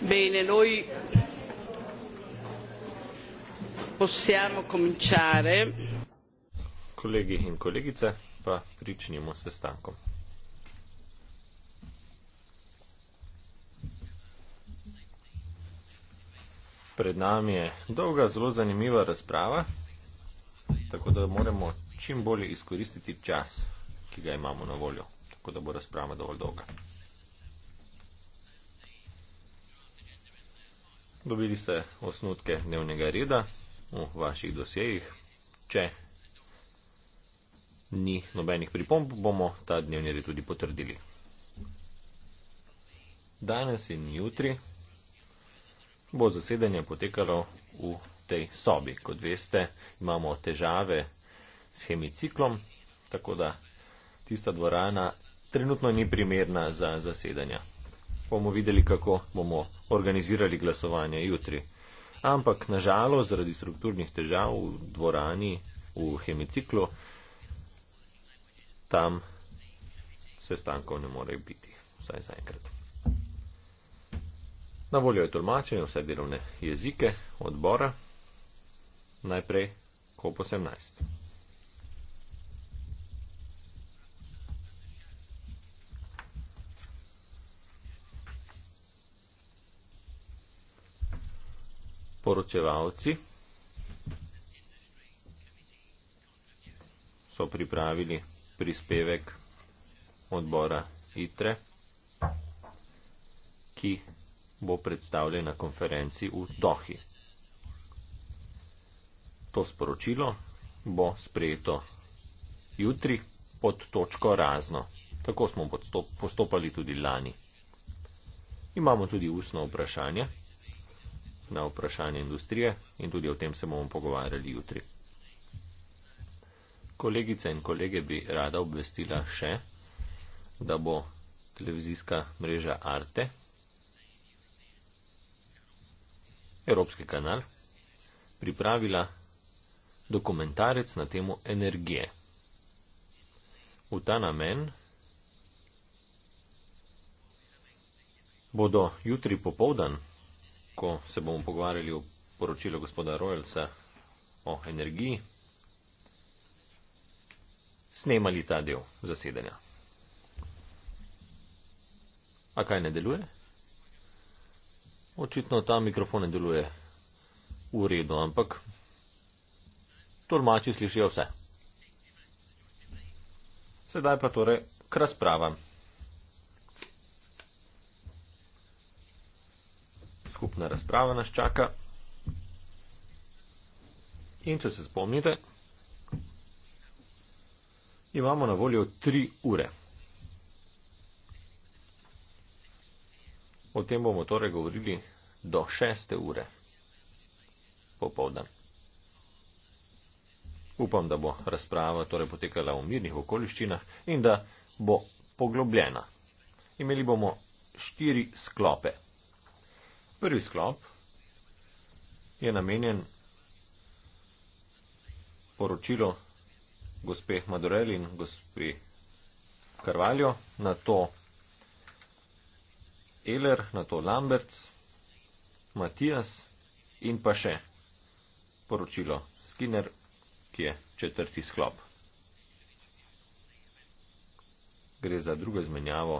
Bene, noi possiamo cominciare. Colleghi in colleghi, pa pričinimo se stankom. pred nami je dolga, zelo zanimiva razprava, tako da moramo čim bolje izkoristiti čas, ki ga imamo na voljo, tako da bo razprava dovolj dolga. Dobili ste osnutke dnevnega reda v vaših dosejih. Če ni nobenih pripomb, bomo ta dnevni red tudi potrdili. Danes in jutri bo zasedanje potekalo v tej sobi. Kot veste, imamo težave s hemiciklom, tako da tista dvorana trenutno ni primerna za zasedanja. Bomo videli, kako bomo organizirali glasovanje jutri. Ampak nažalost, zaradi strukturnih težav v dvorani, v hemiciklu, tam sestankov ne more biti, vsaj zaenkrat. Na voljo je tolmačenje vse delovne jezike odbora, najprej KOP 18. Poročevalci so pripravili prispevek odbora ITRE, ki bo predstavljen na konferenci v Dohi. To sporočilo bo sprejeto jutri pod točko razno. Tako smo postopali tudi lani. Imamo tudi ustno vprašanje na vprašanje industrije in tudi o tem se bomo pogovarjali jutri. Kolegice in kolege bi rada obvestila še, da bo televizijska mreža Arte Evropski kanal, pripravila dokumentarec na temo energije. V ta namen bodo jutri popovdan, ko se bomo pogovarjali o poročilu gospoda Rojlca o energiji, snemali ta del zasedanja. A kaj ne deluje? Očitno ta mikrofon ne deluje uredno, ampak tolmači slišijo vse. Sedaj pa torej k razpravam. Skupna razprava nas čaka. In če se spomnite, imamo na voljo tri ure. O tem bomo torej govorili do šeste ure popovdan. Upam, da bo razprava torej potekala v mirnih okoliščinah in da bo poglobljena. Imeli bomo štiri sklope. Prvi sklop je namenjen poročilo gospe Madureli in gospe Karvaljo na to, Eler, na to Lamberts, Matijas in pa še poročilo Skinner, ki je četrti sklop. Gre za drugo izmenjavo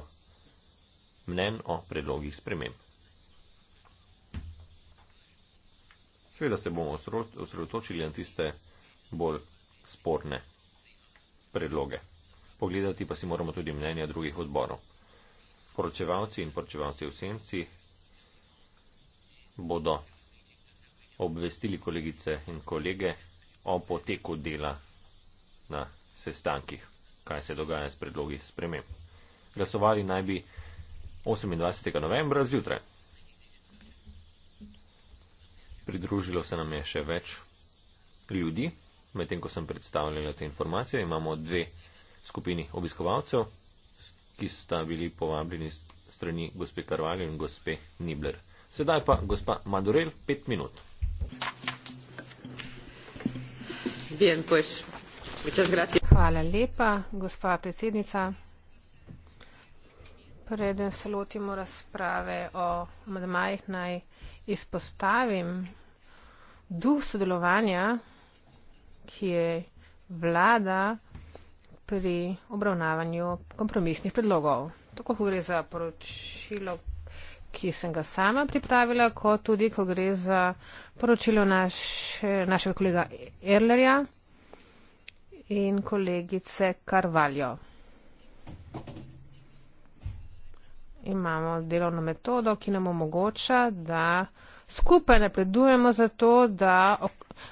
mnen o predlogih sprememb. Sveda se bomo osredotočili na tiste bolj sporne predloge. Pogledati pa si moramo tudi mnenja drugih odborov poročevalci in poročevalci v Semci bodo obvestili kolegice in kolege o poteku dela na sestankih, kaj se dogaja s predlogi sprememb. Glasovali naj bi 28. novembra zjutraj. Pridružilo se nam je še več ljudi. Medtem, ko sem predstavljala te informacije, imamo dve skupini obiskovalcev ki sta bili povabljeni strani gospe Karvalje in gospe Nibler. Sedaj pa gospa Madurel, pet minut. Bien, pues. Hvala lepa, gospa predsednica. Preden se lotimo razprave o madmajih, naj izpostavim duh sodelovanja, ki je vlada pri obravnavanju kompromisnih predlogov. Tako gre za poročilo, ki sem ga sama pripravila, kot tudi, ko gre za poročilo naš, našega kolega Erlerja in kolegice Karvaljo. Imamo delovno metodo, ki nam omogoča, da skupaj napredujemo za to, da.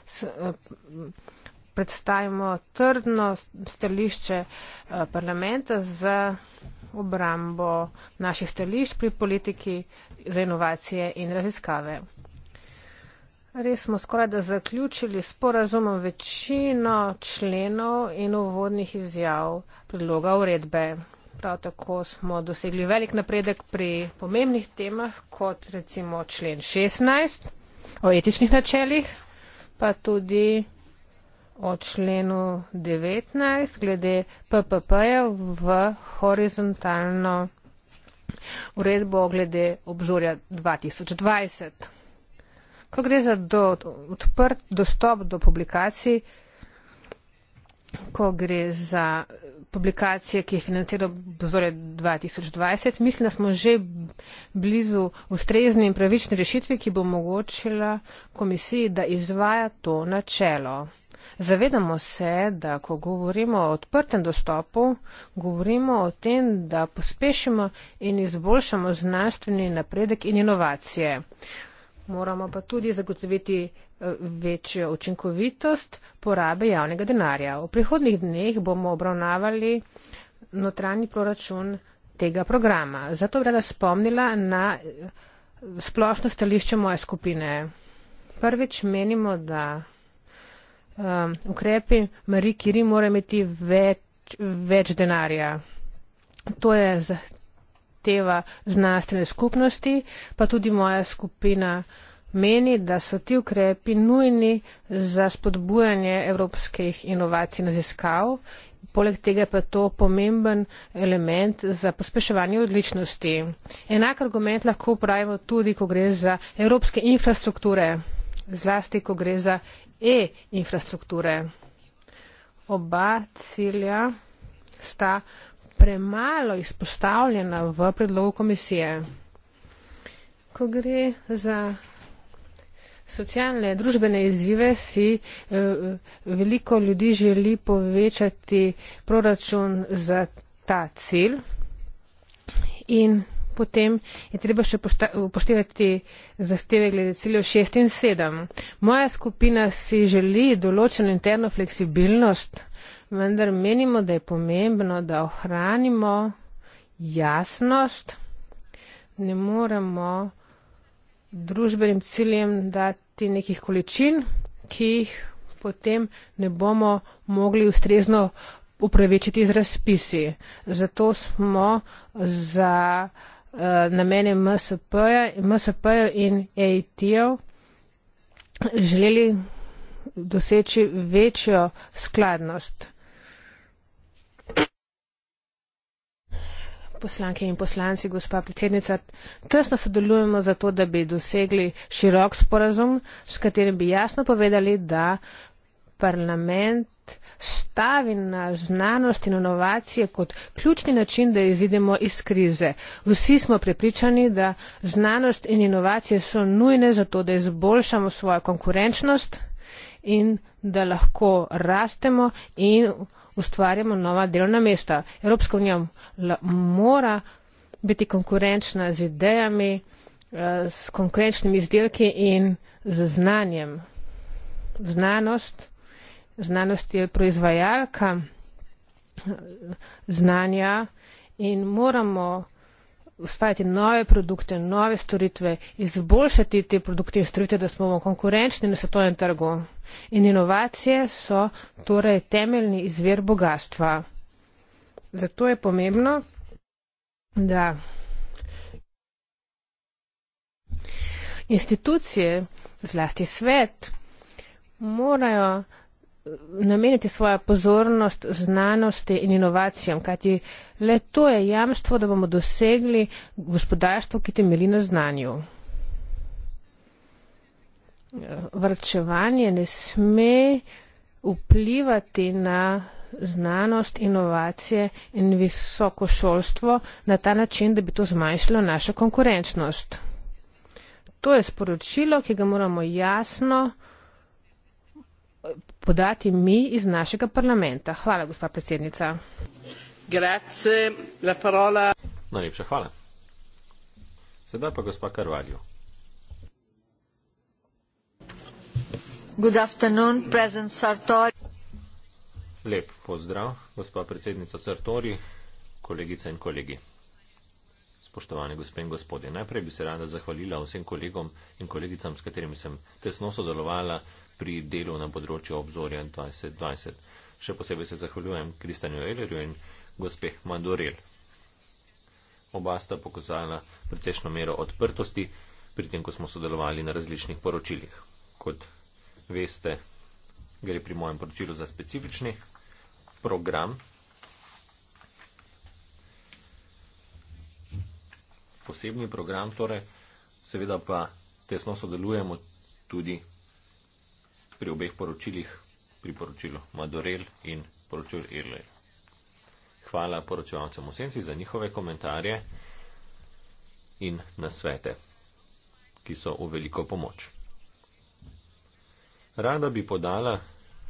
S, predstavimo trdno stališče eh, parlamenta za obrambo naših stališč pri politiki za inovacije in raziskave. Res smo skoraj da zaključili s porazumom večino členov in uvodnih izjav predloga uredbe. Prav tako smo dosegli velik napredek pri pomembnih temah, kot recimo člen 16 o etičnih načelih, pa tudi o členu 19 glede PPP-ja v horizontalno uredbo glede obzorja 2020. Ko gre za do, odprt dostop do publikacij, ko gre za publikacije, ki je financiral obzorje 2020, mislim, da smo že blizu ustrezni in pravični rešitvi, ki bo omogočila komisiji, da izvaja to načelo. Zavedamo se, da ko govorimo o odprtem dostopu, govorimo o tem, da pospešimo in izboljšamo znanstveni napredek in inovacije. Moramo pa tudi zagotoviti eh, večjo učinkovitost porabe javnega denarja. V prihodnih dneh bomo obravnavali notranji proračun tega programa. Zato bi rada spomnila na eh, splošno stališče moje skupine. Prvič menimo, da um, ukrepi, Marie Curie mora imeti več, več denarja. To je zahteva znanstvene skupnosti, pa tudi moja skupina meni, da so ti ukrepi nujni za spodbujanje evropskih inovacij in raziskav. Poleg tega pa je to pomemben element za pospeševanje odličnosti. Enak argument lahko upravimo tudi, ko gre za evropske infrastrukture, zlasti, ko gre za e-infrastrukture. Oba cilja sta premalo izpostavljena v predlogu komisije. Ko gre za socialne družbene izzive, si eh, veliko ljudi želi povečati proračun za ta cilj in potem je treba še upoštevati zahteve glede ciljev 6 in 7. Moja skupina si želi določeno interno fleksibilnost, vendar menimo, da je pomembno, da ohranimo jasnost. Ne moremo družbenim ciljem dati nekih količin, ki jih potem ne bomo mogli ustrezno upravičiti z razpisi. Zato smo za Eh, namene MSP-ja MSP -ja in AIT-jev želeli doseči večjo skladnost. Poslanke in poslanci, gospa predsednica, tesno sodelujemo za to, da bi dosegli širok sporazum, s katerim bi jasno povedali, da parlament stavi na znanost in inovacije kot ključni način, da izidemo iz krize. Vsi smo prepričani, da znanost in inovacije so nujne za to, da izboljšamo svojo konkurenčnost in da lahko rastemo in ustvarjamo nova delovna mesta. Evropska unija mora biti konkurenčna z idejami, eh, s konkurenčnimi izdelki in z znanjem. Znanost znanost je proizvajalka znanja in moramo ustvarjati nove produkte, nove storitve, izboljšati te produkte in storitve, da smo konkurenčni na svetovnem trgu. In inovacije so torej temeljni izvir bogatstva. Zato je pomembno, da institucije, zlasti svet, morajo namenite svojo pozornost znanosti in inovacijam, kajti le to je jamstvo, da bomo dosegli gospodarstvo, ki temeli na znanju. Vrčevanje ne sme vplivati na znanost, inovacije in visoko šolstvo na ta način, da bi to zmanjšalo našo konkurenčnost. To je sporočilo, ki ga moramo jasno podati mi iz našega parlamenta. Hvala, gospa predsednica. Grazie, la parola. Najlepša hvala. Sedaj pa gospa Karvalju. Good afternoon, President Sartori. Lep pozdrav, gospa predsednica Sartori, kolegice in kolegi. Spoštovane gospe in gospodje, najprej bi se rada zahvalila vsem kolegom in kolegicam, s katerimi sem tesno sodelovala pri delu na področju obzorja 2020. Še posebej se zahvaljujem Kristjanu Eilerju in gospe Mandorel. Oba sta pokazala precejšno mero odprtosti pri tem, ko smo sodelovali na različnih poročilih. Kot veste, gre pri mojem poročilu za specifični program. Posebni program, torej seveda pa tesno sodelujemo tudi pri obeh poročilih priporočilo Madorel in poročil Irle. Hvala poročevalcem osenci za njihove komentarje in nasvete, ki so v veliko pomoč. Rada bi podala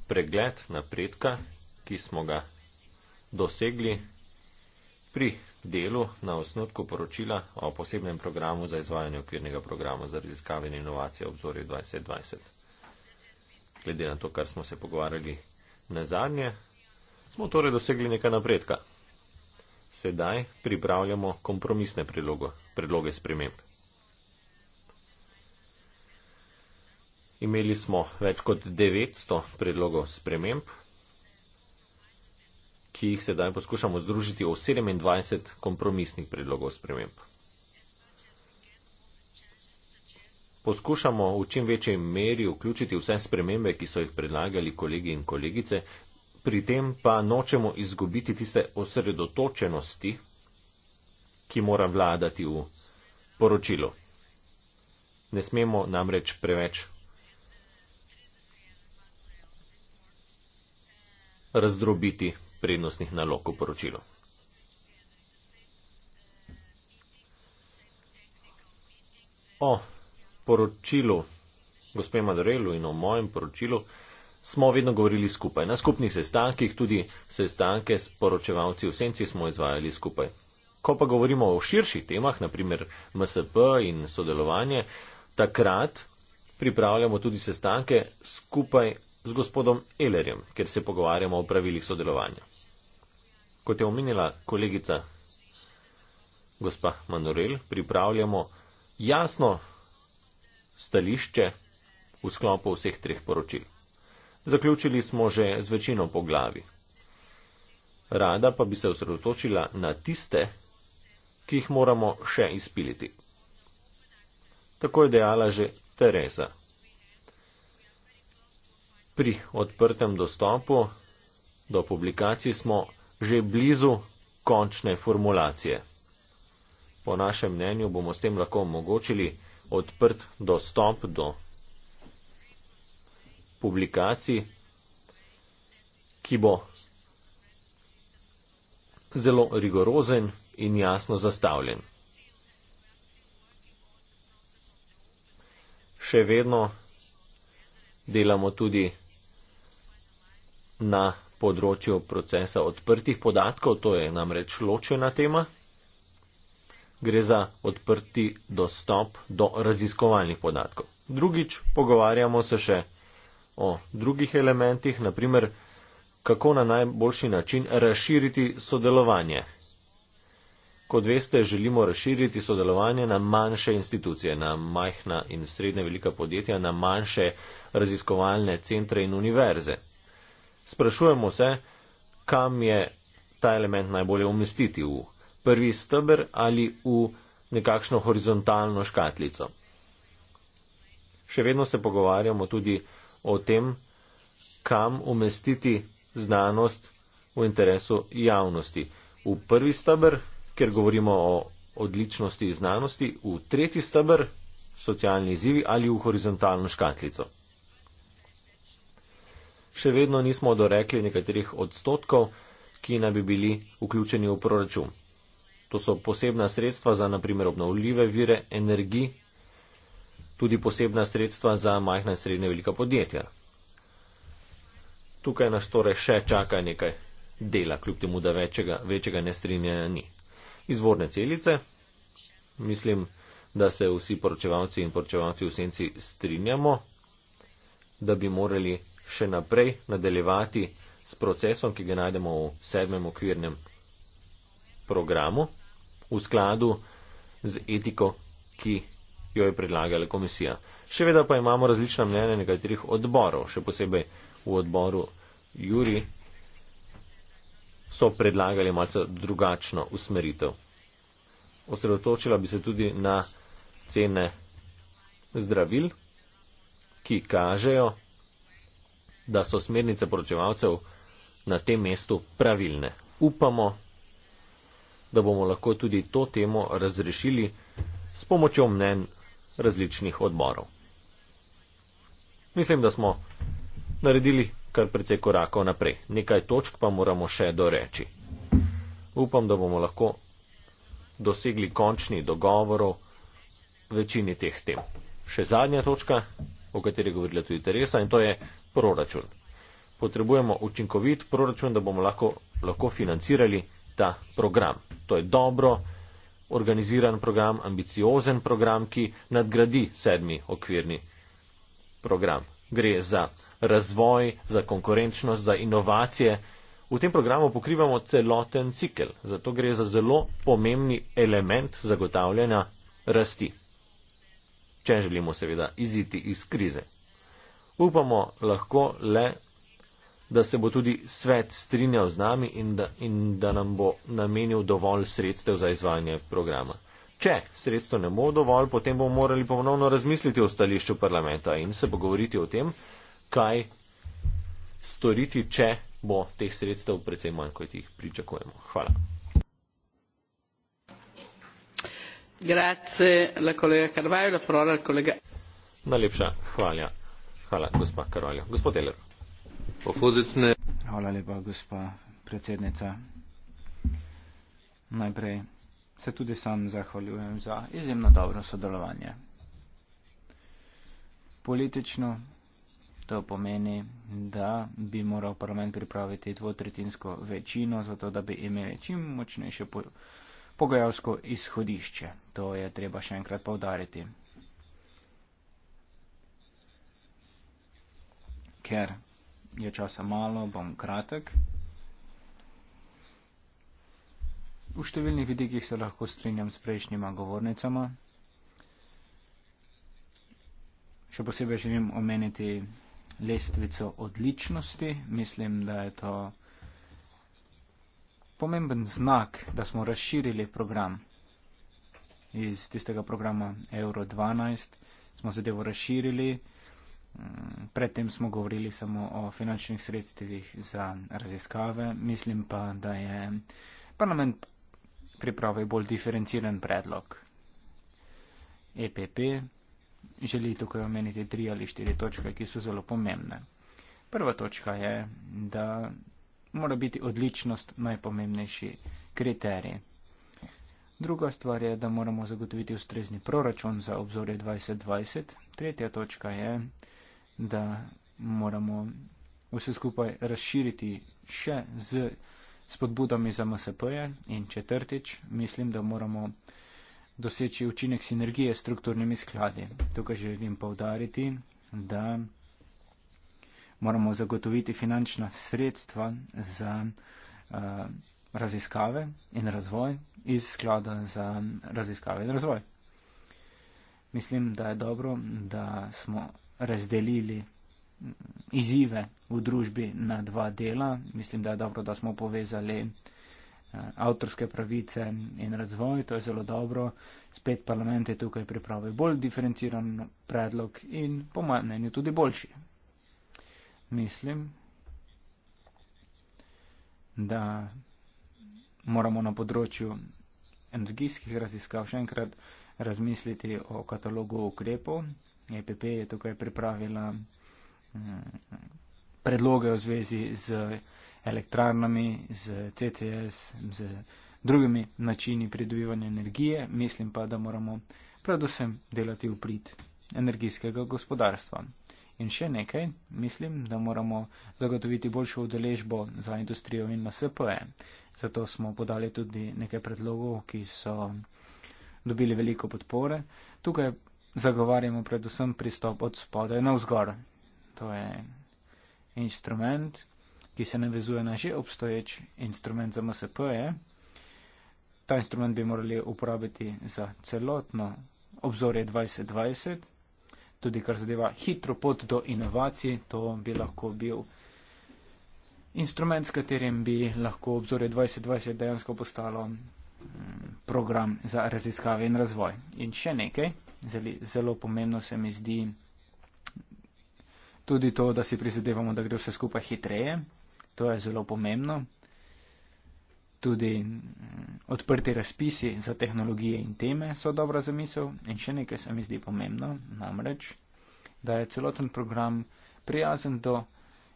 pregled napredka, ki smo ga dosegli pri delu na osnutku poročila o posebnem programu za izvajanje okvirnega programa za raziskave in inovacije obzorje 2020 glede na to, kar smo se pogovarjali na zadnje, smo torej dosegli nekaj napredka. Sedaj pripravljamo kompromisne predloge, predloge sprememb. Imeli smo več kot 900 predlogov sprememb, ki jih sedaj poskušamo združiti v 27 kompromisnih predlogov sprememb. poskušamo v čim večji meri vključiti vse spremembe, ki so jih predlagali kolegi in kolegice, pri tem pa nočemo izgubiti tiste osredotočenosti, ki mora vladati v poročilu. Ne smemo namreč preveč razdrobiti prednostnih nalog v poročilu. O, poročilu, gospe Madarelu in o mojem poročilu, smo vedno govorili skupaj. Na skupnih sestankih, tudi sestanke s poročevalci v senci smo izvajali skupaj. Ko pa govorimo o širših temah, naprimer MSP in sodelovanje, takrat pripravljamo tudi sestanke skupaj z gospodom Elerjem, ker se pogovarjamo o pravilih sodelovanja. Kot je omenila kolegica gospa Manorel, pripravljamo jasno stališče v sklopu vseh treh poročil. Zaključili smo že z večino poglavi. Rada pa bi se osredotočila na tiste, ki jih moramo še izpiliti. Tako je dejala že Teresa. Pri odprtem dostopu do publikacij smo že blizu končne formulacije. Po našem mnenju bomo s tem lahko omogočili, odprt dostop do publikacij, ki bo zelo rigorozen in jasno zastavljen. Še vedno delamo tudi na področju procesa odprtih podatkov, to je namreč ločena tema gre za odprti dostop do raziskovalnih podatkov. Drugič, pogovarjamo se še o drugih elementih, naprimer, kako na najboljši način razširiti sodelovanje. Kot veste, želimo razširiti sodelovanje na manjše institucije, na majhna in srednja velika podjetja, na manjše raziskovalne centre in univerze. Sprašujemo se, kam je ta element najbolje umestiti v prvi steber ali v nekakšno horizontalno škatlico. Še vedno se pogovarjamo tudi o tem, kam umestiti znanost v interesu javnosti. V prvi steber, ker govorimo o odličnosti znanosti, v tretji steber, socialni izzivi ali v horizontalno škatlico. Še vedno nismo dorekli nekaterih odstotkov, ki naj bi bili vključeni v proračun. To so posebna sredstva za naprimer obnovljive vire energij, tudi posebna sredstva za majhna in srednje velika podjetja. Tukaj nas torej še čaka nekaj dela, kljub temu, da večega, večjega nestrinjanja ni. Izvorne celice. Mislim, da se vsi poročevalci in poročevalci v senci strinjamo, da bi morali še naprej nadaljevati s procesom, ki ga najdemo v sedmem okvirnem programu v skladu z etiko, ki jo je predlagala komisija. Še vedno pa imamo različna mnenja nekaterih odborov, še posebej v odboru Juri so predlagali malce drugačno usmeritev. Osredotočila bi se tudi na cene zdravil, ki kažejo, da so smernice poročevalcev na tem mestu pravilne. Upamo, da bomo lahko tudi to temo razrešili s pomočjo mnen različnih odborov. Mislim, da smo naredili kar precej korakov naprej. Nekaj točk pa moramo še doreči. Upam, da bomo lahko dosegli končni dogovor o večini teh tem. Še zadnja točka, o kateri je govorila tudi Teresa, in to je proračun. Potrebujemo učinkovit proračun, da bomo lahko, lahko financirali ta program. To je dobro organiziran program, ambiciozen program, ki nadgradi sedmi okvirni program. Gre za razvoj, za konkurenčnost, za inovacije. V tem programu pokrivamo celoten cikel, zato gre za zelo pomembni element zagotavljanja rasti, če želimo seveda iziti iz krize. Upamo lahko le da se bo tudi svet strinjal z nami in da, in da nam bo namenil dovolj sredstev za izvajanje programa. Če sredstev ne bo dovolj, potem bomo morali ponovno razmisliti o stališču parlamenta in se pogovoriti o tem, kaj storiti, če bo teh sredstev predvsem manj, kot jih pričakujemo. Hvala. Grazie, la collega Carvalho, la parola al collega. Una lepsa, hvala. Hvala, gospod Carvalho. Gospod Teller. Hvala lepa, gospa predsednica. Najprej se tudi sam zahvaljujem za izjemno dobro sodelovanje. Politično to pomeni, da bi moral parlament pripraviti dvotretinsko večino, zato da bi imeli čim močnejše po pogajalsko izhodišče. To je treba še enkrat povdariti. Ker je časa malo, bom kratek. V številnih vidikih se lahko strinjam s prejšnjima govornicama. Še posebej želim omeniti lestvico odličnosti. Mislim, da je to pomemben znak, da smo razširili program iz tistega programa Euro 12. Smo zadevo razširili. Predtem smo govorili samo o finančnih sredstvih za raziskave, mislim pa, da je parlament pripravil bolj diferenciran predlog. EPP želi tukaj omeniti tri ali štiri točke, ki so zelo pomembne. Prva točka je, da mora biti odličnost najpomembnejši kriterij. Druga stvar je, da moramo zagotoviti ustrezni proračun za obzorje 2020. Tretja točka je, da moramo vse skupaj razširiti še z spodbudami za MSP-je in četrtič, mislim, da moramo doseči učinek sinergije s strukturnimi skladi. Tukaj želim povdariti, da moramo zagotoviti finančna sredstva za uh, raziskave in razvoj iz sklada za raziskave in razvoj. Mislim, da je dobro, da smo razdelili izzive v družbi na dva dela. Mislim, da je dobro, da smo povezali eh, avtorske pravice in razvoj, to je zelo dobro. Spet parlament je tukaj pripravil bolj diferenciran predlog in po mojem mnenju tudi boljši. Mislim, da moramo na področju energijskih raziskav še enkrat razmisliti o katalogu ukrepov, EPP je tukaj pripravila eh, predloge v zvezi z elektrarnami, z CCS, z drugimi načini pridobivanja energije. Mislim pa, da moramo predvsem delati v prid energijskega gospodarstva. In še nekaj, mislim, da moramo zagotoviti boljšo udeležbo za industrijo in na SPE. Zato smo podali tudi nekaj predlogov, ki so dobili veliko podpore. Tukaj zagovarjamo predvsem pristop od spodaj navzgor. To je instrument, ki se navezuje na že obstoječ instrument za MSP. -je. Ta instrument bi morali uporabiti za celotno obzorje 2020, tudi kar zadeva hitro pot do inovacij, to bi lahko bil instrument, s katerim bi lahko obzorje 2020 dejansko postalo mm, program za raziskave in razvoj. In še nekaj zelo pomembno se mi zdi tudi to, da si prizadevamo, da gre vse skupaj hitreje. To je zelo pomembno. Tudi mm, odprti razpisi za tehnologije in teme so dobra zamisel. In še nekaj se mi zdi pomembno, namreč, da je celoten program prijazen do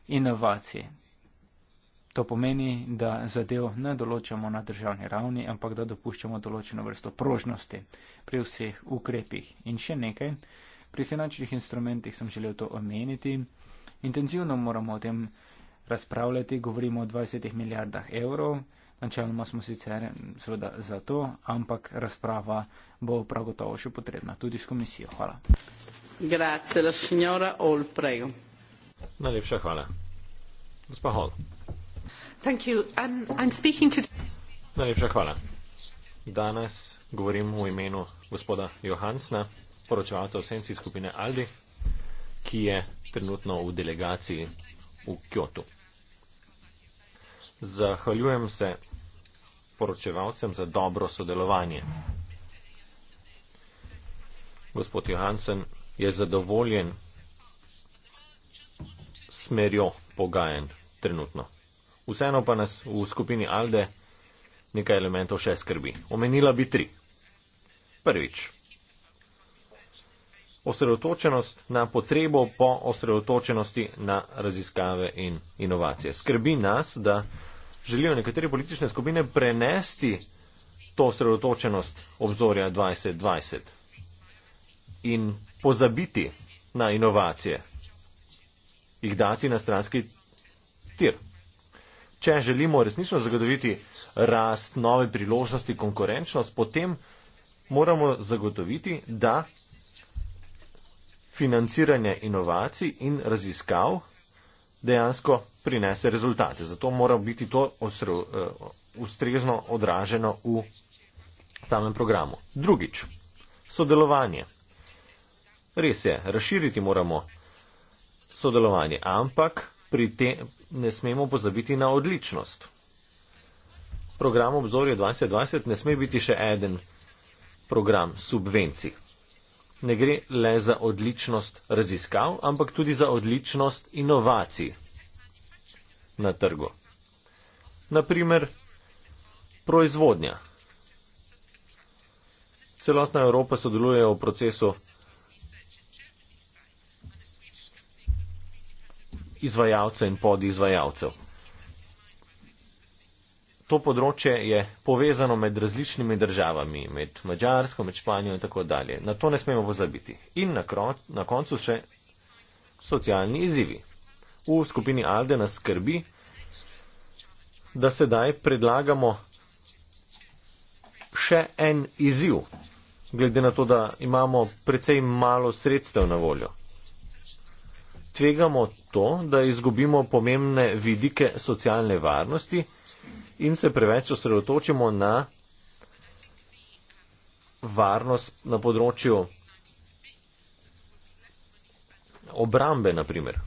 inovacije, To pomeni, da zadev ne določamo na državni ravni, ampak da dopuščamo določeno vrsto prožnosti pri vseh ukrepih. In še nekaj, pri finančnih instrumentih sem želel to omeniti. Intenzivno moramo o tem razpravljati, govorimo o 20 milijardah evrov, načeloma smo sicer seveda za to, ampak razprava bo prav gotovo še potrebna, tudi s komisijo. Hvala. Grazie, la signora Olprego. Najlepša hvala. Gospa Hall. Um, Najlepša hvala. Danes govorim v imenu gospoda Johansna, poročevalca v senci skupine Aldi, ki je trenutno v delegaciji v Kjotu. Zahvaljujem se poročevalcem za dobro sodelovanje. Gospod Johansen je zadovoljen smerjo pogajanj trenutno vseeno pa nas v skupini Alde nekaj elementov še skrbi. Omenila bi tri. Prvič. Osredotočenost na potrebo po osredotočenosti na raziskave in inovacije. Skrbi nas, da želijo nekatere politične skupine prenesti to osredotočenost obzorja 2020 in pozabiti na inovacije, jih dati na stranski tir če želimo resnično zagotoviti rast, nove priložnosti, konkurenčnost, potem moramo zagotoviti, da financiranje inovacij in raziskav dejansko prinese rezultate. Zato mora biti to osre, eh, ustrezno odraženo v samem programu. Drugič, sodelovanje. Res je, razširiti moramo sodelovanje, ampak pri, te, ne smemo pozabiti na odličnost. Program obzorje 2020 ne sme biti še eden program subvencij. Ne gre le za odličnost raziskav, ampak tudi za odličnost inovacij na trgu. Naprimer, proizvodnja. Celotna Evropa sodeluje v procesu izvajalcev in podizvajalcev. To področje je povezano med različnimi državami, med Mačarsko, med Španijo in tako dalje. Na to ne smemo pozabiti. In na, krot, na koncu še socialni izzivi. V skupini Alde nas skrbi, da sedaj predlagamo še en izziv, glede na to, da imamo precej malo sredstev na voljo tvegamo to, da izgubimo pomembne vidike socialne varnosti in se preveč osredotočimo na varnost na področju obrambe, naprimer.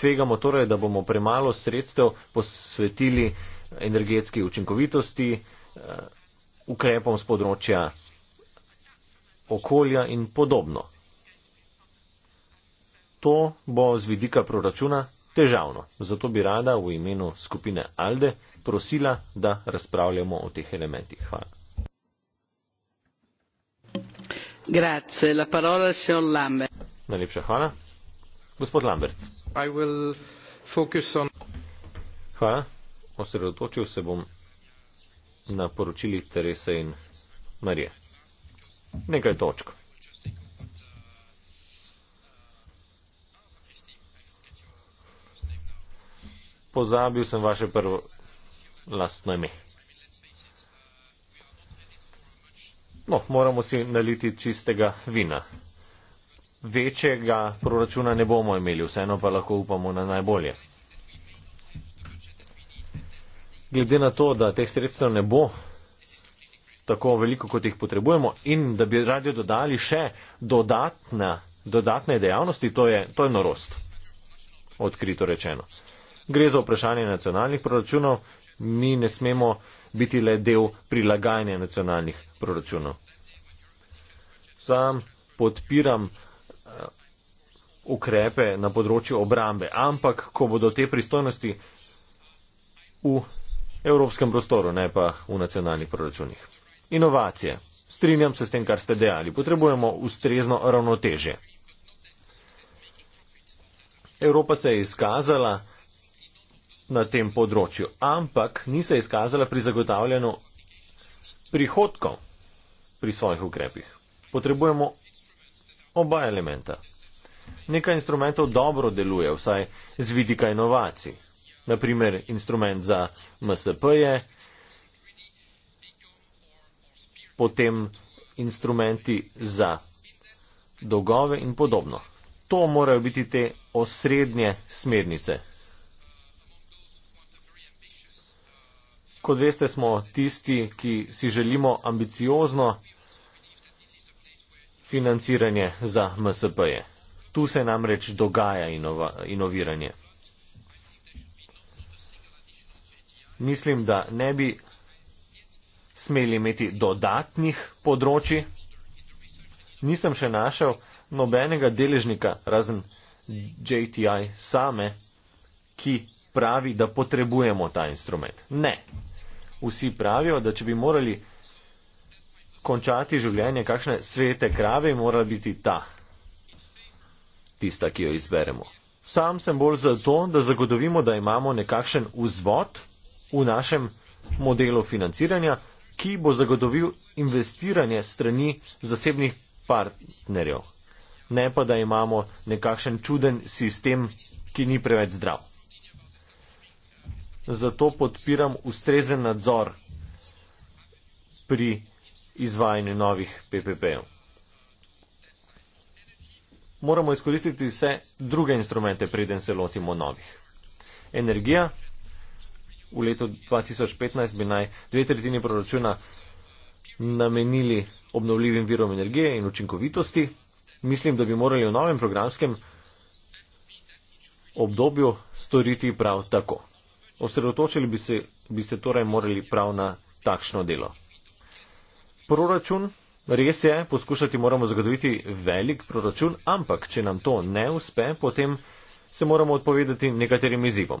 Tvegamo torej, da bomo premalo sredstev posvetili energetski učinkovitosti, eh, ukrepom z področja okolja in podobno. To bo z vidika proračuna težavno. Zato bi rada v imenu skupine Alde prosila, da razpravljamo o teh elementih. Hvala. Grazie, la parola al signor Lambert. Najlepša hvala. Gospod Lambert. I will focus on... Hvala. Osredotočil se bom na poročili Terese in Marije. Nekaj točk. pozabil sem vaše prvo lastno ime. No, moramo si naliti čistega vina. Večjega proračuna ne bomo imeli, vseeno pa lahko upamo na najbolje. Glede na to, da teh sredstev ne bo tako veliko, kot jih potrebujemo in da bi radi dodali še dodatna, dodatne dejavnosti, to je, to je norost, odkrito rečeno gre za vprašanje nacionalnih proračunov, mi ne smemo biti le del prilagajanja nacionalnih proračunov. Sam podpiram eh, ukrepe na področju obrambe, ampak ko bodo te pristojnosti v evropskem prostoru, ne pa v nacionalnih proračunih. Inovacije. Strinjam se s tem, kar ste dejali. Potrebujemo ustrezno ravnotežje. Evropa se je izkazala na tem področju, ampak ni se izkazala pri zagotavljanju prihodkov pri svojih ukrepih. Potrebujemo oba elementa. Nekaj instrumentov dobro deluje, vsaj z vidika inovacij. Naprimer, instrument za MSP-je, potem instrumenti za dolgove in podobno. To morajo biti te osrednje smernice kot veste, smo tisti, ki si želimo ambiciozno financiranje za MSP-je. Tu se namreč dogaja inova, inoviranje. Mislim, da ne bi smeli imeti dodatnih področji. Nisem še našel nobenega deležnika, razen JTI same, ki pravi, da potrebujemo ta instrument. Ne. Vsi pravijo, da če bi morali končati življenje kakšne svete krave, mora biti ta, tista, ki jo izberemo. Sam sem bolj za to, da zagotovimo, da imamo nekakšen vzvod v našem modelu financiranja, ki bo zagotovil investiranje strani zasebnih partnerjev. Ne pa, da imamo nekakšen čuden sistem, ki ni preveč zdrav zato podpiram ustrezen nadzor pri izvajanju novih PPP-ev. Moramo izkoristiti vse druge instrumente, preden se lotimo novih. Energija. V letu 2015 bi naj dve tretjini proračuna namenili obnovljivim virom energije in učinkovitosti. Mislim, da bi morali v novem programskem obdobju storiti prav tako. Osredotočili bi se, bi se torej morali prav na takšno delo. Proračun, res je, poskušati moramo zagotoviti velik proračun, ampak če nam to ne uspe, potem se moramo odpovedati nekaterim izzivom,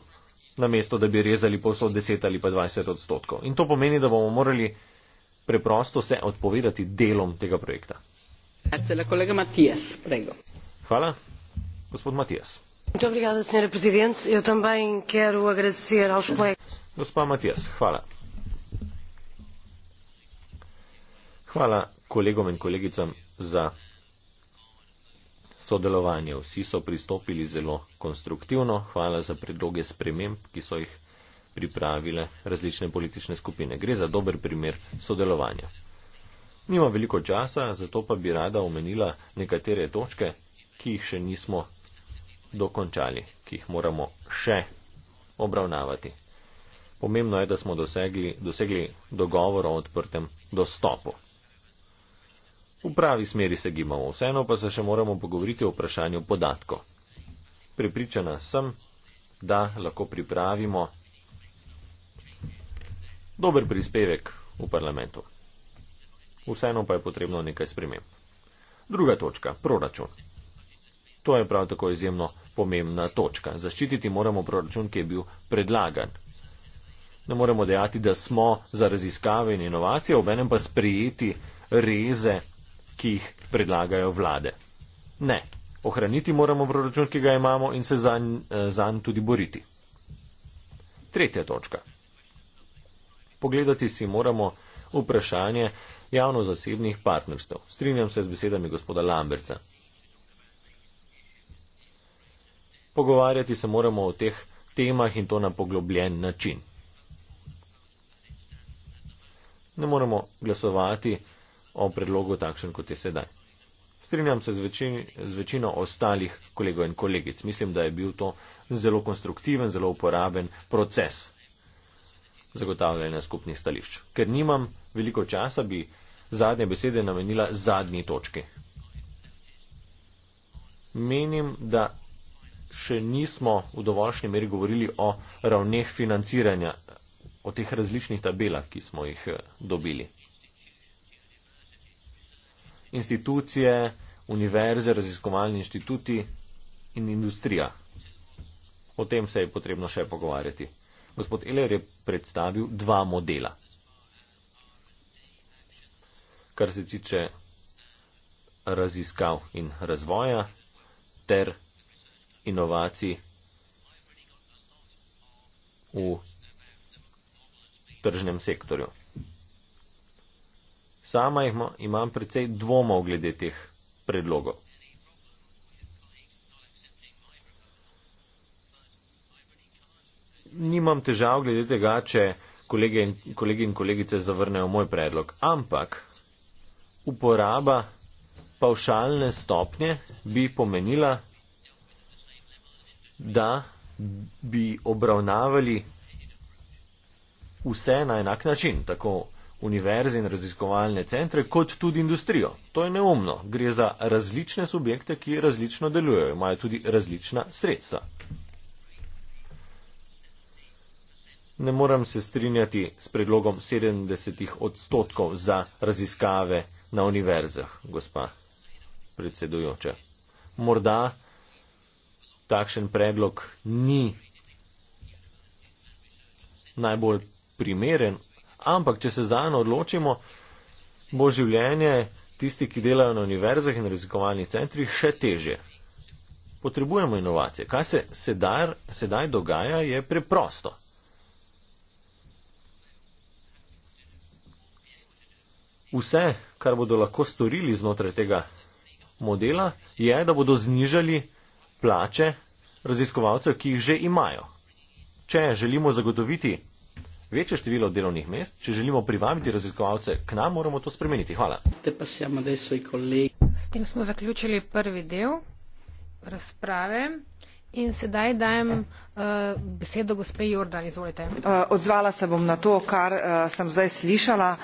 namesto da bi rezali posod 10 ali pa 20 odstotkov. In to pomeni, da bomo morali preprosto se odpovedati delom tega projekta. Hvala, gospod Matijas. Muito obrigada, Sra. Presidente. Eu também quero agradecer aos colegas. Gospa Matias, hvala. Hvala kolegom in kolegicam za sodelovanje. Vsi so pristopili zelo konstruktivno. Hvala za predloge sprememb, ki so jih pripravile različne politične skupine. Gre za dober primer sodelovanja. Nima veliko časa, zato pa bi rada omenila nekatere točke, ki jih še nismo dokončali, ki jih moramo še obravnavati. Pomembno je, da smo dosegli, dosegli dogovor o odprtem dostopu. V pravi smeri se gibamo, vseeno pa se še moramo pogovoriti o vprašanju podatkov. Pripričana sem, da lahko pripravimo dober prispevek v parlamentu. Vseeno pa je potrebno nekaj sprememb. Druga točka - proračun. To je prav tako izjemno pomembna točka. Zaščititi moramo proračun, ki je bil predlagan. Ne moremo dejati, da smo za raziskave in inovacije, obenem pa sprijeti reze, ki jih predlagajo vlade. Ne, ohraniti moramo proračun, ki ga imamo in se zanj, eh, zanj tudi boriti. Tretja točka. Pogledati si moramo vprašanje javno-zasebnih partnerstev. Strinjam se z besedami gospoda Lamberca. Pogovarjati se moramo o teh temah in to na poglobljen način. Ne moramo glasovati o predlogu takšen, kot je sedaj. Strinjam se z, večin, z večino ostalih kolegov in kolegic. Mislim, da je bil to zelo konstruktiven, zelo uporaben proces zagotavljanja skupnih stališč. Ker nimam veliko časa, bi zadnje besede namenila zadnji točki. Menim, da še nismo v dovoljšnji meri govorili o ravneh financiranja, o teh različnih tabelah, ki smo jih eh, dobili. Institucije, univerze, raziskovalni inštituti in industrija. O tem se je potrebno še pogovarjati. Gospod Eler je predstavil dva modela. Kar se tiče raziskav in razvoja ter inovacij v tržnem sektorju. Sama ima, imam precej dvomov glede teh predlogov. Nimam težav glede tega, če kolege in, kolegi in kolegice zavrnejo moj predlog, ampak uporaba pavšalne stopnje bi pomenila, da bi obravnavali vse na enak način, tako univerze in raziskovalne centre, kot tudi industrijo. To je neumno. Gre za različne subjekte, ki različno delujejo, imajo tudi različna sredstva. Ne moram se strinjati s predlogom 70 odstotkov za raziskave na univerzah, gospa predsedujoča. Morda takšen predlog ni najbolj primeren, ampak če se za eno odločimo, bo življenje tisti, ki delajo na univerzah in raziskovalnih centrih, še teže. Potrebujemo inovacije. Kaj se sedaj, sedaj dogaja, je preprosto. Vse, kar bodo lahko storili znotraj tega modela, je, da bodo znižali plače raziskovalcev, ki jih že imajo. Če želimo zagotoviti večje število delovnih mest, če želimo privabiti raziskovalce k nam, moramo to spremeniti. Hvala. S tem smo zaključili prvi del razprave. In sedaj dajem uh, besedo gospe Jordan, izvolite. Uh, odzvala se bom na to, kar uh, sem zdaj slišala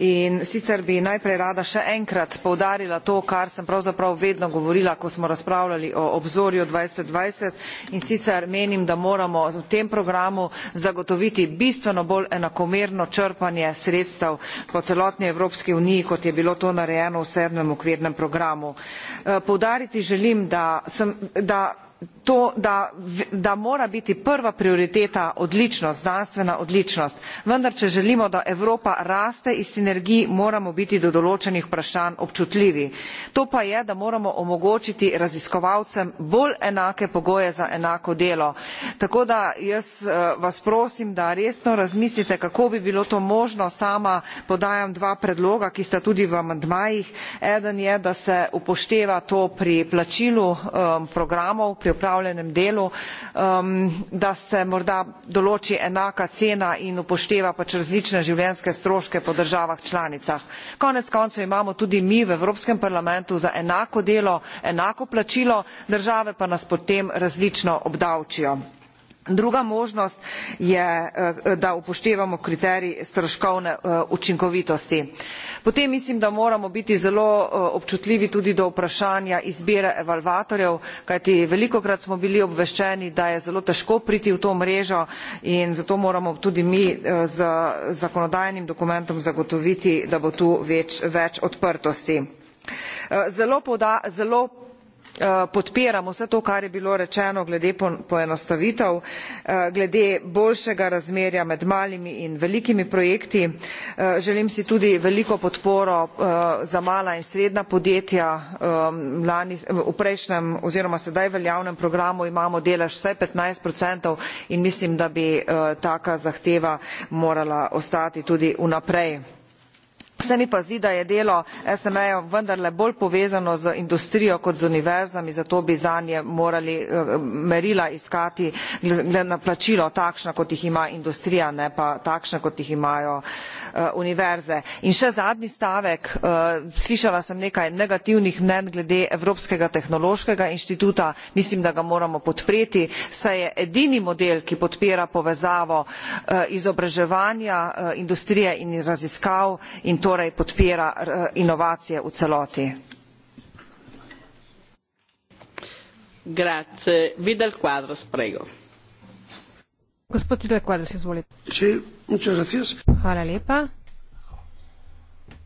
in sicer bi najprej rada še enkrat povdarila to, kar sem pravzaprav vedno govorila, ko smo razpravljali o obzorju 2020 in sicer menim, da moramo v tem programu zagotoviti bistveno bolj enakomerno črpanje sredstev po celotni Evropski uniji, kot je bilo to narejeno v sedmem okvirnem programu. Uh, to da mora biti prva prioriteta odličnost znanstvena odličnost vendar če želimo da evropa raste iz sinergij moramo biti do določenih vprašanj občutljivi to pa je da moramo omogočiti raziskovalcem bolj enake pogoje za enako delo tako da jaz eh, vas prosim da resno razmislite kako bi bilo to možno sama podajam dva predloga ki sta tudi v amandmajih eden je da se upošteva to pri plačilu eh, programov pri opravljanju opravljenem delu um, da se morda določi enaka cena in upošteva pač različne življenjske stroške po državah članicah. konec koncev imamo tudi mi v evropskem parlamentu za enako delo enako plačilo države pa nas potem različno obdavčijo druga možnost je eh, da upoštevamo kriterij stroškovne eh, učinkovitosti potem mislim da moramo biti zelo eh, občutljivi tudi do vprašanja izbire evalvatorjev kajti velikokrat smo bili obveščeni da je zelo težko priti v to mrežo in zato moramo tudi mi z zakonodajnim dokumentom zagotoviti da bo tu več odprtosti zelo Eh, podpiram vse to kar je bilo rečeno glede poenostavitev eh, glede boljšega razmerja med malimi in velikimi projekti eh, želim si tudi veliko podporo za mala in srednja podjetja ehm, v prejšnjem oziroma sedaj veljavnem programu imamo delež vsaj petnajst in mislim da bi taka zahteva morala ostati tudi vnaprej se mi pa zdi da je delo sm jev vendarle bolj povezano z industrijo kot z univerzami zato bi zanje morali eh, merila iskati glede na plačilo takšna kot jih ima industrija ne pa takšna kot jih imajo eh, univerze. in še zadnji stavek eh, slišala sem nekaj negativnih mnenj glede evropskega tehnološkega inštituta mislim da ga moramo podpreti saj je edini model ki podpira povezavo izobraževanja industrije in raziskav in torej podpira eh, inovacije v celoti.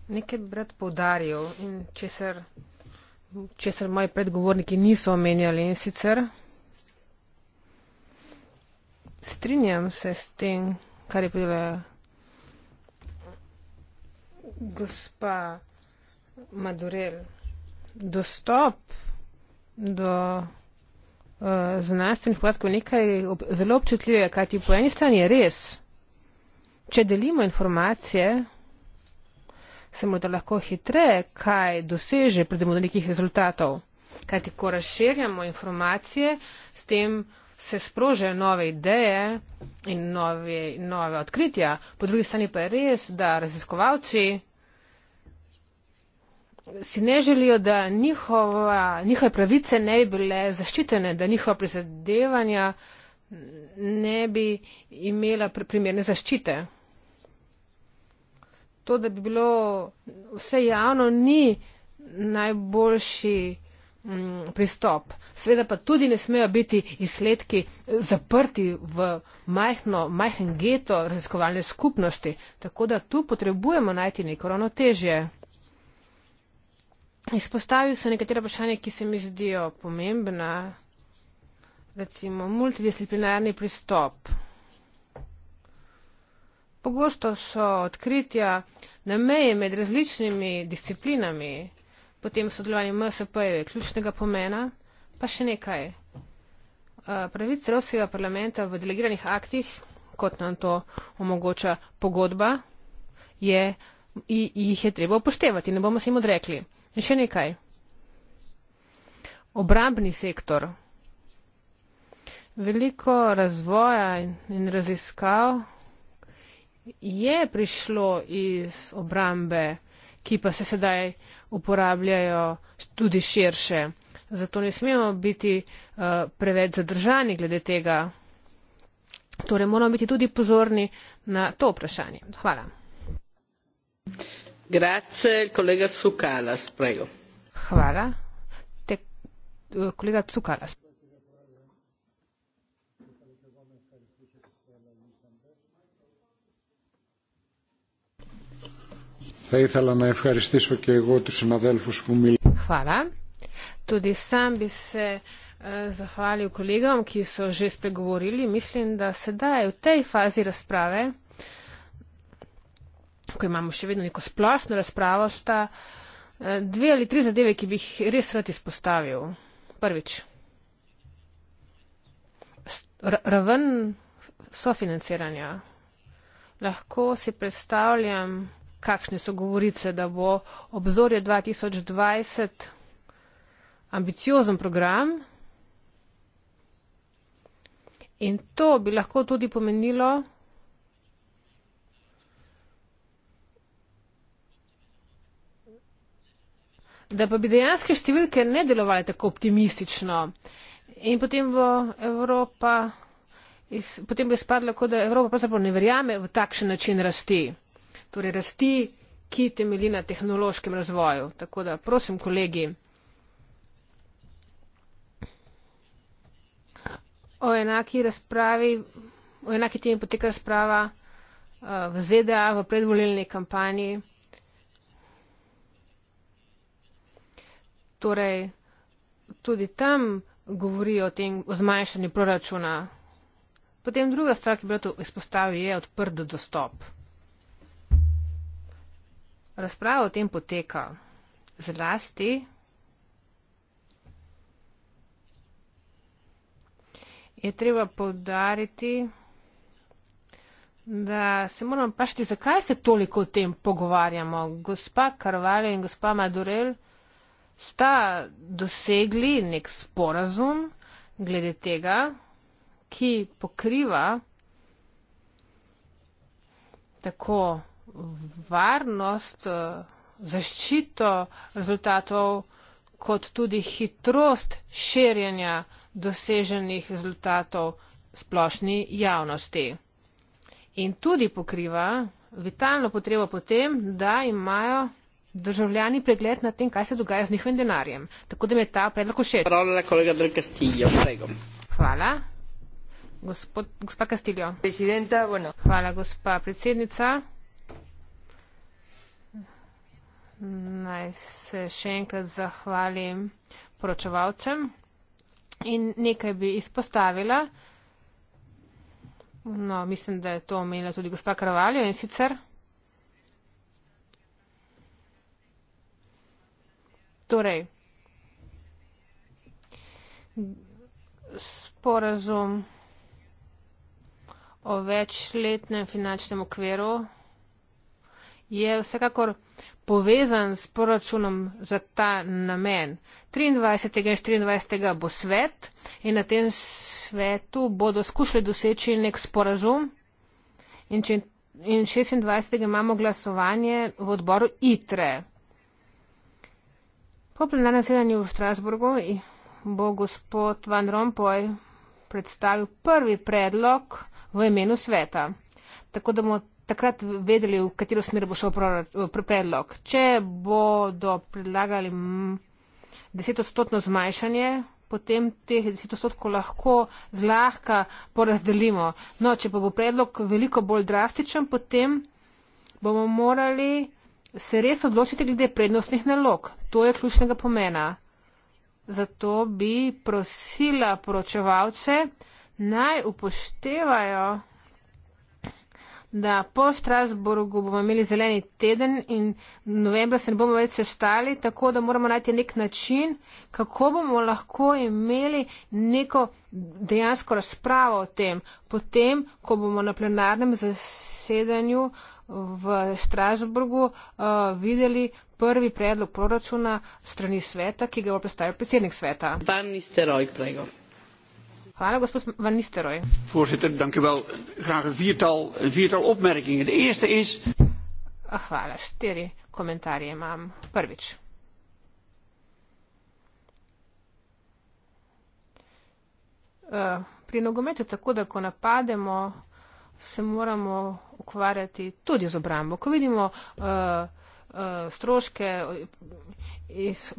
nekaj bi rad poudaril in česar, česar moji predgovorniki niso omenjali in sicer strinjam se s tem, kar je povedala gospa Madurel, dostop do uh, znanstvenih podatkov je nekaj ob, zelo občutljivega, kajti po eni strani je res, če delimo informacije, se morda lahko hitreje kaj doseže, pridemo do nekih rezultatov. Kajti, ko razširjamo informacije, s tem se sprožajo nove ideje in nove, nove odkritja. Po drugi strani pa je res, da raziskovalci si ne želijo, da njihova, njihove pravice ne bi bile zaščitene, da njihova prizadevanja ne bi imela primerne zaščite. To, da bi bilo vse javno, ni najboljši mm, pristop. Sveda pa tudi ne smejo biti izsledki zaprti v majhno, majhen geto raziskovalne skupnosti. Tako da tu potrebujemo najti neko ravnotežje. Izpostavil sem nekatera vprašanja, ki se mi zdijo pomembna, recimo multidisciplinarni pristop. Pogosto so odkritja na meje med različnimi disciplinami, potem sodelovanje MSP je ključnega pomena, pa še nekaj. Eh, pravice Evropskega parlamenta v delegiranih aktih, kot nam to omogoča pogodba, je, jih je treba upoštevati, ne bomo se jim odrekli. In še nekaj. Obrambni sektor. Veliko razvoja in raziskav je prišlo iz obrambe, ki pa se sedaj uporabljajo tudi širše. Zato ne smemo biti uh, preveč zadržani glede tega. Torej moramo biti tudi pozorni na to vprašanje. Hvala. Θα ήθελα να ευχαριστήσω και εγώ τους συναδέλφους που μιλούν. Χαρά. Tudi sam bi se eh, zahvalil kolegom, ki so že spregovorili. Mislim, da sedaj v tej fazi razprave tukaj imamo še vedno neko splošno razpravo, sta eh, dve ali tri zadeve, ki bi jih res rad izpostavil. Prvič, raven sofinanciranja. Lahko si predstavljam, kakšne so govorice, da bo obzorje 2020 ambiciozen program. In to bi lahko tudi pomenilo, da pa bi dejansko številke ne delovali tako optimistično. In potem bo Evropa, iz, potem bo izpadlo, kot da Evropa pravzaprav ne verjame v takšen način rasti. Torej rasti, ki temelji na tehnološkem razvoju. Tako da prosim, kolegi. O enaki razpravi, o enaki temi poteka razprava uh, v ZDA v predvoljeni kampanji. torej tudi tam govori o tem o zmanjšanju proračuna. Potem druga stvar, ki bi jo izpostavil, je odprt dostop. Razprava o tem poteka zlasti je treba povdariti, da se moramo vprašati, zakaj se toliko o tem pogovarjamo. Gospa Karvalja in gospa Madurel sta dosegli nek sporazum glede tega, ki pokriva tako varnost, zaščito rezultatov, kot tudi hitrost širjenja doseženih rezultatov splošni javnosti. In tudi pokriva vitalno potrebo potem, da imajo državljani pregled na tem, kaj se dogaja z njihovim denarjem. Tako da mi je ta predlog všeč. Pravila kolega Del Castillo, prego. Hvala. Gospod, gospa Castillo. Presidenta, bueno. Hvala, gospa predsednica. Naj se še enkrat zahvalim poročevalcem. In nekaj bi izpostavila. No, mislim, da je to omenila tudi gospa Kravaljo in sicer. Torej, sporazum o večletnem finančnem okviru je vsekakor povezan s proračunom za ta namen. 23. in 24. bo svet in na tem svetu bodo skušali doseči nek sporazum in, če, in 26. imamo glasovanje v odboru ITRE. Po plenarnem sedanju v Strasburgu bo gospod Van Rompuy predstavil prvi predlog v imenu sveta. Tako da bomo takrat vedeli, v katero smer bo šel predlog. Če bodo predlagali desetostotno zmanjšanje, potem teh desetostotkov lahko zlahka porazdelimo. No, če pa bo predlog veliko bolj drastičen, potem bomo morali se res odločite glede prednostnih nalog. To je ključnega pomena. Zato bi prosila poročevalce, naj upoštevajo da po Strasburgu bomo imeli zeleni teden in novembra se ne bomo več sestali, tako da moramo najti nek način, kako bomo lahko imeli neko dejansko razpravo o tem, potem, ko bomo na plenarnem zasedanju v Strasburgu uh, videli prvi predlog proračuna strani sveta, ki ga bo predstavil predsednik sveta. Pan minister Ojk Prego. Hallo, gospod Van Nistelrooy. Voorzitter, dank u wel. Graag een viertal, een viertal opmerkingen. De eerste is. Ah, hvala, štiri komentarje imam. Prvič. Eh, pri nogometu je tako, da ko napademo, se moramo ukvarjati tudi z obrambo. Ko vidimo eh, eh, stroške iz,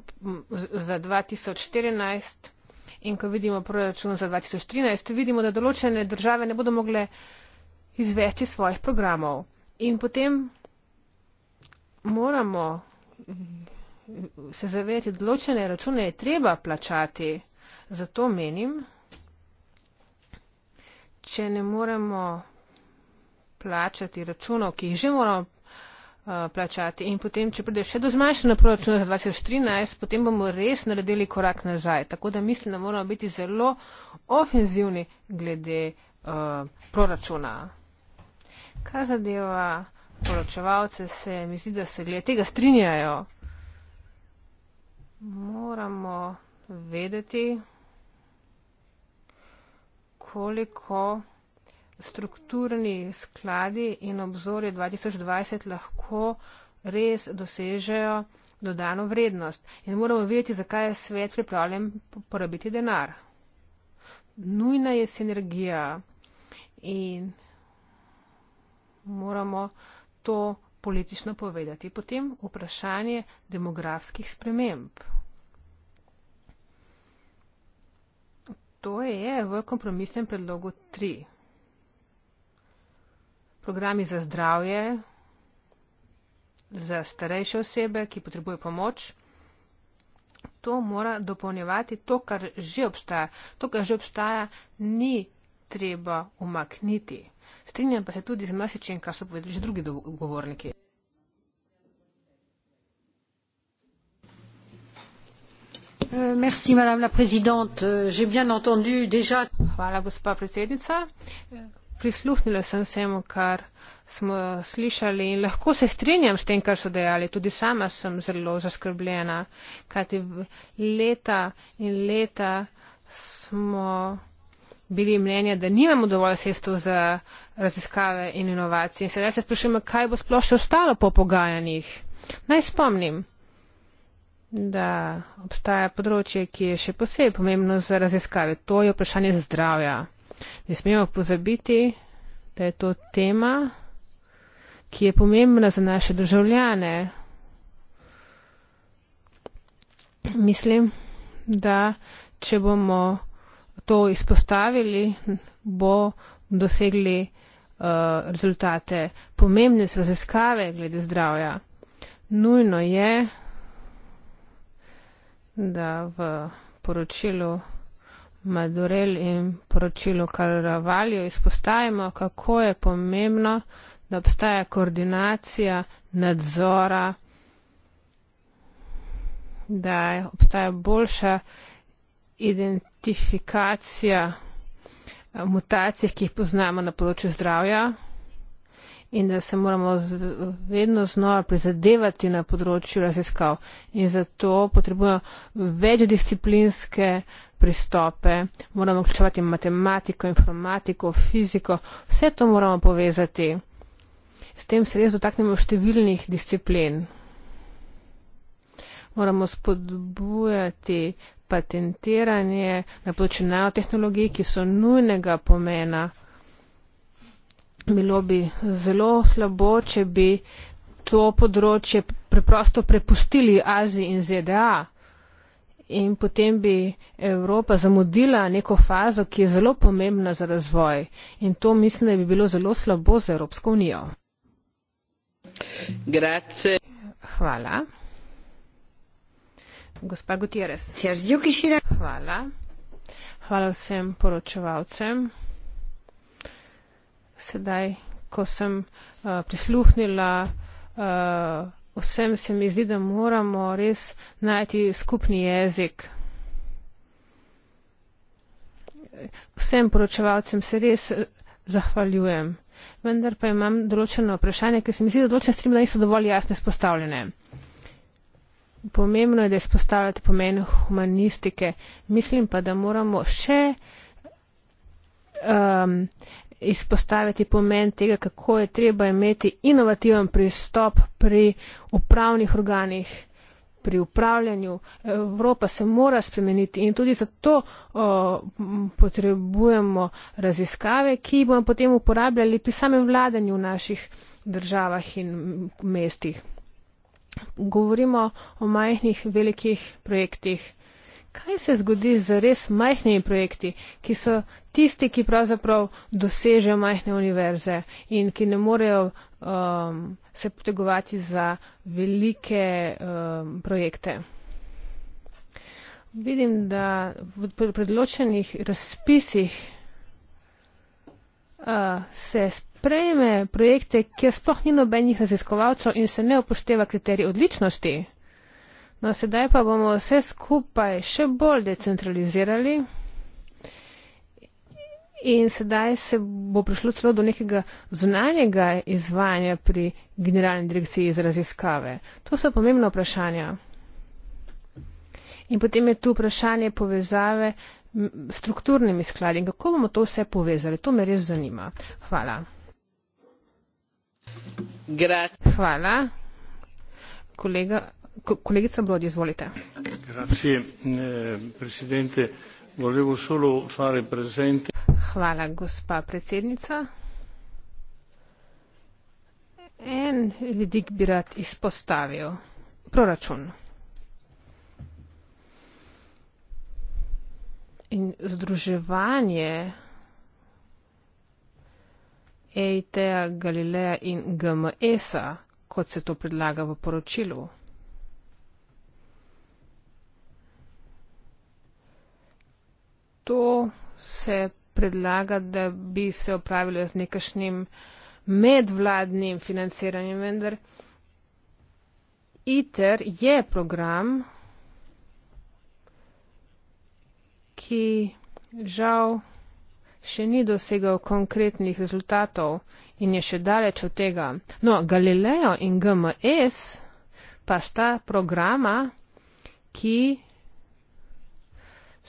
za 2014. In ko vidimo proračun za 2013, vidimo, da določene države ne bodo mogle izvesti svojih programov. In potem moramo se zavedati, določene račune je treba plačati. Zato menim, če ne moremo plačati računov, ki jih že moramo plačati, Eh, plačati. In potem, če pride še do zmanjšanja proračuna za 2014, potem bomo res naredili korak nazaj. Tako da mislim, da moramo biti zelo ofenzivni glede uh, proračuna. Kar zadeva poročevalce, se mi zdi, da se glede tega strinjajo. Moramo vedeti, koliko strukturni skladi in obzorje 2020 lahko res dosežejo dodano vrednost. In moramo vedeti, zakaj je svet pripravljen porabiti denar. Nujna je sinergija in moramo to politično povedati. Potem vprašanje demografskih sprememb. To je v kompromisnem predlogu 3 programi za zdravje, za starejše osebe, ki potrebujejo pomoč. To mora dopolnjevati to, kar že obstaja. To, kar že obstaja, ni treba umakniti. Strinjam pa se tudi z mesečem, kar so povedali že drugi govorniki. Euh, merci, la euh, Hvala, gospa predsednica prisluhnila sem vsemu, kar smo slišali in lahko se strinjam s tem, kar so dejali. Tudi sama sem zelo zaskrbljena, kajti leta in leta smo bili mnenja, da nimamo dovolj sredstev za raziskave in inovacije. In sedaj se sprašujem, kaj bo sploh še ostalo po pogajanjih. Naj spomnim, da obstaja področje, ki je še posebej pomembno za raziskave. To je vprašanje zdravja ne smemo pozabiti, da je to tema, ki je pomembna za naše državljane. Mislim, da če bomo to izpostavili, bo dosegli uh, rezultate pomembne raziskave glede zdravja. Nujno je, da v poročilu Madurel in poročilu Karavalju izpostavimo, kako je pomembno, da obstaja koordinacija nadzora, da obstaja boljša identifikacija eh, mutacij, ki jih poznamo na področju zdravja in da se moramo vedno znova prizadevati na področju raziskav. In zato potrebujemo večdisciplinske pristope, moramo vključevati matematiko, informatiko, fiziko, vse to moramo povezati. S tem se res dotaknemo številnih disciplin. Moramo spodbujati patentiranje na področju nanotehnologij, ki so nujnega pomena. Bilo bi zelo slabo, če bi to področje preprosto prepustili Aziji in ZDA in potem bi Evropa zamudila neko fazo, ki je zelo pomembna za razvoj. In to mislim, da bi bilo zelo slabo za Evropsko unijo. Grazie. Hvala. Gospa Gutierrez. Hvala. Hvala vsem poročevalcem. Sedaj, ko sem uh, prisluhnila uh, vsem se mi zdi, da moramo res najti skupni jezik. Vsem poročevalcem se res eh, zahvaljujem. Vendar pa imam določeno vprašanje, ker se mi zdi, da določene stvari niso dovolj jasno spostavljene. Pomembno je, da izpostavljate pomen humanistike. Mislim pa, da moramo še um, izpostaviti pomen tega, kako je treba imeti inovativen pristop pri upravnih organih, pri upravljanju. Evropa se mora spremeniti in tudi zato o, potrebujemo raziskave, ki jih bomo potem uporabljali pri samem vladanju v naših državah in mestih. Govorimo o majhnih, velikih projektih. Kaj se zgodi z res majhnimi projekti, ki so tisti, ki pravzaprav dosežejo majhne univerze in ki ne morejo um, se potegovati za velike um, projekte? Vidim, da v predločenih razpisih uh, se sprejme projekte, kjer sploh ni nobenih raziskovalcev in se ne upošteva kriterij odličnosti. No, sedaj pa bomo vse skupaj še bolj decentralizirali in sedaj se bo prišlo celo do nekega zunanjega izvajanja pri generalni direkciji za raziskave. To so pomembna vprašanja. In potem je tu vprašanje povezave strukturnimi skladi in kako bomo to vse povezali. To me res zanima. Hvala. Grat. Hvala. Kolega kolegica brod izvolite grazie eh, presidente volevo solo fare presente hvala gospa predsednica en vidik bi rad izpostavil proračun in združevanje EIT-ja, Galileja in GMS-a, kot se to predlaga v poročilu. to se predlaga, da bi se opravilo z nekašnim medvladnim financiranjem, vendar ITER je program, ki žal še ni dosegal konkretnih rezultatov in je še daleč od tega. No, Galileo in GMS pa sta programa, ki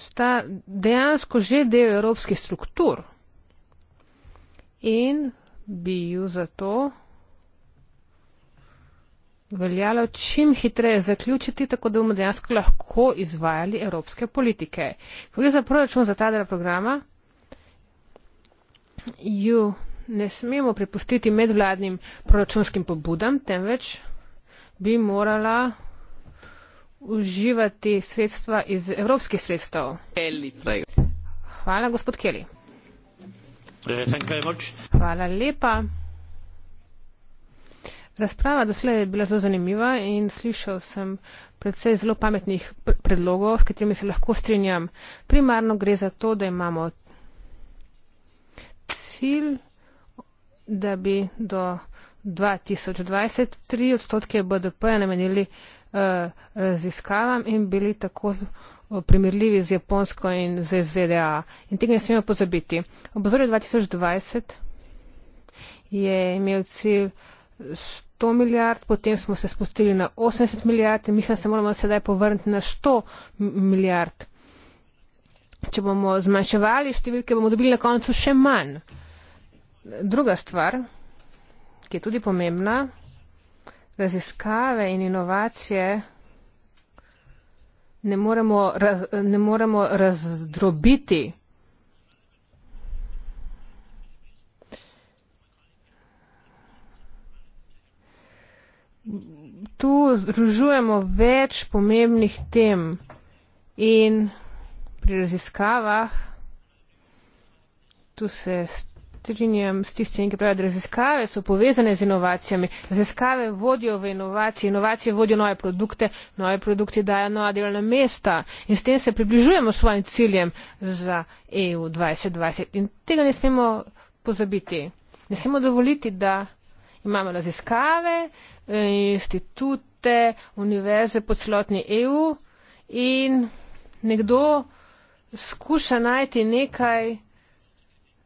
sta dejansko že del evropskih struktur in bi ju zato veljalo čim hitreje zaključiti, tako da bomo dejansko lahko izvajali evropske politike. Ko gre za proračun za ta del programa, ju ne smemo pripustiti medvladnim proračunskim pobudam, temveč bi morala uživati sredstva iz evropskih sredstev. Hvala, gospod Kelly. Eh, Hvala lepa. Razprava doslej je bila zelo zanimiva in slišal sem predvsej zelo pametnih predlogov, s katerimi se lahko strinjam. Primarno gre za to, da imamo cilj, da bi do 2020 3 odstotke BDP namenili. Eh, raziskavam in bili tako eh, primerljivi z Japonsko in z ZDA. In tega ne smemo pozabiti. Obzorje 2020 je imel cilj 100 milijard, potem smo se spustili na 80 milijard in mislim, da se moramo sedaj povrniti na 100 milijard. Če bomo zmanjševali številke, bomo dobili na koncu še manj. Druga stvar, ki je tudi pomembna, raziskave in inovacije ne moremo, raz, ne moremo razdrobiti. Tu združujemo več pomembnih tem in pri raziskavah, tu se strinjamo, strinjam s tistimi, ki pravijo, da raziskave so povezane z inovacijami. Raziskave vodijo v inovacije, inovacije vodijo nove produkte, nove produkti dajo nova delovna mesta in s tem se približujemo svojim ciljem za EU 2020. In tega ne smemo pozabiti. Ne smemo dovoliti, da imamo raziskave, eh, institute, univerze po celotni EU in nekdo skuša najti nekaj,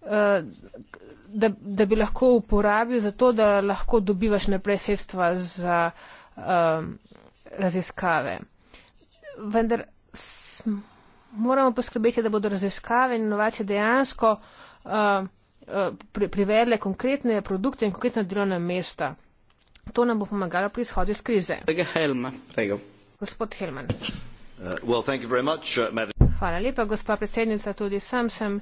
Eh, da, da bi lahko uporabil za to, da lahko dobivaš naprej sredstva za um, raziskave. Vendar moramo poskrbeti, da bodo raziskave in inovacije dejansko uh, pri, privedle konkretne produkte in konkretna delovna mesta. To nam bo pomagalo pri izhodu iz krize. Gospod Helman. Uh, well, Hvala lepa, gospa predsednica. Tudi sam sem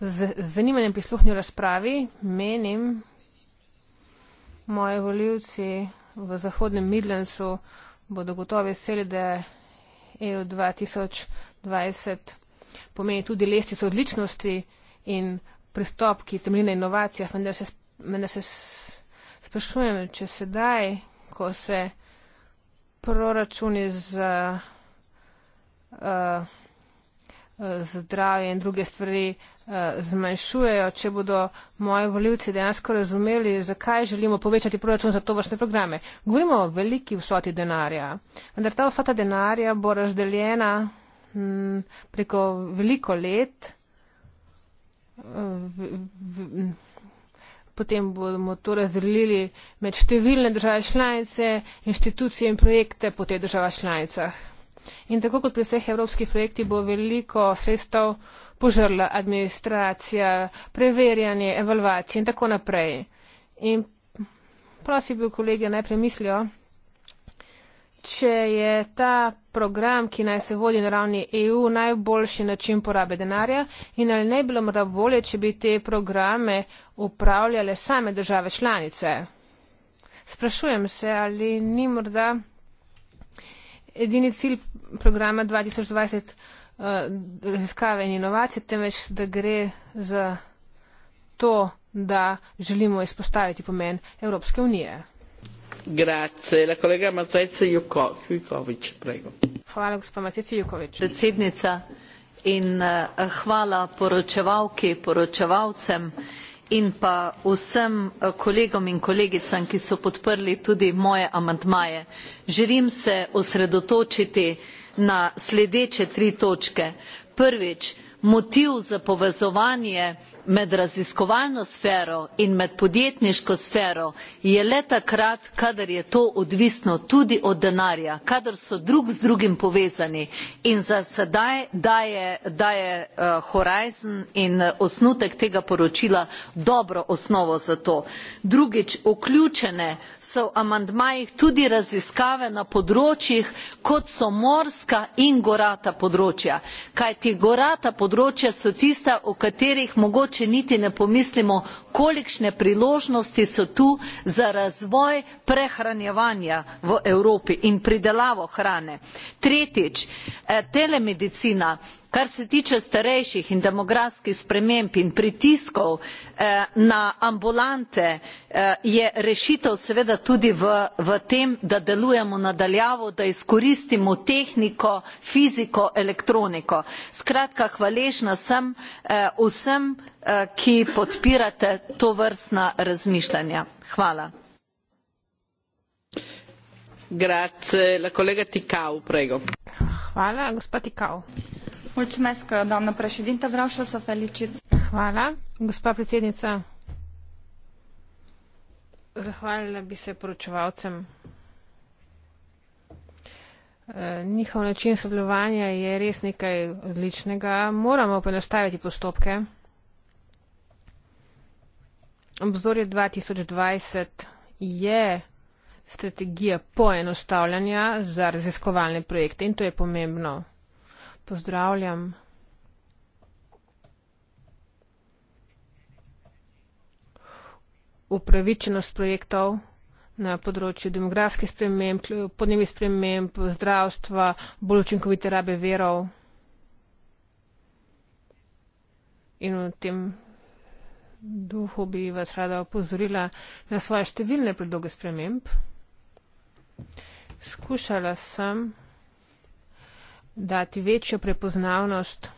z zanimanjem prisluhnil razpravi. Menim, moje voljivci v Zahodnem Midlandsu bodo gotovi veseli, da EU 2020 pomeni tudi lestico odličnosti in pristop, ki temelji na inovacijah. Vendar se, vendar se sprašujem, če sedaj, ko se proračuni z uh, zdravje in druge stvari eh, zmanjšujejo, če bodo moji voljivci dejansko razumeli, zakaj želimo povečati proračun za to vrstne programe. Govorimo o veliki vsoti denarja, vendar ta vsota denarja bo razdeljena hm, preko veliko let. Eh, hm, potem bomo to razdelili med številne države članice, inštitucije in projekte po teh državah članicah. In tako kot pri vseh evropskih projektih bo veliko sredstev požrla administracija, preverjanje, evalvacije in tako naprej. In prosim bi kolege najprej mislijo, če je ta program, ki naj se vodi na ravni EU, najboljši način porabe denarja in ali ne bi bilo morda bolje, če bi te programe upravljale same države članice. Sprašujem se, ali ni morda edini cilj programa 2020 eh, raziskave in inovacije, temveč da gre za to, da želimo izpostaviti pomen Evropske unije. Grazie. La collega Mazzetti Jukovic, prego. Hvala, gospod Mazzetti Jukovic. Predsednica in eh, hvala poročevalki, poročevalcem in pa vsem eh, kolegom in kolegicam, ki so podprli tudi moje amantmaje. Želim se osredotočiti na sledeče tri točke. Prvič, motiv za povezovanje med raziskovalno sfero in med podjetniško sfero je le takrat kadar je to odvisno tudi od denarja kadar so drug z drugim povezani in za sedaj daje, daje uh, horizon in eh, osnutek tega poročila dobro osnovo za to. Drugič, vključene so v amandmajih tudi raziskave na področjih, kot so morska in gorata področja. Kajti gorata področja so tista, o katerih mogoče mogoče niti ne pomislimo, kolikšne priložnosti so tu za razvoj prehranjevanja v Evropi in pridelavo hrane. Tretjič, eh, telemedicina kar se tiče starejših in demografskih sprememb in pritiskov eh, na ambulante eh, je rešitev seveda tudi v, v tem, da delujemo nadaljavo, da izkoristimo tehniko, fiziko, elektroniko. Skratka, hvaležna sem eh, vsem, ki podpirate to vrstna razmišljanja. Hvala. Grazie, la collega Ticau, prego. Hvala, gospod Ticau. Mulțumesc, doamnă președintă. Vreau și o să felicit. Hvala. Gospa predsednica, zahvalila bi se poročevalcem. Eh, njihov način sodelovanja je res nekaj odličnega. Moramo poenostaviti postopke. Obzorje 2020 je strategija poenostavljanja za raziskovalne projekte in to je pomembno pozdravljam. Upravičenost projektov na področju demografskih sprememb, podnebnih sprememb, zdravstva, bolj učinkovite rabe verov in v tem duhu bi vas rada opozorila na svoje številne predloge sprememb. Skušala sem dati večjo prepoznavnost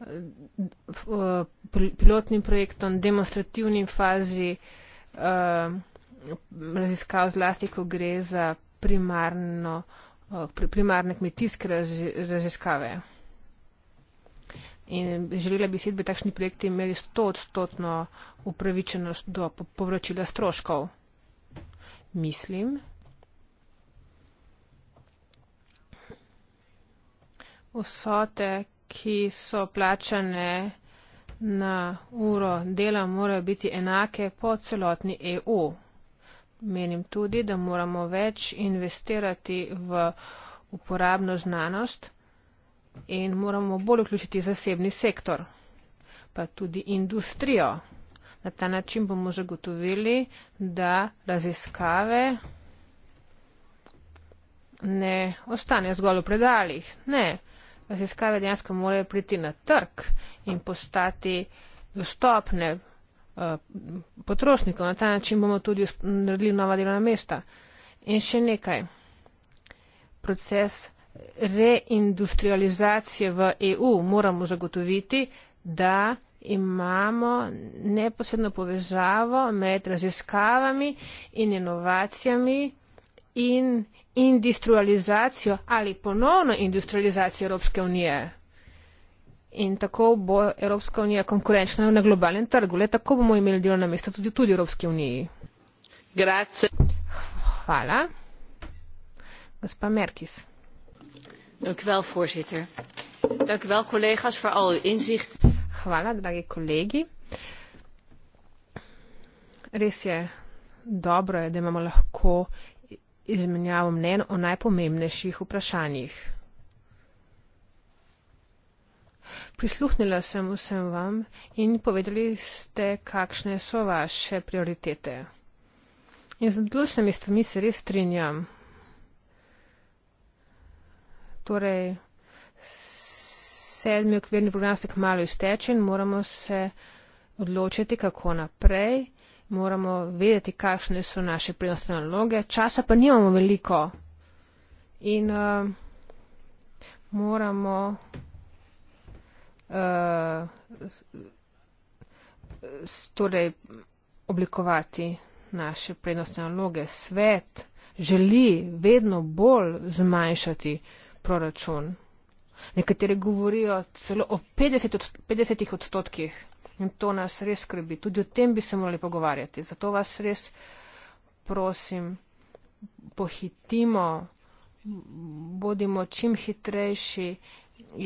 eh, pilotnim projektom, demonstrativni fazi eh, raziskav zlasti, ko gre za primarno, eh, primarne kmetijske raziskave. In želela bi si, da bi takšni projekti imeli stotstotno upravičenost do povračila stroškov. Mislim, vsote, ki so plačane na uro dela, morajo biti enake po celotni EU. Menim tudi, da moramo več investirati v uporabno znanost in moramo bolj vključiti zasebni sektor, pa tudi industrijo. Na ta način bomo zagotovili, da raziskave ne ostane zgolj v predaljih. Ne, raziskave dejansko morajo priti na trg in postati dostopne uh, eh, potrošnikov. Na ta način bomo tudi naredili nova delovna mesta. In še nekaj. Proces reindustrializacije v EU moramo zagotoviti, da imamo neposredno povezavo med raziskavami in inovacijami in industrializacijo ali ponovno industrializacijo Evropske unije. In tako bo Evropska unija konkurenčna na globalnem trgu. Le tako bomo imeli delovna mesta tudi, tudi v Evropski uniji. Grazie. Hvala. Gospa Merkis. Hvala, dragi kolegi. Res je, dobro je, da imamo lahko izmenjavo mnen o najpomembnejših vprašanjih. Prisluhnila sem vsem vam in povedali ste, kakšne so vaše prioritete. In z odločnimi stvarmi se res strinjam. Torej, sedmi okvirni program se kmalo izteče in moramo se odločiti, kako naprej moramo vedeti, kakšne so naše prednostne naloge, časa pa nimamo veliko. In uh, moramo uh, torej oblikovati naše prednostne naloge. Svet želi vedno bolj zmanjšati proračun. Nekateri govorijo celo o 50, 50 odstotkih In to nas res skrbi. Tudi o tem bi se morali pogovarjati. Zato vas res prosim, pohitimo, bodimo čim hitrejši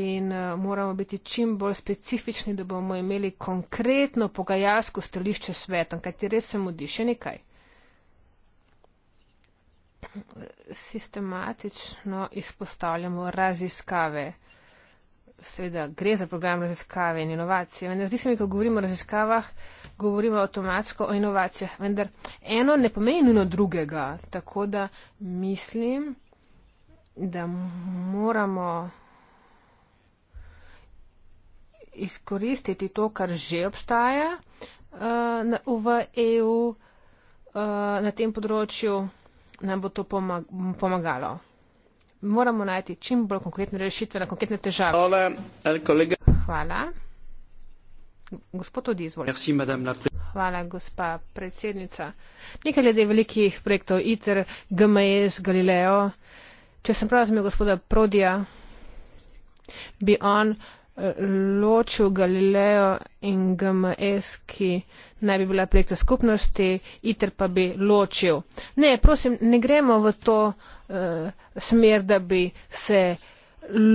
in eh, moramo biti čim bolj specifični, da bomo imeli konkretno pogajalsko stališče svetom, kaj ti res se mudi. Še nekaj. Sistematično izpostavljamo raziskave seveda gre za program raziskave in inovacije. Vendar zdi se mi, ko govorimo o raziskavah, govorimo avtomatsko o inovacijah, vendar eno ne pomeni nujno drugega. Tako da mislim, da moramo izkoristiti to, kar že obstaja uh, v EU uh, eh, na tem področju, nam bo to pomagalo moramo najti čim bolj konkretne rešitve na konkretne težave. Hvala. Eh, Hvala. Gospod Odi, izvolite. Hvala, gospa predsednica. Nekaj glede velikih projektov ITER, GMS, Galileo. Če sem prav razumel gospoda Prodija, bi on eh, ločil Galileo in GMS, ki naj bi bila projekta skupnosti, ITER pa bi ločil. Ne, prosim, ne gremo v to uh, smer, da bi se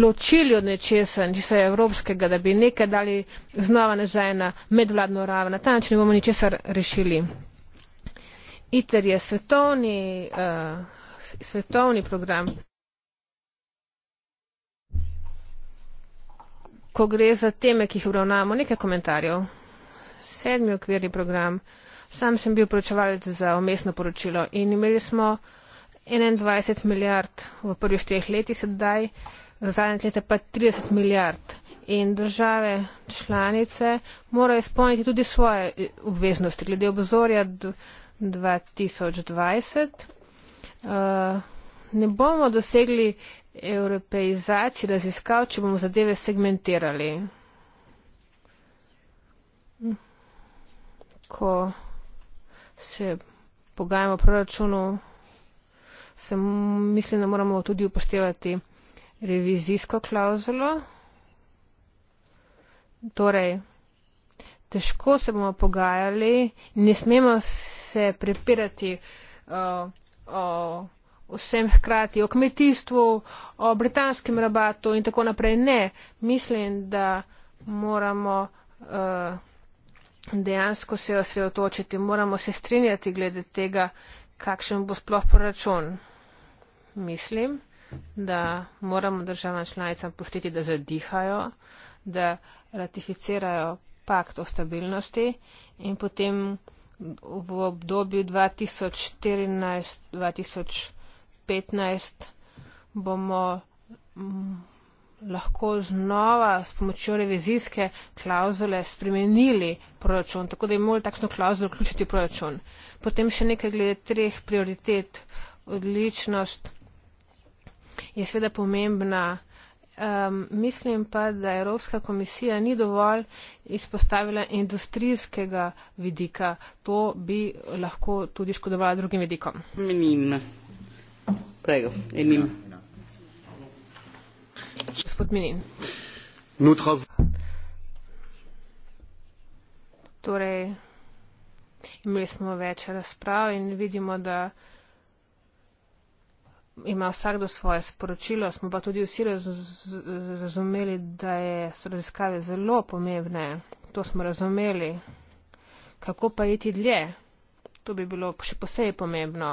ločili od nečesa, nečesa evropskega, da bi nekaj dali znova nazaj na medvladno raven. Na ta način ne bomo ničesar rešili. ITER je svetovni, uh, svetovni program. Ko gre za teme, ki jih obravnavamo, nekaj komentarjev sedmi okvirni program. Sam sem bil poročevalec za omestno poročilo in imeli smo 21 milijard v prvih štirih letih, sedaj za zadnje leta pa 30 milijard. In države članice morajo izpolniti tudi svoje eh, obveznosti glede obzorja 2020. Uh, eh, ne bomo dosegli evropeizacije raziskav, če bomo zadeve segmentirali. ko se pogajamo o proračunu, se mislim, da moramo tudi upoštevati revizijsko klauzulo. Torej, težko se bomo pogajali, ne smemo se prepirati uh, o vsem hkrati, o kmetijstvu, o britanskem rabatu in tako naprej. Ne, mislim, da moramo. Uh, dejansko se osredotočiti. Moramo se strinjati glede tega, kakšen bo sploh proračun. Mislim, da moramo državam članicam pustiti, da zadihajo, da ratificirajo pakt o stabilnosti in potem v obdobju 2014-2015 bomo lahko znova s pomočjo revizijske klauzule spremenili proračun, tako da je mogel takšno klauzulo vključiti v proračun. Potem še nekaj glede treh prioritet. Odličnost je sveda pomembna. Um, mislim pa, da Evropska komisija ni dovolj izpostavila industrijskega vidika. To bi lahko tudi škodovala drugim vidikom. Menim. Prego. Enim. Ja. Torej, imeli smo več razprav in vidimo, da ima vsakdo svoje sporočilo, smo pa tudi vsi raz, razumeli, da je, so raziskave zelo pomembne. To smo razumeli. Kako pa iti dlje? To bi bilo še posebej pomembno.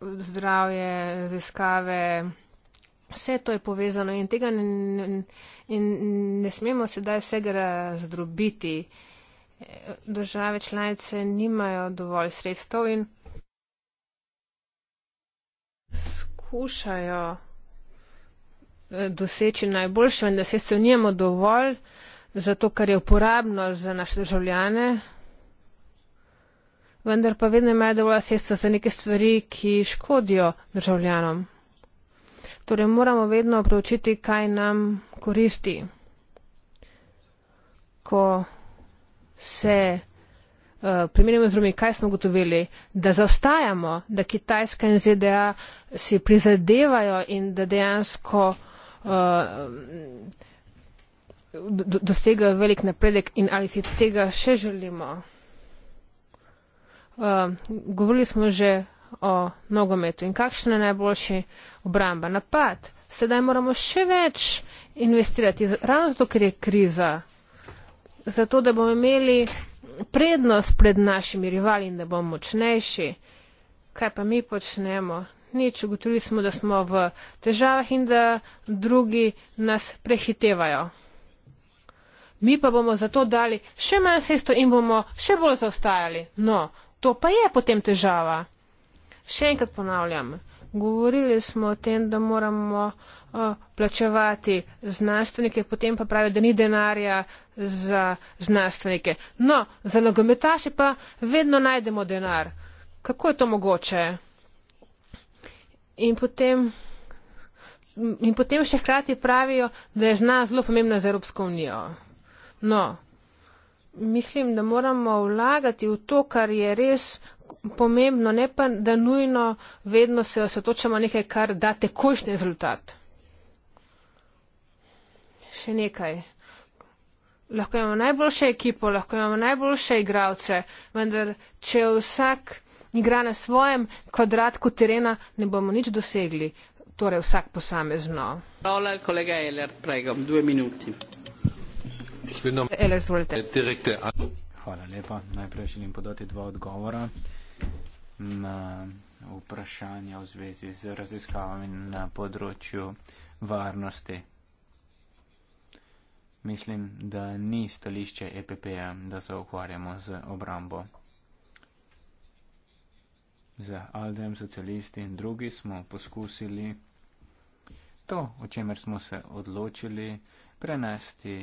zdravje, raziskave, vse to je povezano in tega ne, ne, in ne smemo sedaj vsega razdrobiti. Države članice nimajo dovolj sredstev in skušajo eh, doseči najboljše, vendar sredstev nimamo dovolj za to, kar je uporabno za naše državljane vendar pa vedno imajo dovolj sredstva za neke stvari, ki škodijo državljanom. Torej moramo vedno preučiti, kaj nam koristi, ko se uh, primerjamo z drugimi, kaj smo gotovili, da zaostajamo, da Kitajska in ZDA si prizadevajo in da dejansko uh, dosegajo velik napredek in ali si tega še želimo. Ehm, govorili smo že o nogometu in kakšna je najboljša obramba, napad. Sedaj moramo še več investirati, ravno zato, ker je kriza, zato da bomo imeli prednost pred našimi rivali in da bomo močnejši. Kaj pa mi počnemo? Nič, ugotovili smo, da smo v težavah in da drugi nas prehitevajo. Mi pa bomo zato dali še manj sestov in bomo še bolj zaostajali. No, to pa je potem težava. Še enkrat ponavljam, govorili smo o tem, da moramo o, uh, plačevati znanstvenike, potem pa pravijo, da ni denarja za znanstvenike. No, za nogometaše pa vedno najdemo denar. Kako je to mogoče? In potem, in potem še hkrati pravijo, da je znanost zelo pomembna za Evropsko unijo. No, mislim, da moramo vlagati v to, kar je res pomembno, ne pa, da nujno vedno se osotočamo nekaj, kar da tekošnji rezultat. Še nekaj. Lahko imamo najboljše ekipo, lahko imamo najboljše igravce, vendar, če vsak igra na svojem kvadratku terena, ne bomo nič dosegli. Torej, vsak posamezno. Hvala, kolega Eler, pregom, dve minuti. Hvala lepa. Najprej želim podati dva odgovora na vprašanja v zvezi z raziskavami na področju varnosti. Mislim, da ni stališče EPP-ja, da se ukvarjamo z obrambo. Z Aldem, socialisti in drugi smo poskusili to, o čemer smo se odločili, prenesti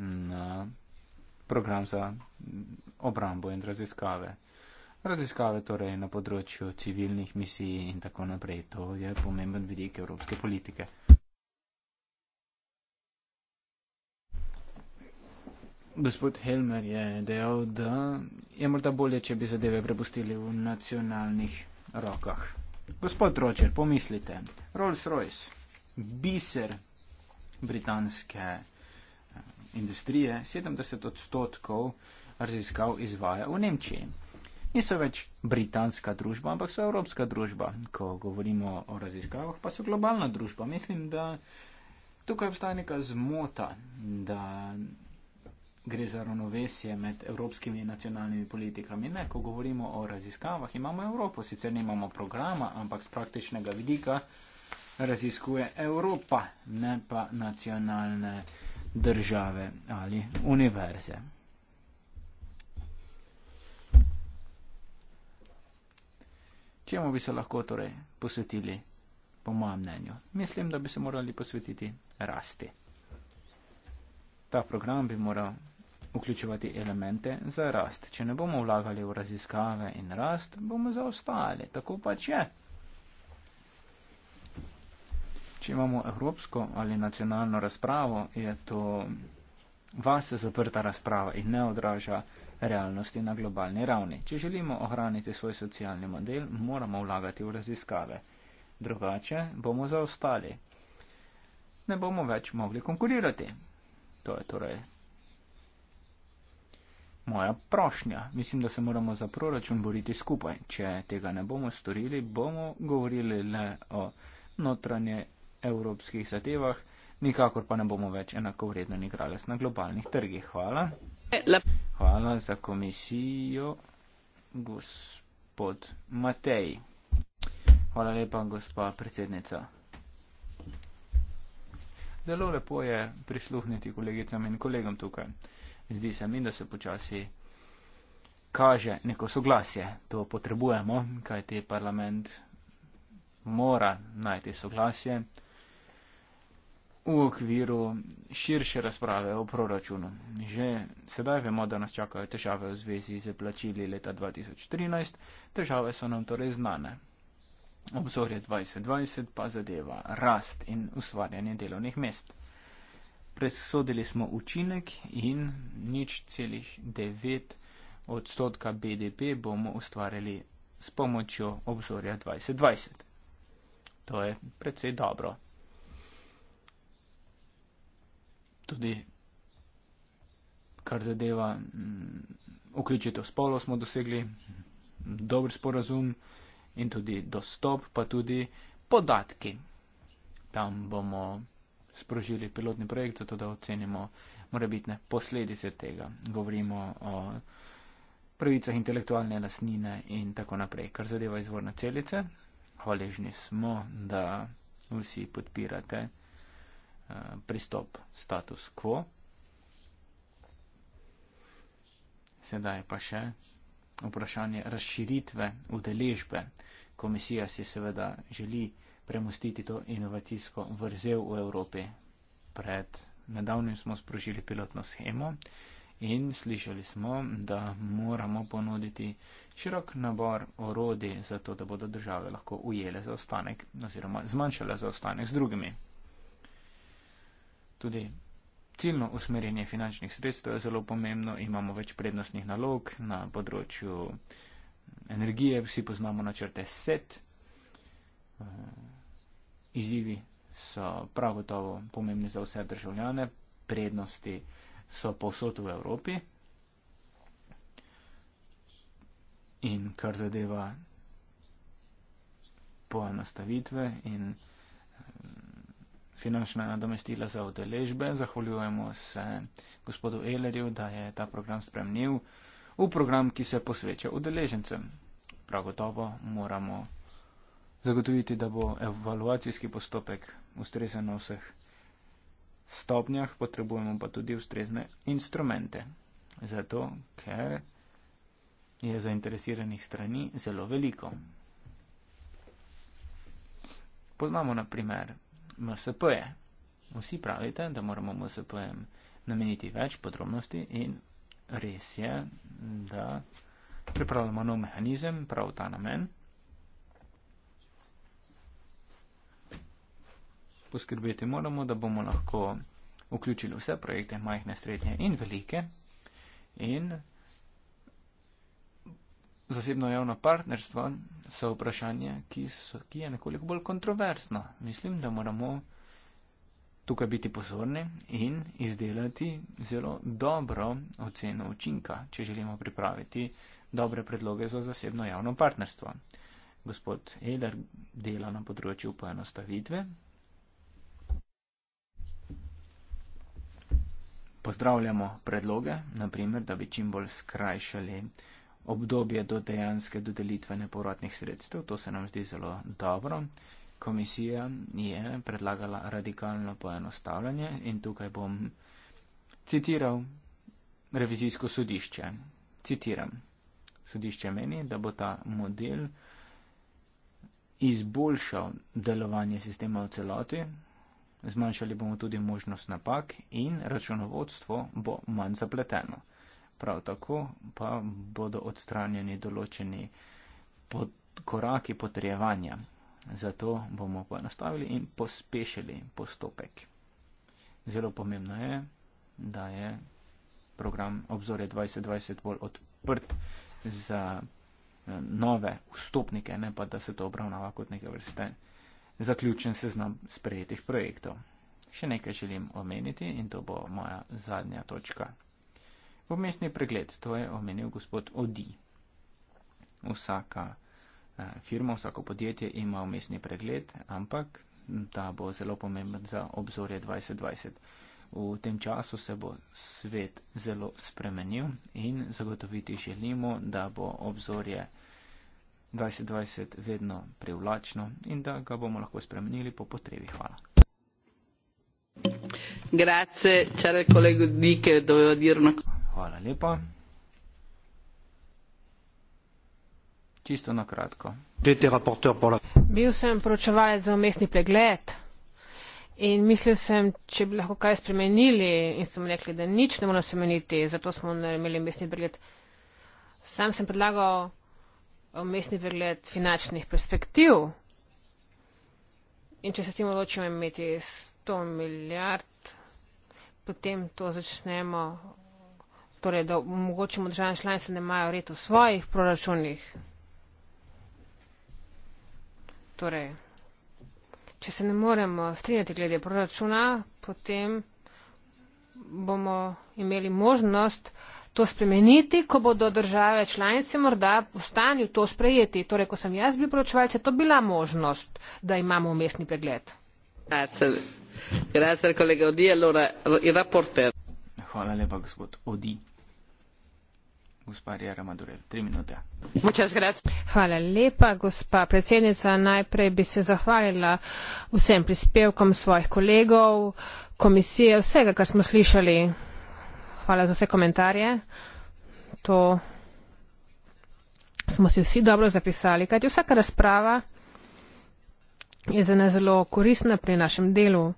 na program za obrambo in raziskave. Raziskave torej na področju civilnih misij in tako naprej. To je pomemben vidik evropske politike. Gospod Helmer je dejal, da je morda bolje, če bi zadeve prepustili v nacionalnih rokah. Gospod Roger, pomislite. Rolls Royce, biser britanske industrije 70 odstotkov raziskav izvaja v Nemčiji. Niso več britanska družba, ampak so evropska družba. Ko govorimo o raziskavah, pa so globalna družba. Mislim, da tukaj obstaja neka zmota, da gre za ravnovesje med evropskimi in nacionalnimi politikami. Ne, ko govorimo o raziskavah, imamo Evropo, sicer nimamo programa, ampak z praktičnega vidika raziskuje Evropa, ne pa nacionalne države ali univerze. Čemu bi se lahko torej posvetili, po mojem mnenju? Mislim, da bi se morali posvetiti rasti. Ta program bi moral vključevati elemente za rast. Če ne bomo vlagali v raziskave in rast, bomo zaostali. Tako pač je. Če imamo evropsko ali nacionalno razpravo, je to vase zaprta razprava in ne odraža realnosti na globalni ravni. Če želimo ohraniti svoj socialni model, moramo vlagati v raziskave. Drugače bomo zaostali. Ne bomo več mogli konkurirati. To je torej moja prošnja. Mislim, da se moramo za proračun boriti skupaj. Če tega ne bomo storili, bomo govorili le o notranje evropskih zadevah, nikakor pa ne bomo več enakovreden igralec na globalnih trgih. Hvala. Hvala za komisijo, gospod Matej. Hvala lepa, gospa predsednica. Zelo lepo je prisluhniti kolegicam in kolegom tukaj. Zdi se mi, da se počasi kaže neko soglasje. To potrebujemo, kajti parlament mora najti soglasje v okviru širše razprave o proračunu. Že sedaj vemo, da nas čakajo težave v zvezi z plačili leta 2013, težave so nam torej znane. Obzorje 2020 pa zadeva rast in ustvarjanje delovnih mest. Presodili smo učinek in nič celih 9 odstotka BDP bomo ustvarjali s pomočjo obzorja 2020. To je predvsej dobro. tudi kar zadeva mm, vključitev spolov smo dosegli dober sporazum in tudi dostop, pa tudi podatki. Tam bomo sprožili pilotni projekt, zato da ocenimo morebitne posledice tega. Govorimo o pravicah intelektualne lasnine in tako naprej, kar zadeva izvorne celice. Hvaležni smo, da vsi podpirate Eh, pristop status quo. Sedaj pa še vprašanje razširitve udeležbe. Komisija si seveda želi premustiti to inovacijsko vrzel v Evropi. Pred nedavnim smo sprožili pilotno schemo in slišali smo, da moramo ponuditi širok nabor orodi za to, da bodo države lahko ujele zaostanek oziroma zmanjšale zaostanek z drugimi tudi ciljno usmerjenje finančnih sredstev je zelo pomembno. Imamo več prednostnih nalog na področju energije, vsi poznamo načrte SET. Eh, Izivi so prav gotovo pomembni za vse državljane, prednosti so povsod v Evropi. In kar zadeva poenostavitve in finančna nadomestila za udeležbe. Zahvaljujemo se gospodu Ehlerju, da je ta program spremnil v program, ki se posveča udeležencem. Prav gotovo moramo zagotoviti, da bo evaluacijski postopek ustrezen na vseh stopnjah, potrebujemo pa tudi ustrezne instrumente. Zato, ker je zainteresiranih strani zelo veliko. Poznamo na primer MSP-je. Vsi pravite, da moramo MSP-jem nameniti več podrobnosti in res je, da pripravljamo nov mehanizem prav ta namen. Poskrbeti moramo, da bomo lahko vključili vse projekte majhne, srednje in velike in zasebno-javno partnerstvo so vprašanje, ki, so, ki je nekoliko bolj kontroversno. Mislim, da moramo tukaj biti pozorni in izdelati zelo dobro oceno učinka, če želimo pripraviti dobre predloge za zasebno-javno partnerstvo. Gospod Eder dela na področju poenostavitve. Pozdravljamo predloge, naprimer, da bi čim bolj skrajšali obdobje do dejanske dodelitve neporodnih sredstev. To se nam zdi zelo dobro. Komisija je predlagala radikalno poenostavljanje in tukaj bom citiral revizijsko sodišče. Citiram. Sodišče meni, da bo ta model izboljšal delovanje sistema v celoti, zmanjšali bomo tudi možnost napak in računovodstvo bo manj zapleteno prav tako pa bodo odstranjeni določeni pod, koraki potrjevanja. Zato bomo poenostavili in pospešili postopek. Zelo pomembno je, da je program Obzorje 2020 bolj odprt za eh, nove vstopnike, ne pa da se to obravnava kot neke vrste zaključen seznam sprejetih projektov. Še nekaj želim omeniti in to bo moja zadnja točka Vmesni pregled, to je omenil gospod Odi. Vsaka eh, firma, vsako podjetje ima vmesni pregled, ampak ta bo zelo pomemben za obzorje 2020. V tem času se bo svet zelo spremenil in zagotoviti želimo, da bo obzorje 2020 vedno privlačno in da ga bomo lahko spremenili po potrebi. Hvala. Grazie, cari colleghi, di che dovevo dire una cosa. Hvala lepa. Čisto na kratko. Bil sem poročevalec za umestni pregled in mislil sem, če bi lahko kaj spremenili in so mi rekli, da nič ne moramo spremeniti, zato smo imeli umestni pregled. Sam sem predlagal umestni pregled finančnih perspektiv in če se tim odločimo imeti 100 milijard, potem to začnemo torej da omogočimo državam članice, da imajo red v svojih proračunih. Torej, če se ne moremo strinjati glede proračuna, potem bomo imeli možnost to spremeniti, ko bodo države članice morda v stanju to sprejeti. Torej, ko sem jaz bil proračunalec, je to bila možnost, da imamo umestni pregled. Grazie, grazie, Hvala lepa, gospod Odi. Hvala lepa, gospa predsednica. Najprej bi se zahvalila vsem prispevkom svojih kolegov, komisije, vsega, kar smo slišali. Hvala za vse komentarje. To smo si vsi dobro zapisali, kajti vsaka razprava je za nas zelo koristna pri našem delu.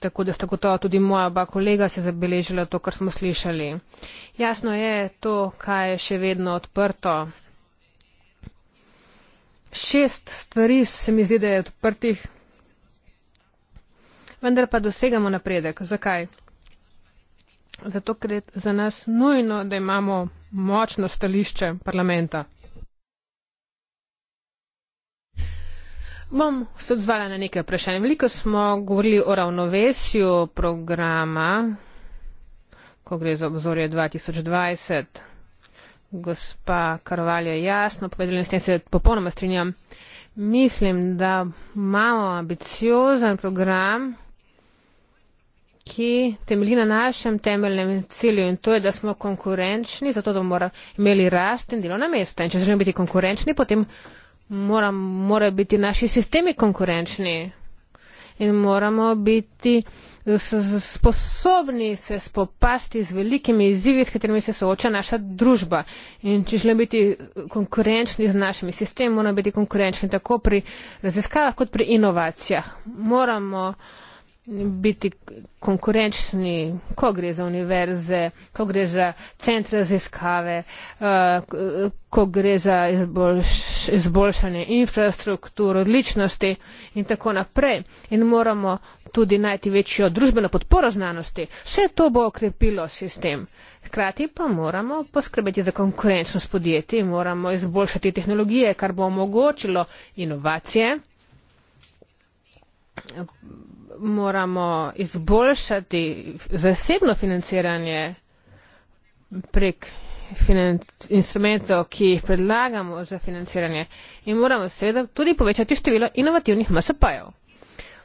Tako da sta gotovo tudi moja oba kolega se zabeležila to, kar smo slišali. Jasno je to, kaj je še vedno odprto. Šest stvari se mi zdi, da je odprtih, vendar pa dosegamo napredek. Zakaj? Zato, ker je za nas nujno, da imamo močno stališče parlamenta. Bom se odzvala na nekaj vprašanj. Veliko smo govorili o ravnovesju programa, ko gre za obzorje 2020. Gospa Karvalja je jasno povedala in s tem se popolnoma strinjam. Mislim, da imamo ambiciozen program, ki temelji na našem temeljnem cilju in to je, da smo konkurenčni, zato da bomo imeli rast in delovna mesta. In če želimo biti konkurenčni, potem moram, morajo biti naši sistemi konkurenčni in moramo biti sposobni se spopasti z velikimi izzivi, s katerimi se sooča naša družba. In če želimo biti konkurenčni z našimi sistemi, moramo biti konkurenčni tako pri raziskavah kot pri inovacijah. Moramo biti konkurenčni, ko gre za univerze, ko gre za centre raziskave, eh, ko gre za izboljš, izboljšanje infrastruktur, odličnosti in tako naprej. In moramo tudi najti večjo družbeno podporo znanosti. Vse to bo okrepilo sistem. Hkrati pa moramo poskrbeti za konkurenčnost podjetij, moramo izboljšati tehnologije, kar bo omogočilo inovacije moramo izboljšati zasebno financiranje prek financ instrumentov, ki jih predlagamo za financiranje in moramo seveda tudi povečati število inovativnih MSP-jev.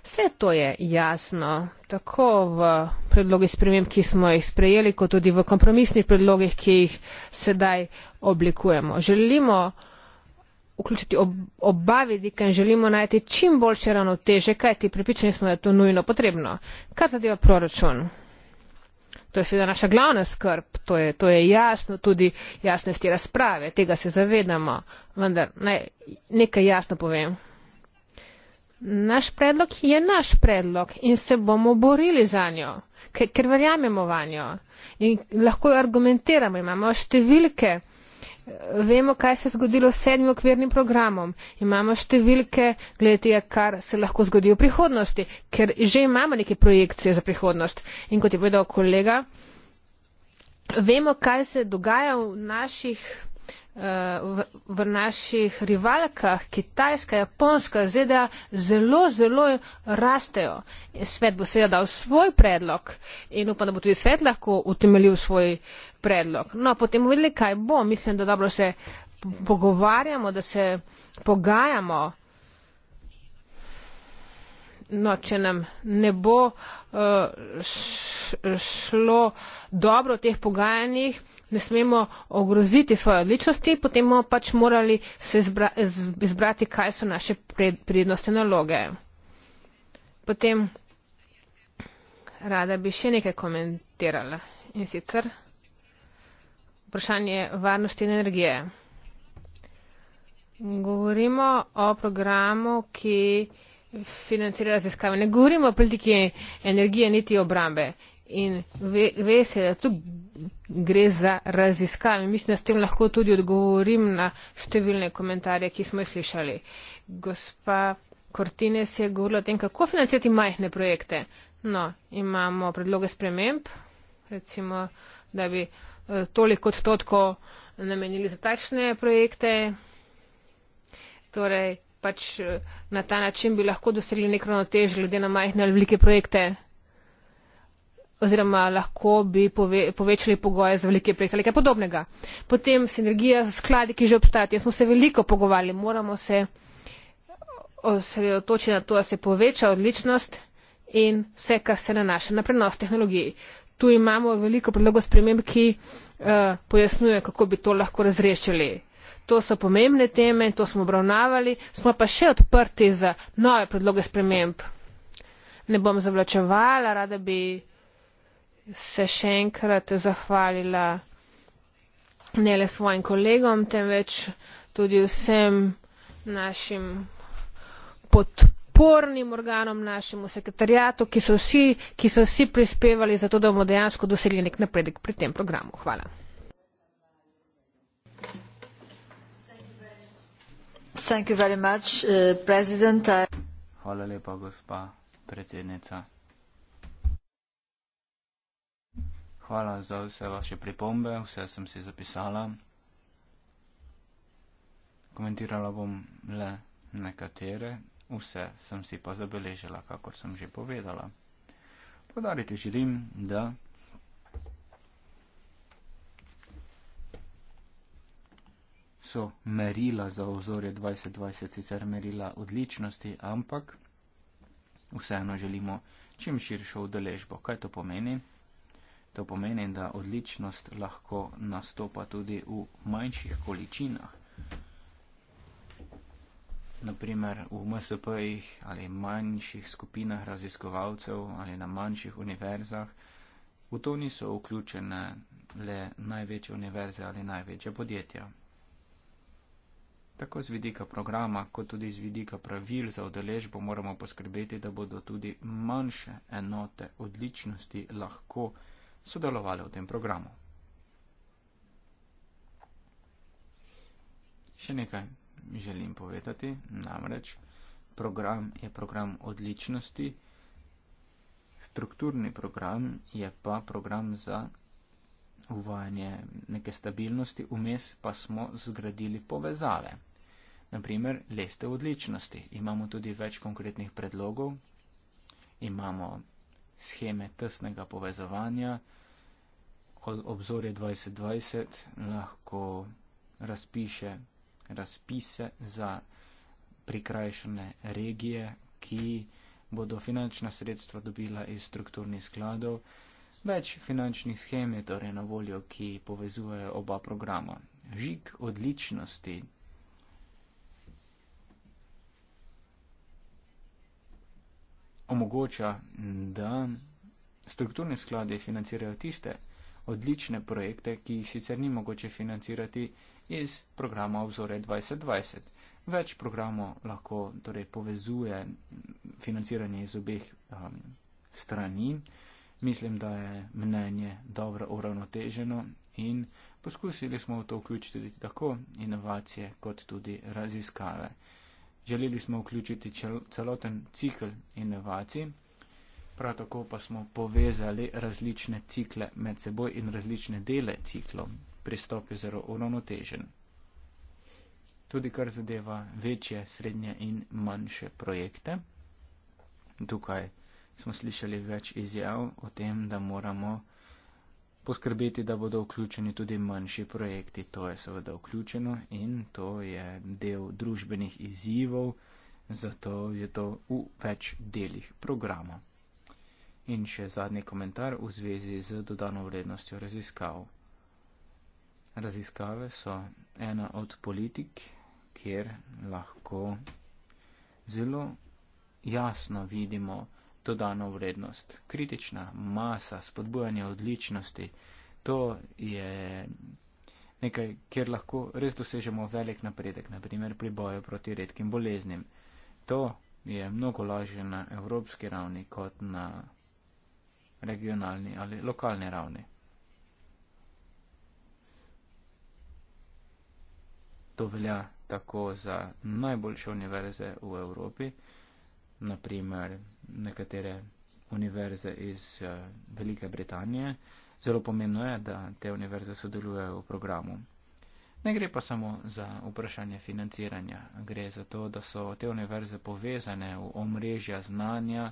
Vse to je jasno, tako v predlogih sprememb, ki smo jih sprejeli, kot tudi v kompromisnih predlogih, ki jih sedaj oblikujemo. Želimo vključiti ob, oba vidika in želimo najti čim boljše ravnoteže, kajti pripričani smo, da je to nujno potrebno. Kar zadeva proračun, to je seveda naša glavna skrb, to je, to je jasno tudi jasno iz te razprave, tega se zavedamo, vendar naj nekaj jasno povem. Naš predlog je naš predlog in se bomo borili za njo, ker, ker verjamemo vanjo in lahko jo argumentiramo, imamo številke. Vemo, kaj se je zgodilo s sedmim okvirnim programom. Imamo številke glede tega, kar se lahko zgodi v prihodnosti, ker že imamo neke projekcije za prihodnost. In kot je povedal kolega, vemo, kaj se dogaja v naših, uh, v, v naših rivalkah, Kitajska, Japonska, ZDA, zelo, zelo rastejo. Svet bo seveda dal svoj predlog in upam, da bo tudi svet lahko utemeljil svoj. Uh, predlog. No, potem videli, kaj bo. Mislim, da dobro se pogovarjamo, da se pogajamo. No, če nam ne bo uh, šlo dobro v teh pogajanjih, ne smemo ogroziti svoje odličnosti, potem bomo pač morali se izbra izbrati, kaj so naše prednostne naloge. Potem rada bi še nekaj komentirala. In sicer vprašanje varnosti in energije. Govorimo o programu, ki financira raziskave. Ne govorimo o politiki energije, niti obrambe. In ve, ve se, da tu gre za raziskave. Mislim, da s tem lahko tudi odgovorim na številne komentarje, ki smo jih slišali. Gospa Kortines je govorila o tem, kako financirati majhne projekte. No, imamo predloge sprememb, recimo, da bi toliko odstotkov namenili za takšne projekte. Torej, pač eh, na ta način bi lahko dosegli neko notež glede na majhne ali velike projekte. Oziroma, lahko bi pove, povečali pogoje za velike projekte ali kaj podobnega. Potem sinergija z skladi, ki že obstajajo. Smo se veliko pogovarjali, moramo se osredotočiti na to, da se poveča odličnost in vse, kar se nanaša na prenos tehnologij tu imamo veliko predlogov sprememb, ki eh, pojasnjuje, kako bi to lahko razrešili. To so pomembne teme in to smo obravnavali, smo pa še odprti za nove predloge sprememb. Ne bom zavlačevala, rada bi se še enkrat zahvalila ne le svojim kolegom, temveč tudi vsem našim podporam podpornim organom, našemu sekretarijatu, ki so vsi, ki so vsi prispevali za to, da bomo dejansko dosegli nek napredek pri tem programu. Hvala. Much, uh, Hvala lepa, gospa predsednica. Hvala za vse vaše pripombe, vse sem si zapisala. Komentirala bom le nekatere. Vse sem si pa zabeležila, kakor sem že povedala. Podariti želim, da. So merila za ozorje 2020 sicer merila odličnosti, ampak vseeno želimo čim širšo udeležbo. Kaj to pomeni? To pomeni, da odličnost lahko nastopa tudi v manjših količinah naprimer v MSP-jih ali manjših skupinah raziskovalcev ali na manjših univerzah. V to niso vključene le največje univerze ali največje podjetja. Tako z vidika programa, kot tudi z vidika pravil za odeležbo moramo poskrbeti, da bodo tudi manjše enote odličnosti lahko sodelovali v tem programu. Še nekaj želim povedati. Namreč program je program odličnosti, strukturni program je pa program za uvajanje neke stabilnosti, vmes pa smo zgradili povezave. Naprimer, leste odličnosti. Imamo tudi več konkretnih predlogov, imamo scheme tesnega povezovanja, obzorje 2020 lahko razpiše razpise za prikrajšane regije, ki bodo finančna sredstva dobila iz strukturnih skladov. Več finančnih schem je torej na voljo, ki povezujejo oba programa. Žig odličnosti. omogoča, da strukturni skladi financirajo tiste odlične projekte, ki jih sicer ni mogoče financirati iz programa Obzore 2020. Več programov lahko torej, povezuje financiranje iz obeh um, strani. Mislim, da je mnenje dobro uravnoteženo in poskusili smo v to vključiti tako inovacije kot tudi raziskave. Želeli smo vključiti celoten cikl inovacij, prav tako pa smo povezali različne cikle med seboj in različne dele ciklov pristop je zelo uravnotežen. Tudi kar zadeva večje, srednje in manjše projekte. Tukaj smo slišali več izjav o tem, da moramo poskrbeti, da bodo vključeni tudi manjši projekti. To je seveda vključeno in to je del družbenih izzivov, zato je to v več delih programa. In še zadnji komentar v zvezi z dodano vrednostjo raziskav raziskave so ena od politik, kjer lahko zelo jasno vidimo dodano vrednost. Kritična masa, spodbujanje odličnosti, to je nekaj, kjer lahko res dosežemo velik napredek, naprimer pri boju proti redkim boleznim. To je mnogo lažje na evropski ravni kot na regionalni ali lokalni ravni. To velja tako za najboljše univerze v Evropi, naprimer nekatere univerze iz uh, Velike Britanije. Zelo pomembno je, da te univerze sodelujejo v programu. Ne gre pa samo za vprašanje financiranja, gre za to, da so te univerze povezane v omrežja znanja,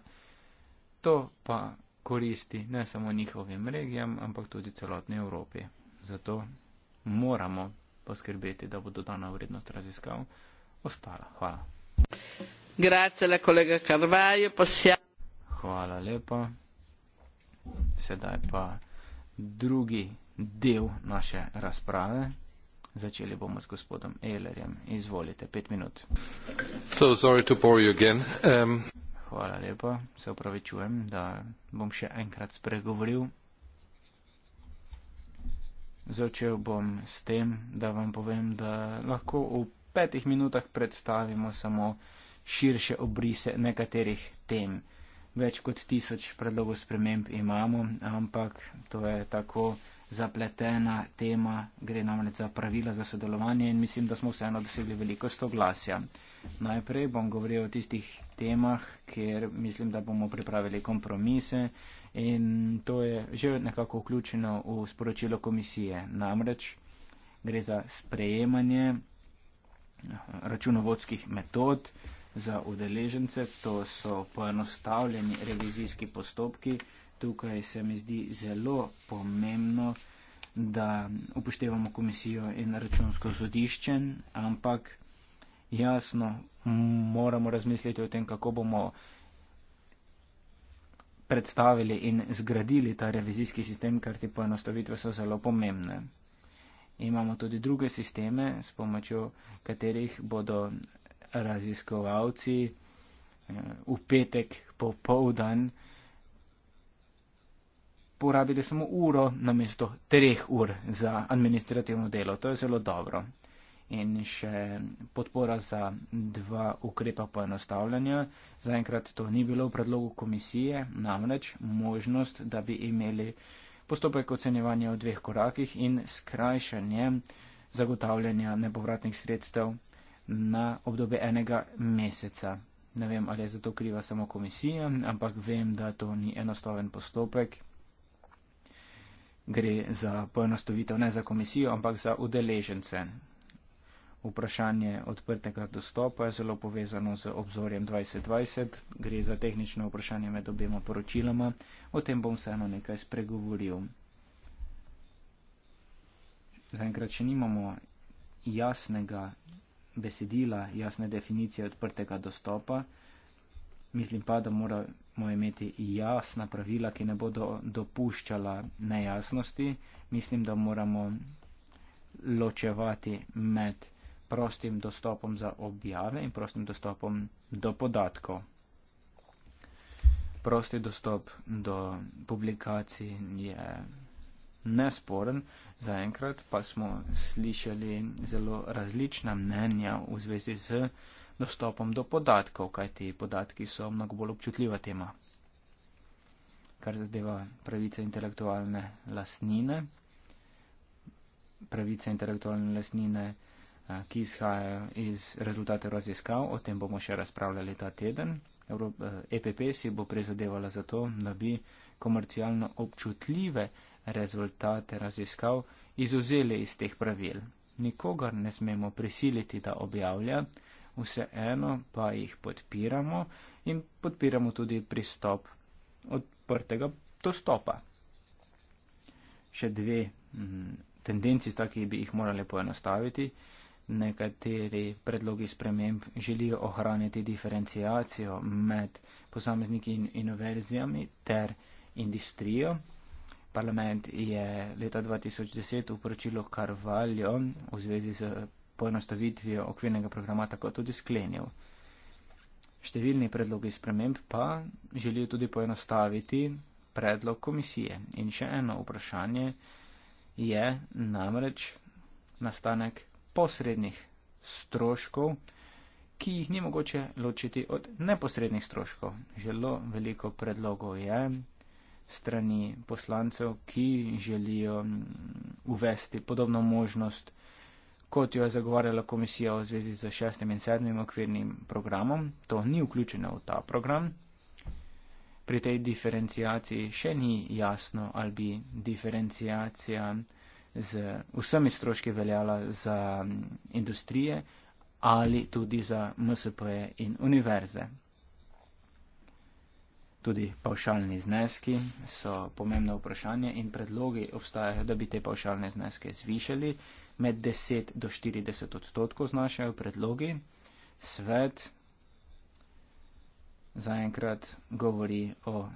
to pa koristi ne samo njihovim regijam, ampak tudi celotni Evropi. Zato moramo poskrbeti, da bo dodana vrednost raziskav ostala. Hvala. Grazie, la collega Carvaio. Possia... Hvala lepa. Sedaj pa drugi del naše razprave. Začeli bomo s gospodom Eilerjem. Izvolite, pet minut. So sorry to bore you again. Um... Hvala lepa, se opravičujem, da bom še enkrat spregovoril začel bom s tem, da vam povem, da lahko v petih minutah predstavimo samo širše obrise nekaterih tem. Več kot tisoč predlogov sprememb imamo, ampak to je tako zapletena tema, gre namreč za pravila za sodelovanje in mislim, da smo vseeno dosegli veliko stoglasja. Najprej bom govoril o tistih temah, kjer mislim, da bomo pripravili kompromise in to je že nekako vključeno v sporočilo komisije. Namreč gre za sprejemanje računovodskih metod za udeležence, to so poenostavljeni revizijski postopki. Tukaj se mi zdi zelo pomembno, da upoštevamo komisijo in računsko sodišče, ampak jasno, moramo razmisliti o tem, kako bomo predstavili in zgradili ta revizijski sistem, ker ti poenostavitve so zelo pomembne. Imamo tudi druge sisteme, s pomočjo katerih bodo raziskovalci eh, v petek popovdan porabili samo uro namesto treh ur za administrativno delo. To je zelo dobro in še podpora za dva ukrepa poenostavljanja. Zaenkrat to ni bilo v predlogu komisije, namreč možnost, da bi imeli postopek ocenjevanja v dveh korakih in skrajšanje zagotavljanja nepovratnih sredstev na obdobje enega meseca. Ne vem, ali je za to kriva samo komisija, ampak vem, da to ni enostaven postopek. Gre za poenostavitev ne za komisijo, ampak za udeležence vprašanje odprtega dostopa je zelo povezano z obzorjem 2020, gre za tehnično vprašanje med obema poročiloma, o tem bom vseeno nekaj spregovoril. Zaenkrat, če nimamo jasnega besedila, jasne definicije odprtega dostopa, mislim pa, da moramo imeti jasna pravila, ki ne bodo dopuščala nejasnosti. Mislim, da moramo ločevati med prostim dostopom za objave in prostim dostopom do podatkov. Prosti dostop do publikacij je nesporen. Zaenkrat pa smo slišali zelo različna mnenja v zvezi z dostopom do podatkov, kajti podatki so mnogo bolj občutljiva tema. Kar zadeva pravice intelektualne lasnine, pravice intelektualne lasnine, ki izhajajo iz rezultatov raziskav. O tem bomo še razpravljali ta teden. EPP e si bo prizadevala za to, da bi komercialno občutljive rezultate raziskav izuzeli iz teh pravil. Nikogar ne smemo prisiliti, da objavlja, vseeno pa jih podpiramo in podpiramo tudi pristop odprtega dostopa. Še dve tendenci sta, ki bi jih morali poenostaviti nekateri predlogi sprememb želijo ohraniti diferencijacijo med posamezniki in inoverzijami ter industrijo. Parlament je leta 2010 uporočilo Karvaljo v zvezi z poenostavitvijo okvirnega programa tako tudi sklenil. Številni predlogi sprememb pa želijo tudi poenostaviti predlog komisije. In še eno vprašanje je namreč nastanek posrednih stroškov, ki jih ni mogoče ločiti od neposrednih stroškov. Želo veliko predlogov je strani poslancev, ki želijo mm, uvesti podobno možnost, kot jo je zagovarjala komisija v zvezi z šestim in sedmim okvirnim programom. To ni vključeno v ta program. Pri tej diferencijaciji še ni jasno, ali bi diferencijacija z vsemi stroški veljala za industrije ali tudi za MSP-je in univerze. Tudi pavšalni zneski so pomembno vprašanje in predlogi obstajajo, da bi te pavšalne zneske zvišali. Med 10 do 40 odstotkov znašajo predlogi. Svet zaenkrat govori o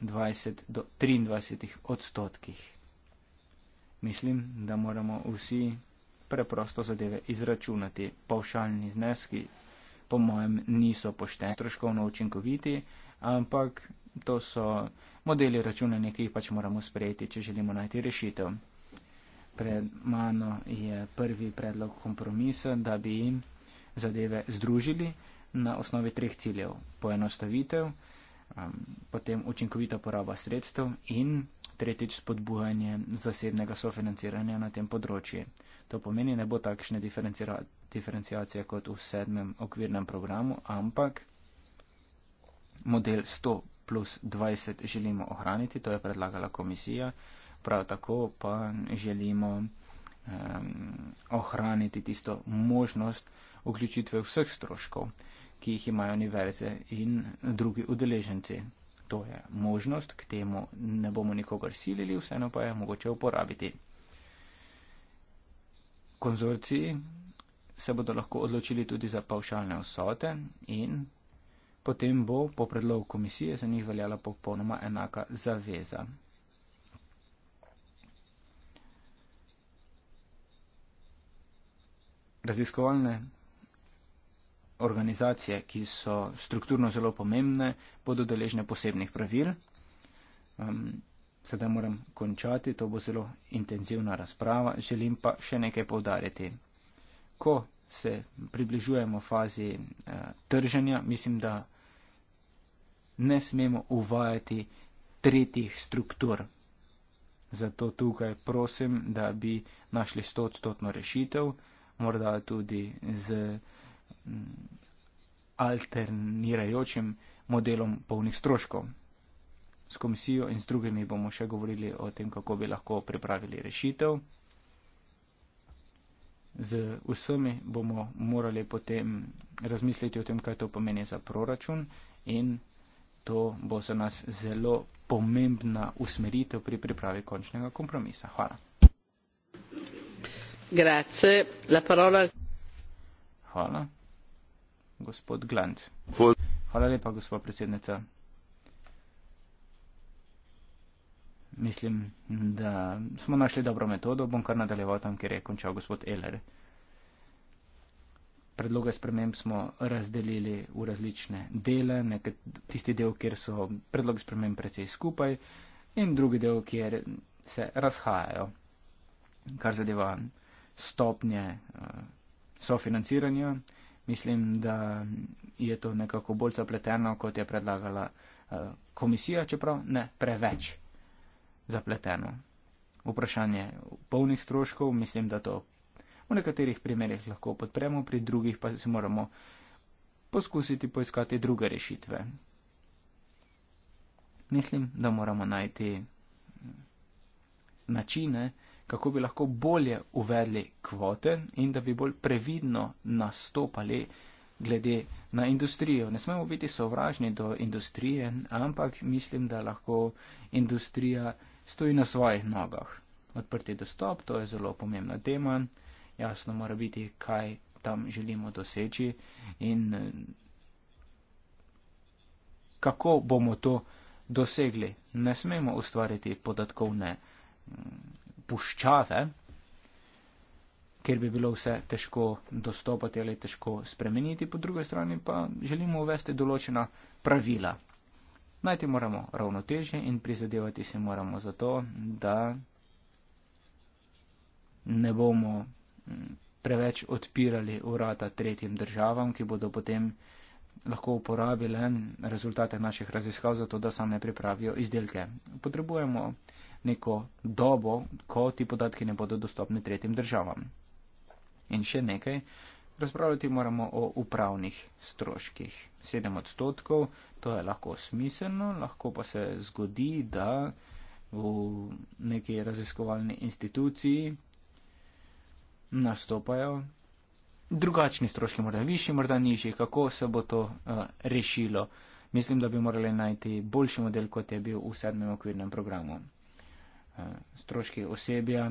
20 do 23 odstotkih. Mislim, da moramo vsi preprosto zadeve izračunati. Pavšalni zneski, po mojem, niso pošteni, troškovno učinkoviti, ampak to so modeli računanja, ki jih pač moramo sprejeti, če želimo najti rešitev. Pred mano je prvi predlog kompromisa, da bi jim zadeve združili na osnovi treh ciljev. Poenostavitev, um, potem učinkovita poraba sredstev in tretjič spodbujanje zasebnega sofinanciranja na tem področju. To pomeni, ne bo takšne diferencijacije kot v sedmem okvirnem programu, ampak model 100 plus 20 želimo ohraniti, to je predlagala komisija, prav tako pa želimo um, ohraniti tisto možnost vključitve vseh stroškov. Uh, ki jih imajo univerze in drugi udeleženci. To je možnost, k temu ne bomo nikogar silili, vseeno pa je mogoče uporabiti. Konzorciji se bodo lahko odločili tudi za pavšalne vsote in potem bo po predlogu komisije za njih veljala popolnoma enaka zaveza. Raziskovalne organizacije, ki so strukturno zelo pomembne, bodo deležne posebnih pravil. Um, sedaj moram končati, to bo zelo intenzivna razprava. Želim pa še nekaj povdariti. Ko se približujemo fazi uh, trženja, mislim, da ne smemo uvajati tretjih struktur. Zato tukaj prosim, da bi našli stotstotno rešitev, morda tudi z. Uh, alternirajočim modelom polnih stroškov. S komisijo in z drugimi bomo še govorili o tem, kako bi lahko pripravili rešitev. Z vsemi bomo morali potem razmisliti o tem, kaj to pomeni za proračun in to bo za nas zelo pomembna usmeritev pri pripravi končnega kompromisa. Hvala. Grazie. La parola... Hvala gospod Glant. Hvala lepa, gospod predsednica. Mislim, da smo našli dobro metodo, bom kar nadaljeval tam, kjer je končal gospod Eler. Predloge sprememb smo razdelili v različne dele, nek tisti del, kjer so predlogi sprememb precej skupaj in drugi del, kjer se razhajajo, kar zadeva stopnje eh, sofinanciranja, mislim, da je to nekako bolj zapleteno, kot je predlagala eh, komisija, čeprav ne preveč zapleteno. Vprašanje polnih stroškov, mislim, da to v nekaterih primerjih lahko podpremo, pri drugih pa si moramo poskusiti poiskati druge rešitve. Mislim, da moramo najti načine, kako bi lahko bolje uvedli kvote in da bi bolj previdno nastopali glede na industrijo. Ne smemo biti sovražni do industrije, ampak mislim, da lahko industrija stoji na svojih nogah. Odprti dostop, to je zelo pomembna tema, jasno mora biti, kaj tam želimo doseči in kako bomo to dosegli. Ne smemo ustvariti podatkovne puščave, kjer bi bilo vse težko dostopati ali težko spremeniti, po drugi strani pa želimo uvesti določena pravila. Najti moramo ravnotežje in prizadevati se moramo za to, da ne bomo mm, preveč odpirali urata tretjim državam, ki bodo potem lahko uporabile rezultate naših raziskav za to, da same pripravijo izdelke. Potrebujemo neko dobo, ko ti podatki ne bodo dostopni tretjim državam. In še nekaj, razpravljati moramo o upravnih stroških. 7 odstotkov, to je lahko smiselno, lahko pa se zgodi, da v neki raziskovalni instituciji nastopajo drugačni stroški, morda višji, morda nižji, kako se bo to uh, rešilo. Mislim, da bi morali najti boljši model, kot je bil v sedmem okvirnem programu. Eh, stroški osebja,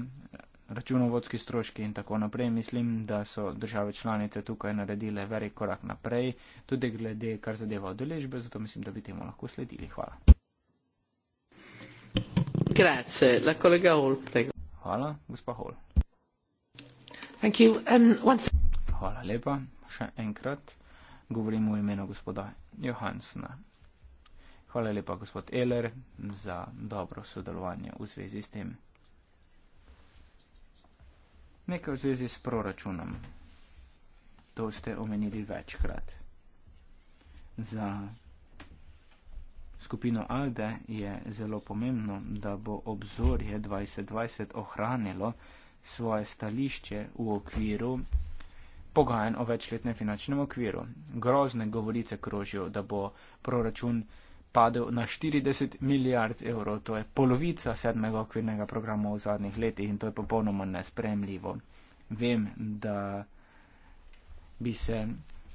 računovodski stroški in tako naprej. Mislim, da so države članice tukaj naredile verik korak naprej, tudi glede, kar zadeva odeležbe, zato mislim, da bi temu lahko sledili. Hvala. Grazie. La collega Hall, prego. Hvala, gospa Hall. Thank you. Um, once... Hvala lepa. Še enkrat govorim v imenu gospoda Johansna. Hvala lepa, gospod Eler, za dobro sodelovanje v zvezi s tem. Nekaj v zvezi s proračunom. To ste omenili večkrat. Za skupino ALDE je zelo pomembno, da bo obzorje 2020 ohranilo svoje stališče v okviru pogajanj o večletnem finančnem okviru. Grozne govorice krožijo, da bo proračun padel na 40 milijard evrov. To je polovica sedmega okvirnega programa v zadnjih letih in to je popolnoma nespremljivo. Vem, da bi se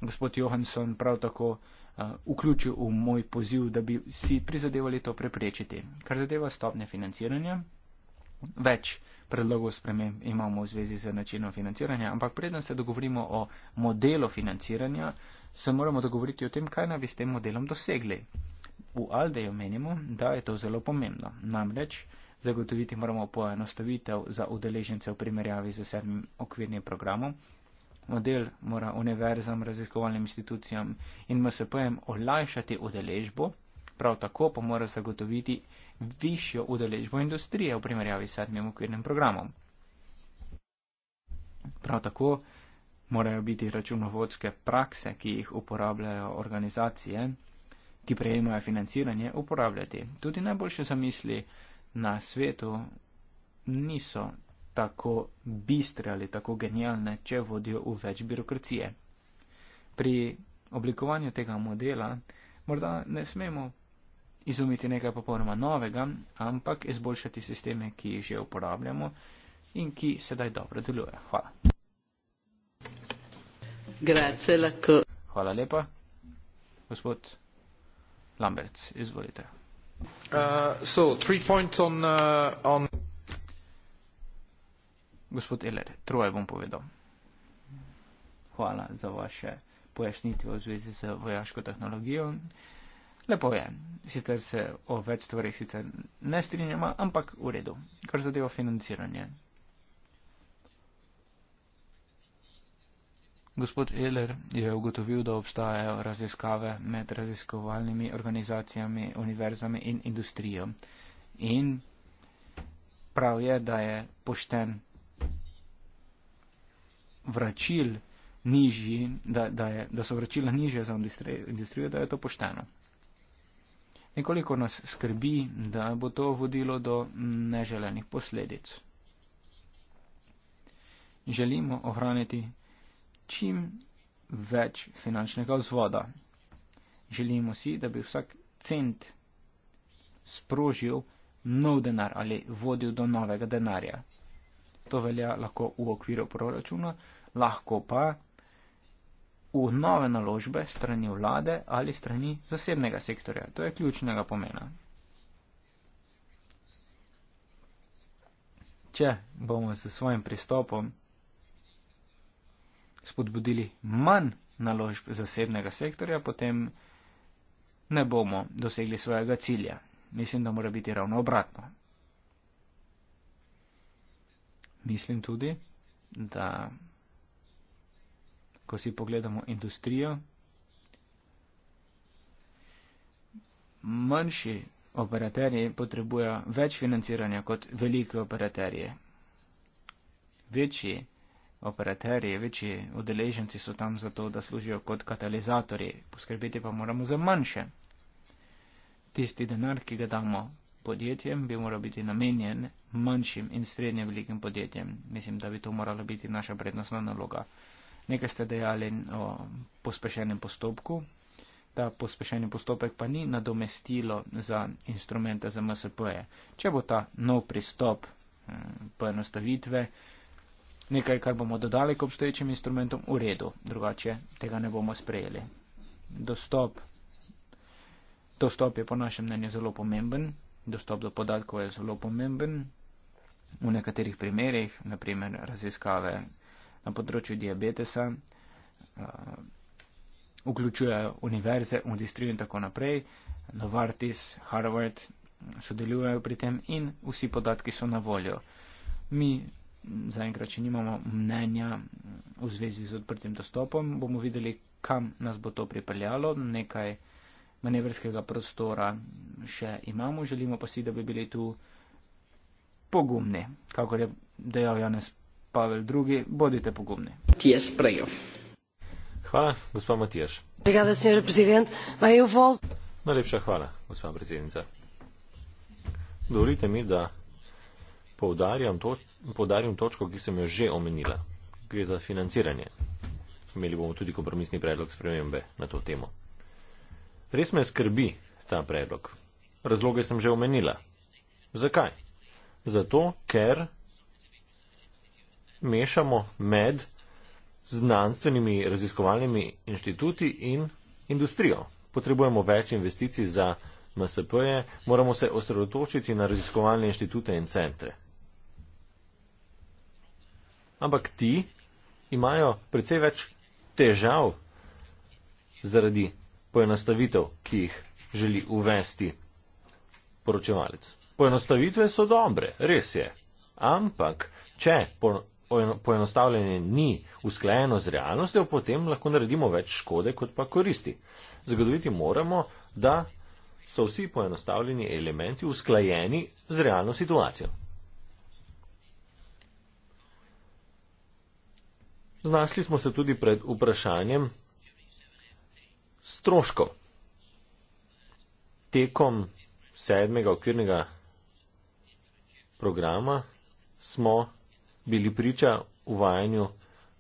gospod Johansson prav tako uh, vključil v moj poziv, da bi si prizadevali to preprečiti. Kar zadeva stopne financiranja, več predlogov sprememb imamo v zvezi z načinom financiranja, ampak preden se dogovorimo o modelu financiranja, se moramo dogovoriti o tem, kaj naj bi s tem modelom dosegli v Aldeju menimo, da je to zelo pomembno. Namreč zagotoviti moramo poenostavitev za udeležence v primerjavi z sedmim okvirnim programom. Model mora univerzam, raziskovalnim institucijam in MSP-jem olajšati udeležbo, prav tako pa mora zagotoviti višjo udeležbo industrije v primerjavi s sedmim okvirnim programom. Prav tako morajo biti računovodske prakse, ki jih uporabljajo organizacije, ki prejemajo financiranje, uporabljati. Tudi najboljše zamisli na svetu niso tako bistre ali tako genialne, če vodijo v več birokracije. Pri oblikovanju tega modela morda ne smemo izumiti nekaj popolnoma novega, ampak izboljšati sisteme, ki jih že uporabljamo in ki sedaj dobro delujejo. Hvala. Grazie, Hvala lepa, gospod. Lambert izvolite. Uh, so, three points on, uh, on. Gospod Eler, troje bom povedal. Hvala za vaše pojasnitve v zvezi z vojaško tehnologijo. Lepo je, sicer se o več stvarih sicer ne strinjamo, ampak v redu, kar zadeva financiranje. Gospod Eler je ugotovil, da obstajajo raziskave med raziskovalnimi organizacijami, univerzami in industrijo. In prav je, da je pošten vračil nižji, da, da, je, da so vračila nižje za industrijo, da je to pošteno. Nekoliko nas skrbi, da bo to vodilo do neželenih posledic. Želimo ohraniti čim več finančnega vzvoda. Želimo si, da bi vsak cent sprožil nov denar ali vodil do novega denarja. To velja lahko v okviru proračuna, lahko pa v nove naložbe strani vlade ali strani zasebnega sektorja. To je ključnega pomena. Če bomo s svojim pristopom spodbudili manj naložb zasebnega sektorja, potem ne bomo dosegli svojega cilja. Mislim, da mora biti ravno obratno. Mislim tudi, da ko si pogledamo industrijo, manjši operaterji potrebujejo več financiranja kot velike operaterje. Večji operaterji, večji udeleženci so tam zato, da služijo kot katalizatorji, poskrbeti pa moramo za manjše. Tisti denar, ki ga damo podjetjem, bi moral biti namenjen manjšim in srednjim velikim podjetjem. Mislim, da bi to morala biti naša prednostna naloga. Nekaj ste dejali o pospešenem postopku. Ta pospešeni postopek pa ni nadomestilo za instrumente za MSP-je. Če bo ta nov pristop eh, poenostavitve, eh, nekaj, kar bomo dodali k obstoječim instrumentom, v redu, drugače tega ne bomo sprejeli. Dostop. Dostop je po našem mnenju zelo pomemben, dostop do podatkov je zelo pomemben. V nekaterih primerjih, naprimer raziskave na področju diabetesa, uh, vključujejo univerze, industrijo in tako naprej, Novartis, Harvard sodelujejo pri tem in vsi podatki so na voljo. Mi zaenkrat, če nimamo mnenja v zvezi z odprtim dostopom, bomo videli, kam nas bo to pripeljalo. Nekaj manevrskega prostora še imamo, želimo pa si, da bi bili tu pogumni, kakor je dejal Janez Pavel II. Bodite pogumni. Hvala, gospod Matijaš. Najlepša hvala, gospod predsednica. Dovolite mi, da poudarjam to, točko, ki sem jo že omenila. Gre za financiranje. Imeli bomo tudi kompromisni predlog spremembe na to temo. Res me skrbi ta predlog. Razloge sem že omenila. Zakaj? Zato, ker mešamo med znanstvenimi raziskovalnimi inštituti in industrijo. Potrebujemo več investicij za MSP-je, moramo se osredotočiti na raziskovalne inštitute in centre ampak ti imajo precej več težav zaradi poenostavitev, ki jih želi uvesti poročevalec. Poenostavitve so dobre, res je, ampak če poenostavljanje ni usklajeno z realnostjo, potem lahko naredimo več škode, kot pa koristi. Zagotoviti moramo, da so vsi poenostavljeni elementi usklajeni z realno situacijo. Znašli smo se tudi pred vprašanjem stroškov. Tekom sedmega okvirnega programa smo bili priča uvajanju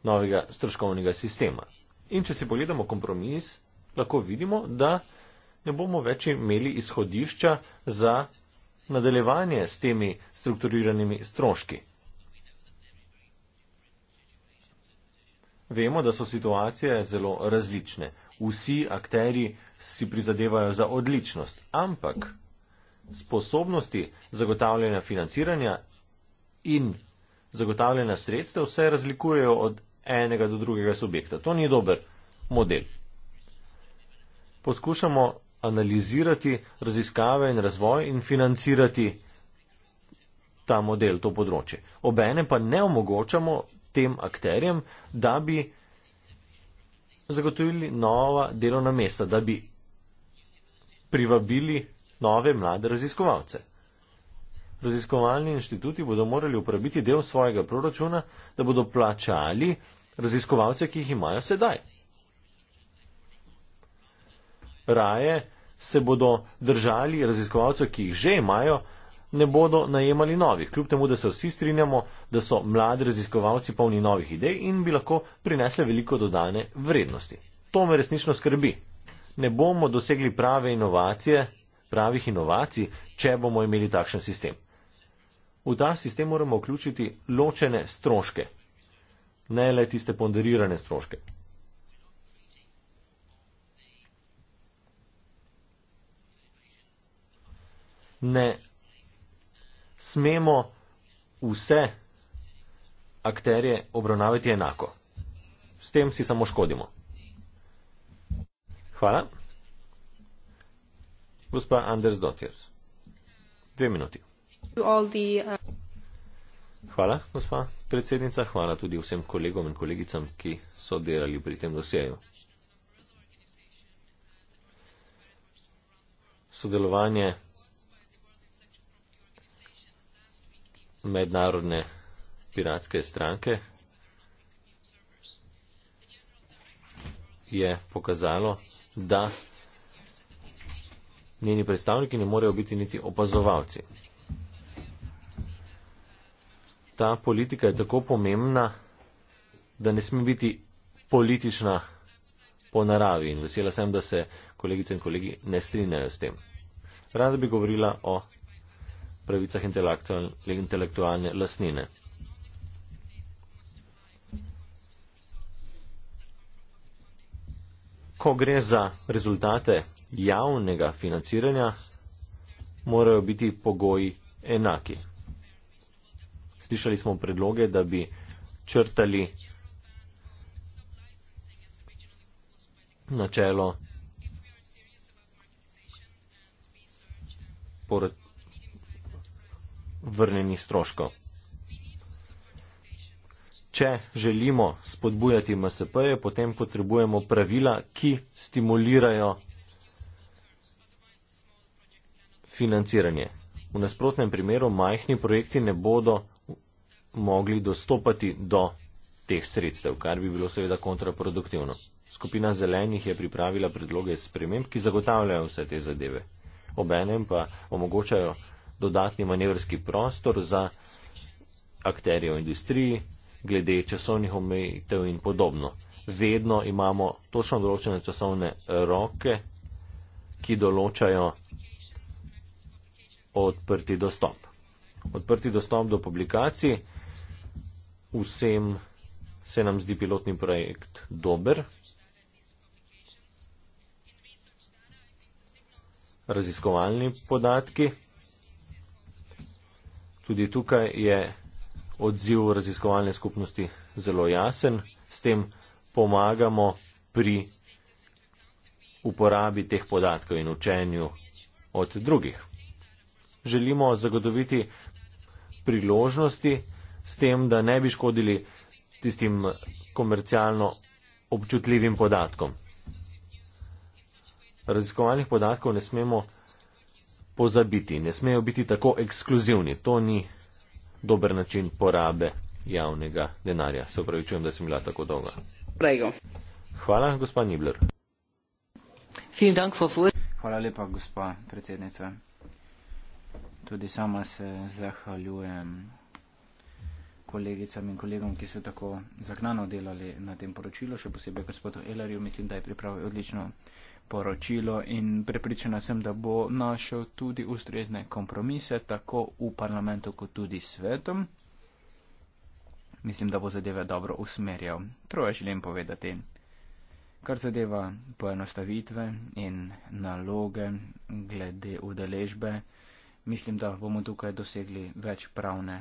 novega stroškovnega sistema. In če si pogledamo kompromis, lahko vidimo, da ne bomo več imeli izhodišča za nadaljevanje s temi strukturiranimi stroški. Vemo, da so situacije zelo različne. Vsi akteri si prizadevajo za odličnost, ampak sposobnosti zagotavljanja financiranja in zagotavljanja sredstev se razlikujejo od enega do drugega subjekta. To ni dober model. Poskušamo analizirati raziskave in razvoj in financirati ta model, to področje. Obene pa ne omogočamo tem akterjem, da bi zagotovili nova delovna mesta, da bi privabili nove mlade raziskovalce. Raziskovalni inštituti bodo morali uporabiti del svojega proračuna, da bodo plačali raziskovalce, ki jih imajo sedaj. Raje se bodo držali raziskovalcev, ki jih že imajo, ne bodo najemali novih, kljub temu, da se vsi strinjamo, da so mladi raziskovalci polni novih idej in bi lahko prinesli veliko dodane vrednosti. To me resnično skrbi. Ne bomo dosegli prave inovacije, pravih inovacij, če bomo imeli takšen sistem. V ta sistem moramo vključiti ločene stroške, ne le tiste ponderirane stroške. Ne smemo vse akterje obravnavati enako. S tem si samo škodimo. Hvala. Gospa Anders Dotjers. Dve minuti. Uh, Hvala, gospa predsednica. Hvala tudi vsem kolegom in kolegicam, ki so delali pri tem dosjeju. Sodelovanje mednarodne piratske stranke je pokazalo, da njeni predstavniki ne morejo biti niti opazovalci. Ta politika je tako pomembna, da ne sme biti politična po naravi in vesela sem, da se kolegice in kolegi ne strinjajo s tem. Rada bi govorila o pravicah intelektualne lasnine. Ko gre za rezultate javnega financiranja, morajo biti pogoji enaki. Slišali smo predloge, da bi črtali načelo vrnenih stroškov. Če želimo spodbujati MSP-je, potem potrebujemo pravila, ki stimulirajo financiranje. V nasprotnem primeru majhni projekti ne bodo mogli dostopati do teh sredstev, kar bi bilo seveda kontraproduktivno. Skupina zelenih je pripravila predloge sprememb, ki zagotavljajo vse te zadeve. Obenem pa omogočajo dodatni manevrski prostor za akterje v industriji, glede časovnih omejitev in podobno. Vedno imamo točno določene časovne roke, ki določajo odprti dostop. Odprti dostop do publikacij vsem se nam zdi pilotni projekt dober. Raziskovalni podatki. Tudi tukaj je odziv raziskovalne skupnosti zelo jasen. S tem pomagamo pri uporabi teh podatkov in učenju od drugih. Želimo zagotoviti priložnosti s tem, da ne bi škodili tistim komercialno občutljivim podatkom. Raziskovalnih podatkov ne smemo pozabiti, ne smejo biti tako ekskluzivni. To ni dober način porabe javnega denarja. Se upravičujem, da sem bila tako dolga. Prego. Hvala, gospa Nibler. Hvala lepa, gospa predsednica. Tudi sama se zahvaljujem kolegicam in kolegom, ki so tako zagnano delali na tem poročilu, še posebej gospodu Elarju, mislim, da je pripravil odlično poročilo in prepričana sem, da bo našel tudi ustrezne kompromise tako v parlamentu kot tudi svetom. Mislim, da bo zadeve dobro usmerjal. Troje želim povedati. Kar zadeva poenostavitve in naloge glede udeležbe, mislim, da bomo tukaj dosegli več pravne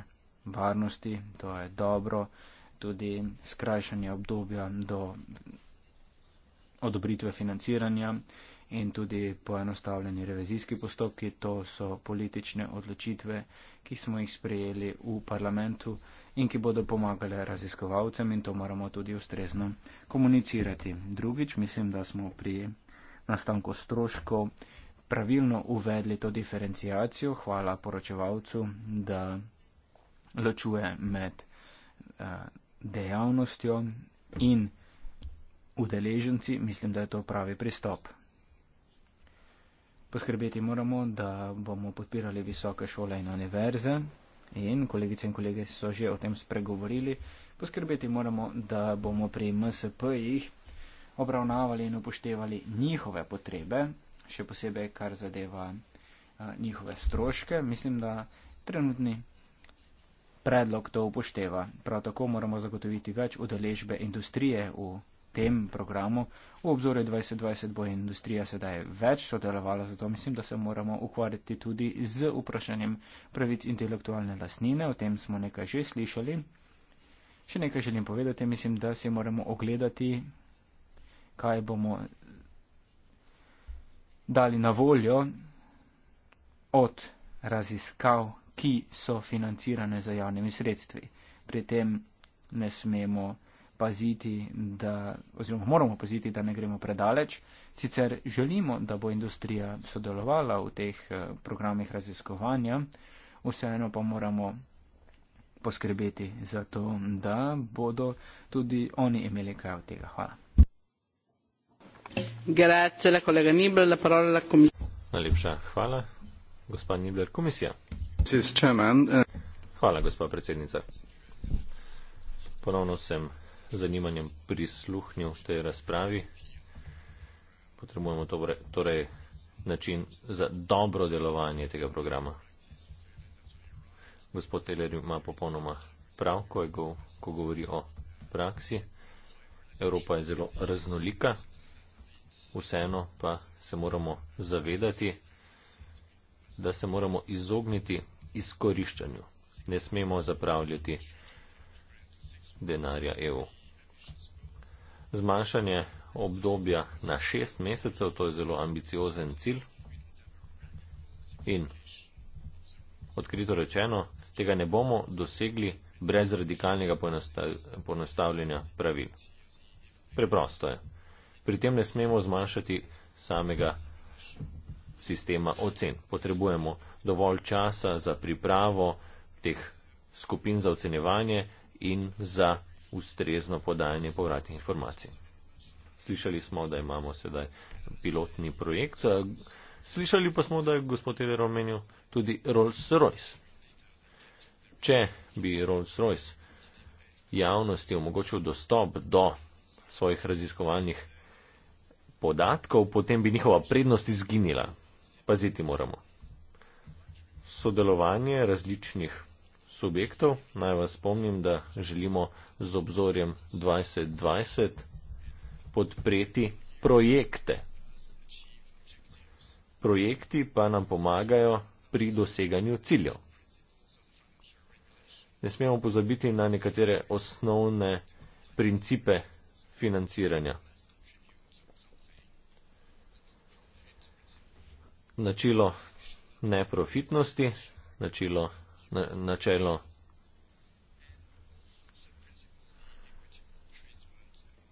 varnosti, to je dobro, tudi skrajšanje obdobja do odobritve financiranja in tudi poenostavljeni revizijski postopki. To so politične odločitve, ki smo jih sprejeli v parlamentu in ki bodo pomagale raziskovalcem in to moramo tudi ustrezno komunicirati. Drugič, mislim, da smo pri nastanku stroškov pravilno uvedli to diferencijacijo. Hvala poročevalcu, da ločuje med eh, dejavnostjo in udeleženci, mislim, da je to pravi pristop. Poskrbeti moramo, da bomo podpirali visoke šole in univerze in kolegice in kolege so že o tem spregovorili. Poskrbeti moramo, da bomo pri MSP-jih obravnavali in upoštevali njihove potrebe, še posebej kar zadeva a, eh, njihove stroške. Mislim, da trenutni predlog to upošteva. Prav tako moramo zagotoviti več udeležbe industrije v tem programu. V obzore 2020 bo industrija sedaj več sodelovala, zato mislim, da se moramo ukvarjati tudi z vprašanjem pravic intelektualne lasnine. O tem smo nekaj že slišali. Še nekaj želim povedati. Mislim, da si moramo ogledati, kaj bomo dali na voljo od raziskav, ki so financirane za javnimi sredstvi. Pri tem ne smemo paziti, da, oziroma moramo paziti, da ne gremo predaleč. Sicer želimo, da bo industrija sodelovala v teh eh, programih raziskovanja, vseeno pa moramo poskrbeti za to, da bodo tudi oni imeli kaj od tega. Hvala. Grazie, la collega Nibler, la parola alla Commissione. Najlepša hvala, gospod Nibler, komisija. Eh, hvala, gospod predsednica. Ponovno sem zanimanjem prisluhnil tej razpravi. Potrebujemo torej način za dobro delovanje tega programa. Gospod Teler ima popolnoma prav, ko, go, ko govori o praksi. Evropa je zelo raznolika, vseeno pa se moramo zavedati, da se moramo izogniti izkoriščanju. Ne smemo zapravljati denarja EU zmanjšanje obdobja na šest mesecev, to je zelo ambiciozen cilj. In odkrito rečeno, tega ne bomo dosegli brez radikalnega ponostavljanja pravil. Preprosto je. Pri tem ne smemo zmanjšati samega sistema ocen. Potrebujemo dovolj časa za pripravo teh skupin za ocenjevanje in za ustrezno podajanje povratnih informacij. Slišali smo, da imamo sedaj pilotni projekt, slišali pa smo, da je gospod Eder omenil tudi Rolls-Royce. Če bi Rolls-Royce javnosti omogočil dostop do svojih raziskovalnih podatkov, potem bi njihova prednost izginila. Paziti moramo. Sodelovanje različnih subjektov, naj vas spomnim, da želimo z obzorjem 2020 podpreti projekte. Projekti pa nam pomagajo pri doseganju ciljev. Ne smemo pozabiti na nekatere osnovne principe financiranja. Načelo neprofitnosti, načelo, na, načelo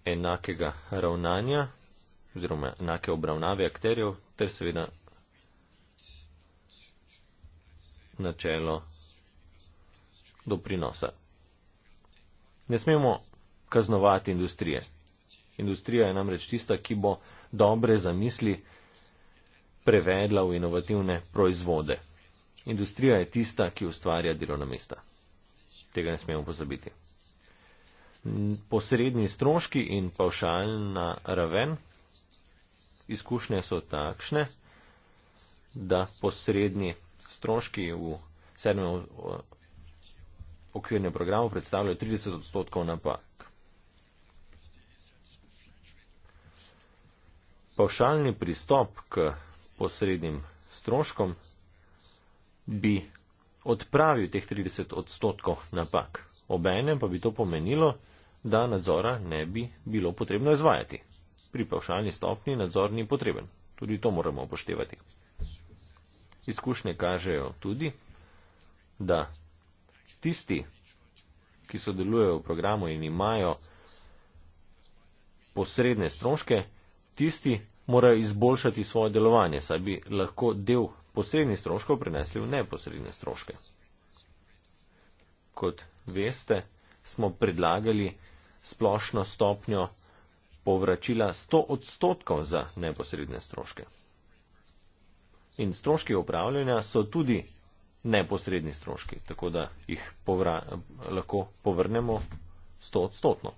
enakega ravnanja oziroma enake obravnave akterjev ter seveda načelo doprinosa. Ne smemo kaznovati industrije. Industrija je namreč tista, ki bo dobre zamisli prevedla v inovativne proizvode. Industrija je tista, ki ustvarja delovna mesta. Tega ne smemo pozabiti posredni stroški in pavšalna raven. Izkušnje so takšne, da posredni stroški v sedmem okvirnem programu predstavljajo 30 odstotkov napak. Pavšalni pristop k posrednim stroškom bi odpravil teh 30 odstotkov napak. Obenem pa bi to pomenilo, da nadzora ne bi bilo potrebno izvajati. Pri pavšalni stopni nadzor ni potreben. Tudi to moramo upoštevati. Izkušnje kažejo tudi, da tisti, ki sodelujejo v programu in imajo posredne stroške, tisti morajo izboljšati svoje delovanje, saj bi lahko del posrednih stroškov prenesli v neposredne stroške. Kot veste, smo predlagali splošno stopnjo povračila 100 odstotkov za neposredne stroške. In stroški upravljanja so tudi neposredni stroški, tako da jih povra, lahko povrnemo 100 odstotno.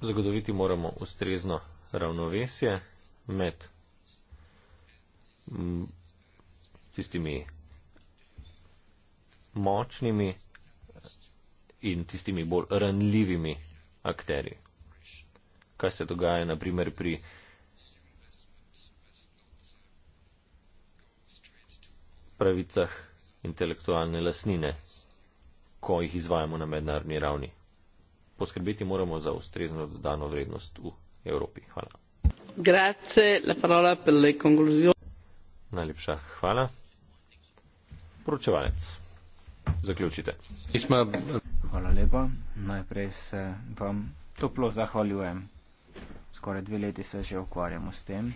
Zagotoviti moramo ustrezno ravnovesje med tistimi močnimi in tistimi bolj ranljivimi akteri. Kaj se dogaja, naprimer, pri pravicah intelektualne lasnine, ko jih izvajamo na mednarodni ravni. Poskrbeti moramo za ustrezno dodano vrednost v Evropi. Hvala. Grazie, la parola per le conclusioni. Najlepša hvala. Poročevalec, zaključite. Isma... Hvala lepa. Najprej se vam toplo zahvaljujem. Skoraj dve leti se že ukvarjamo s tem.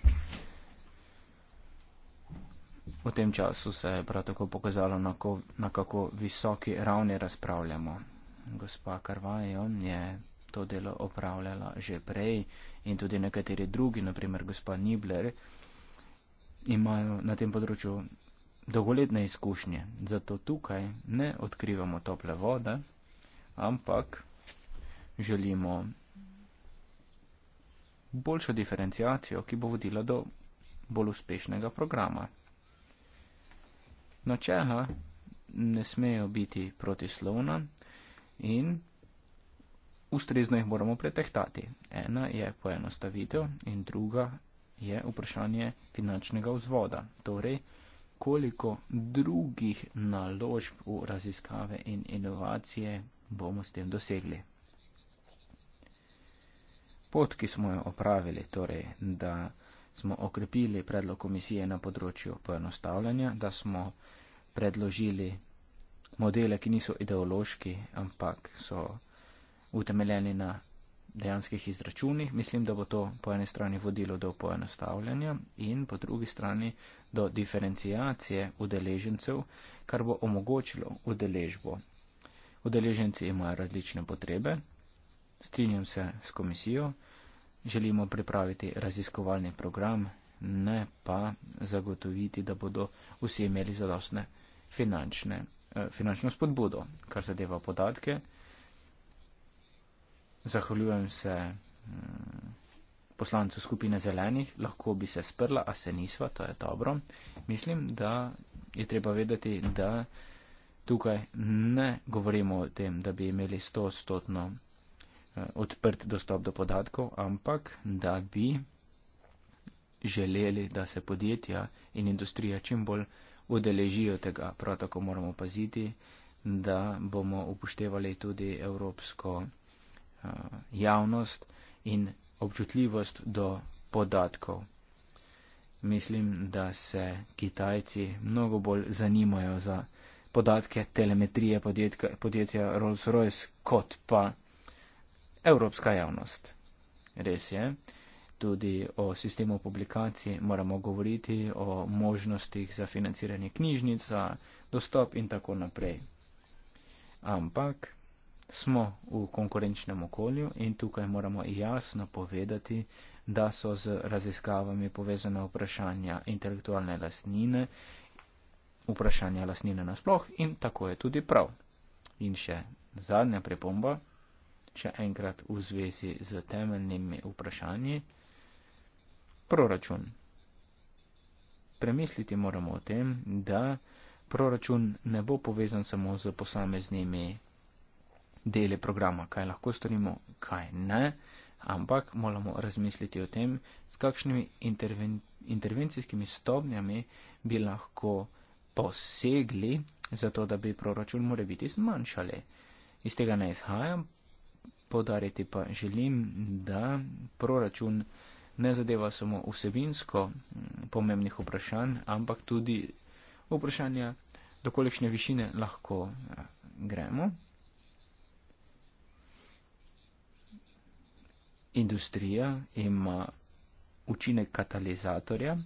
V tem času se je prav tako pokazalo, na, ko, na kako visoki ravni razpravljamo. Gospa Karvajo je to delo opravljala že prej in tudi nekateri drugi, naprimer gospa Nibler, imajo na tem področju dolgoletne izkušnje. Zato tukaj ne odkrivamo tople vode ampak želimo boljšo diferencijacijo, ki bo vodila do bolj uspešnega programa. Načela ne smejo biti protislovna in ustrezno jih moramo pretehtati. Ena je poenostavitev in druga je vprašanje finančnega vzvoda, torej koliko drugih naložb v raziskave in inovacije bomo s tem dosegli. Pot, ki smo jo opravili, torej, da smo okrepili predlog komisije na področju poenostavljanja, da smo predložili modele, ki niso ideološki, ampak so utemeljeni na dejanskih izračunih, mislim, da bo to po eni strani vodilo do poenostavljanja in po drugi strani do diferencijacije udeležencev, kar bo omogočilo udeležbo Udeleženci imajo različne potrebe. Strinjam se s komisijo, želimo pripraviti raziskovalni program, ne pa zagotoviti, da bodo vsi imeli zadostne finančne, eh, finančno spodbudo, kar zadeva podatke. Zahvaljujem se mm, poslancu skupine zelenih, lahko bi se sprla, a se nisva, to je dobro. Mislim, da je treba vedeti, da tukaj ne govorimo o tem, da bi imeli 100-stotno eh, odprt dostop do podatkov, ampak da bi želeli, da se podjetja in industrija čim bolj udeležijo tega. Prav tako moramo paziti, da bomo upoštevali tudi evropsko eh, javnost in občutljivost do podatkov. Mislim, da se Kitajci mnogo bolj zanimajo za podatke podatke telemetrije podjetka, podjetja Rolls-Royce kot pa evropska javnost. Res je, tudi o sistemu publikacije moramo govoriti, o možnostih za financiranje knjižnic, za dostop in tako naprej. Ampak smo v konkurenčnem okolju in tukaj moramo jasno povedati, da so z raziskavami povezane vprašanja intelektualne lastnine, vprašanja lasnine nasploh in tako je tudi prav. In še zadnja pripomba, še enkrat v zvezi z temeljnimi vprašanji, proračun. Premisliti moramo o tem, da proračun ne bo povezan samo z posameznimi deli programa, kaj lahko storimo, kaj ne, ampak moramo razmisliti o tem, s kakšnimi interven, intervencijskimi stopnjami bi lahko posegli za to, da bi proračun more biti zmanjšali. Iz tega ne izhajam, podariti pa želim, da proračun ne zadeva samo vsebinsko mm, pomembnih vprašanj, ampak tudi vprašanja, dokolikšne višine lahko eh, gremo. Industrija ima učinek katalizatorja,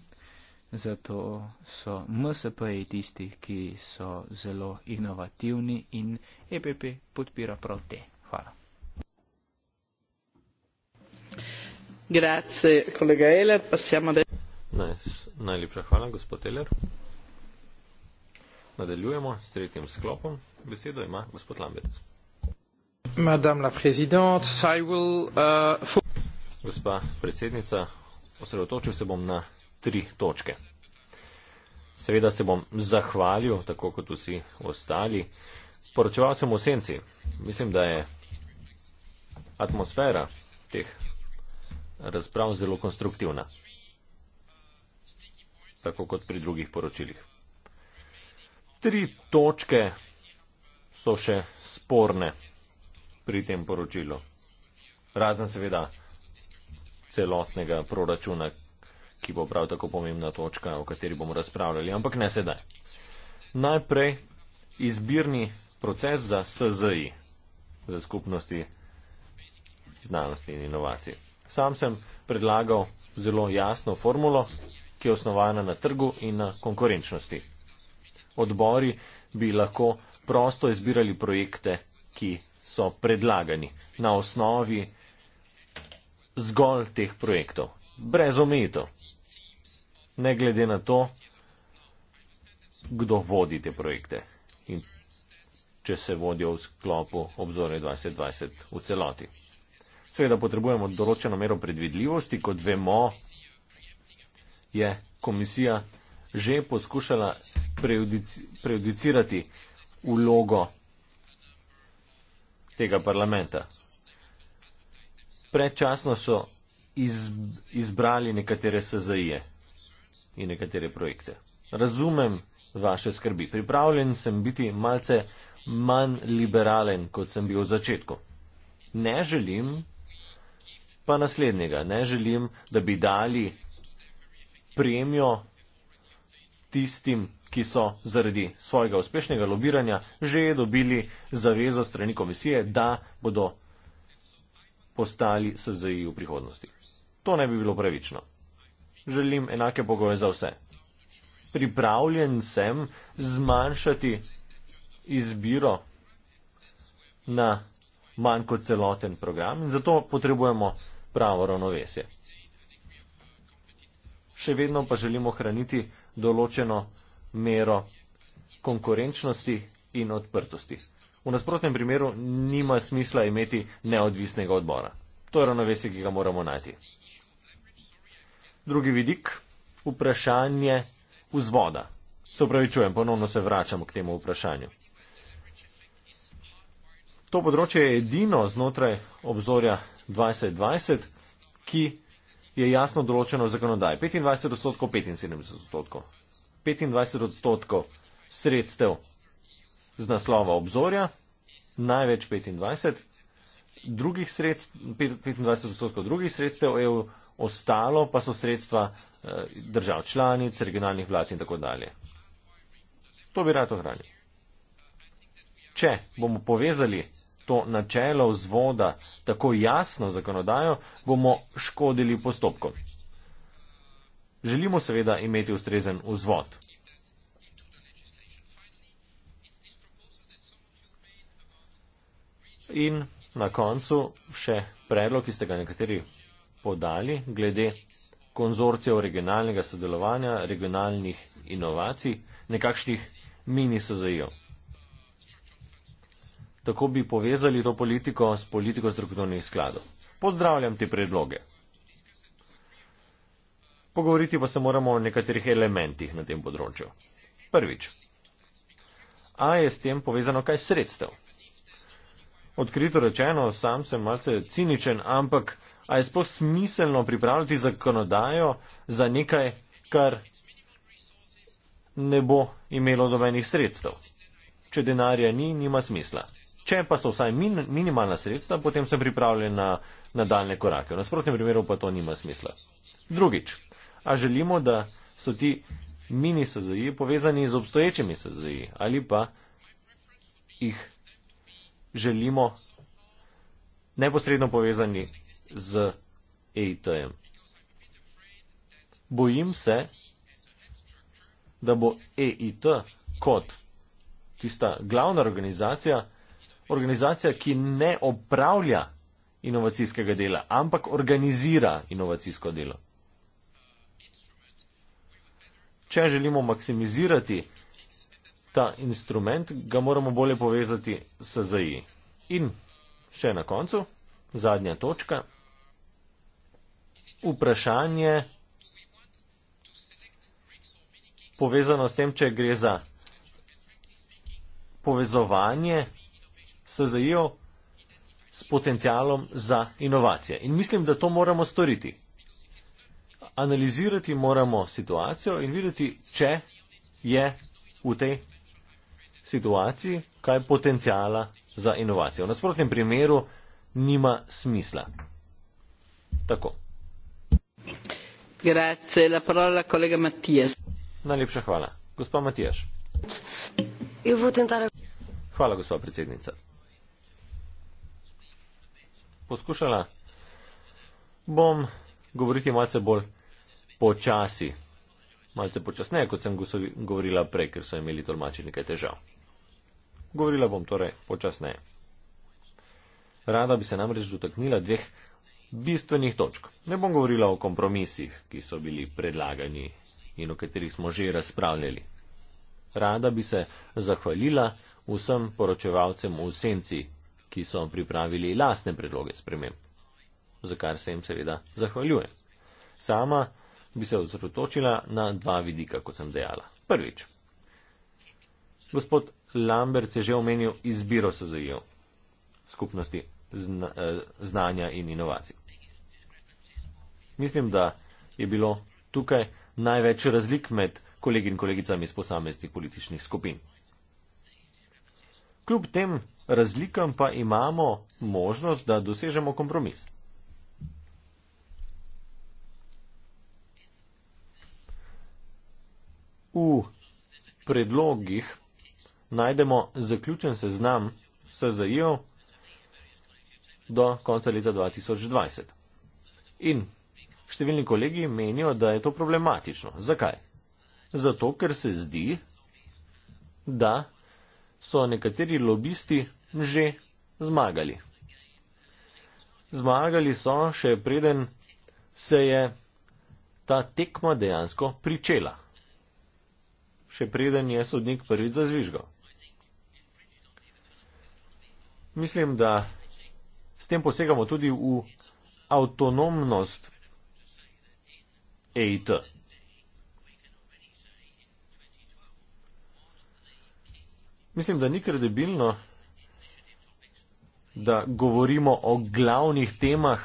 zato so MSP-ji tisti, ki so zelo inovativni in EPP podpira prav te. Hvala. Grazie, kolega Eler. De... Nice. Najlepša hvala, gospod Eler. Nadaljujemo s tretjim sklopom. Besedo ima gospod Lambec. La will, uh, for... Gospa predsednica, osredotočil se bom na tri točke. Seveda se bom zahvalil, tako kot vsi ostali, poročevalcem v senci. Mislim, da je atmosfera teh razprav zelo konstruktivna, tako kot pri drugih poročilih. Tri točke so še sporne pri tem poročilu, razen seveda celotnega proračuna, ki bo prav tako pomembna točka, o kateri bomo razpravljali, ampak ne sedaj. Najprej izbirni proces za SZI, za skupnosti znanosti in inovacij. Sam sem predlagal zelo jasno formulo, ki je osnovana na trgu in na konkurenčnosti. Odbori bi lahko prosto izbirali projekte, ki so predlagani na osnovi zgolj teh projektov, brez omejitev ne glede na to, kdo vodi te projekte in če se vodijo v sklopu obzore 2020 v celoti. Seveda potrebujemo določeno mero predvidljivosti, kot vemo, je komisija že poskušala prejudici, prejudicirati vlogo tega parlamenta. Predčasno so izbrali nekatere SZI-je, in nekatere projekte. Razumem vaše skrbi. Pripravljen sem biti malce manj liberalen, kot sem bil v začetku. Ne želim pa naslednjega. Ne želim, da bi dali premijo tistim, ki so zaradi svojega uspešnega lobiranja že dobili zavezo strani komisije, da bodo postali SZI v prihodnosti. To ne bi bilo pravično želim enake pogoje za vse. Pripravljen sem zmanjšati izbiro na manj kot celoten program in zato potrebujemo pravo ravnovesje. Še vedno pa želimo hraniti določeno mero konkurenčnosti in odprtosti. V nasprotnem primeru nima smisla imeti neodvisnega odbora. To je ravnovesje, ki ga moramo najti drugi vidik, vprašanje vzvoda. Se upravičujem, ponovno se vračam k temu vprašanju. To področje je edino znotraj obzorja 2020, ki je jasno določeno v zakonodaji. 25 odstotkov, 75 odstotkov. 25 odstotkov sredstev z naslova obzorja, največ 25, drugih sredstv, 25 odstotkov drugih sredstev EU ostalo pa so sredstva eh, držav članic, regionalnih vlad in tako dalje. To bi rad ohranil. Če bomo povezali to načelo vzvoda tako jasno zakonodajo, bomo škodili postopkom. Želimo seveda imeti ustrezen vzvod. In na koncu še predlog, ki ste ga nekateri podali glede konzorcija originalnega sodelovanja, regionalnih inovacij, nekakšnih mini SZI-ov. Tako bi povezali to politiko s politiko strukturnih skladov. Pozdravljam te predloge. Pogovoriti pa se moramo o nekaterih elementih na tem področju. Prvič. A je s tem povezano kaj sredstev? Odkrito rečeno, sam sem malce ciničen, ampak Ali je sploh smiselno pripravljati zakonodajo za nekaj, kar ne bo imelo dovoljnih sredstev? Če denarja ni, nima smisla. Če pa so vsaj min, minimalna sredstva, potem sem pripravljen na nadaljne korake. V nasprotnem primeru pa to nima smisla. Drugič, a želimo, da so ti mini SZI povezani z obstoječimi SZI ali pa jih želimo neposredno povezani z EIT-jem. Bojim se, da bo EIT kot tista glavna organizacija, organizacija, ki ne opravlja inovacijskega dela, ampak organizira inovacijsko delo. Če želimo maksimizirati ta instrument, ga moramo bolje povezati s ZI. In še na koncu, zadnja točka vprašanje povezano s tem, če gre za povezovanje SZI-jo s potencialom za inovacije. In mislim, da to moramo storiti. Analizirati moramo situacijo in videti, če je v tej situaciji kaj potencijala za inovacijo. V nasprotnem primeru nima smisla. Tako. Najlepša hvala. Gospa Matijaš. Hvala, gospa predsednica. Poskušala bom govoriti malce bolj počasi, malce počasneje, kot sem govorila prej, ker so imeli tolmači nekaj težav. Govorila bom torej počasneje. Rada bi se namreč dotaknila dveh bistvenih točk. Ne bom govorila o kompromisih, ki so bili predlagani in o katerih smo že razpravljali. Rada bi se zahvalila vsem poročevalcem v senci, ki so pripravili lasne predloge sprememb, za kar se jim seveda zahvaljujem. Sama bi se ozrotočila na dva vidika, kot sem dejala. Prvič. Gospod Lambert je že omenil izbiro SZJ, skupnosti Eh, znanja in inovacij. Mislim, da je bilo tukaj največ razlik med kolegi in kolegicami iz posameznih političnih skupin. Kljub tem razlikam pa imamo možnost, da dosežemo kompromis. V predlogih najdemo zaključen seznam SZI-ov, do konca leta 2020. In številni kolegi menijo, da je to problematično. Zakaj? Zato, ker se zdi, da so nekateri lobisti že zmagali. Zmagali so še preden se je ta tekma dejansko pričela. Še preden je sodnik prvi zazvižgal. Mislim, da S tem posegamo tudi v avtonomnost EIT. Mislim, da ni kredibilno, da govorimo o glavnih temah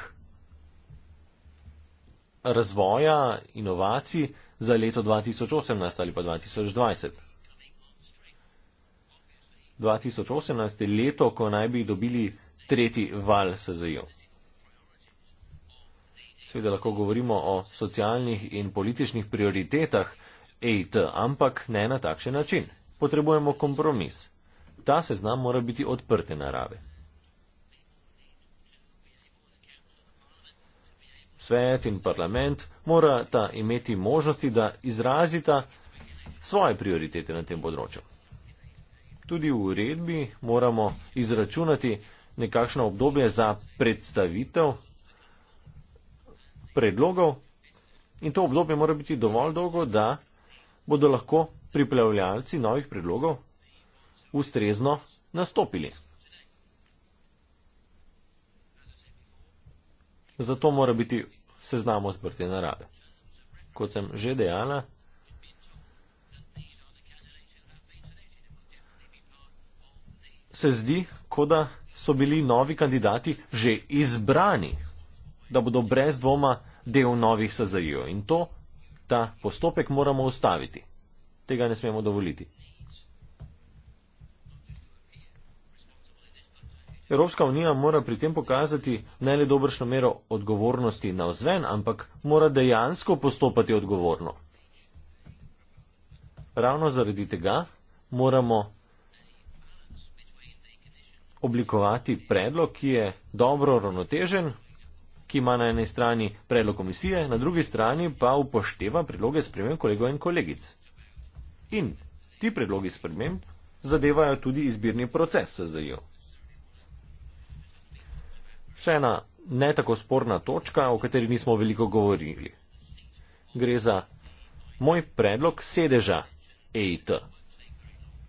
razvoja inovacij za leto 2018 ali pa 2020. 2018 je leto, ko naj bi dobili tretji val se zajel. Seveda lahko govorimo o socialnih in političnih prioritetah EIT, ampak ne na takšen način. Potrebujemo kompromis. Ta seznam mora biti odprte narave. Svet in parlament morata imeti možnosti, da izrazita svoje prioritete na tem področju. Tudi v uredbi moramo izračunati, nekakšno obdobje za predstavitev predlogov in to obdobje mora biti dovolj dolgo, da bodo lahko pripravljalci novih predlogov ustrezno nastopili. Zato mora biti seznam odprte narave. Kot sem že dejala, se zdi, kot da so bili novi kandidati že izbrani, da bodo brez dvoma del novih sazajev. In to, ta postopek moramo ustaviti. Tega ne smemo dovoliti. Evropska unija mora pri tem pokazati ne le dobršno mero odgovornosti na vzven, ampak mora dejansko postopati odgovorno. Ravno zaradi tega moramo oblikovati predlog, ki je dobro ravnotežen, ki ima na eni strani predlog komisije, na drugi strani pa upošteva predloge sprememb kolegov in kolegic. In ti predlogi sprememb zadevajo tudi izbirni proces SZJ-ju. Še ena ne tako sporna točka, o kateri nismo veliko govorili. Gre za moj predlog sedeža EIT.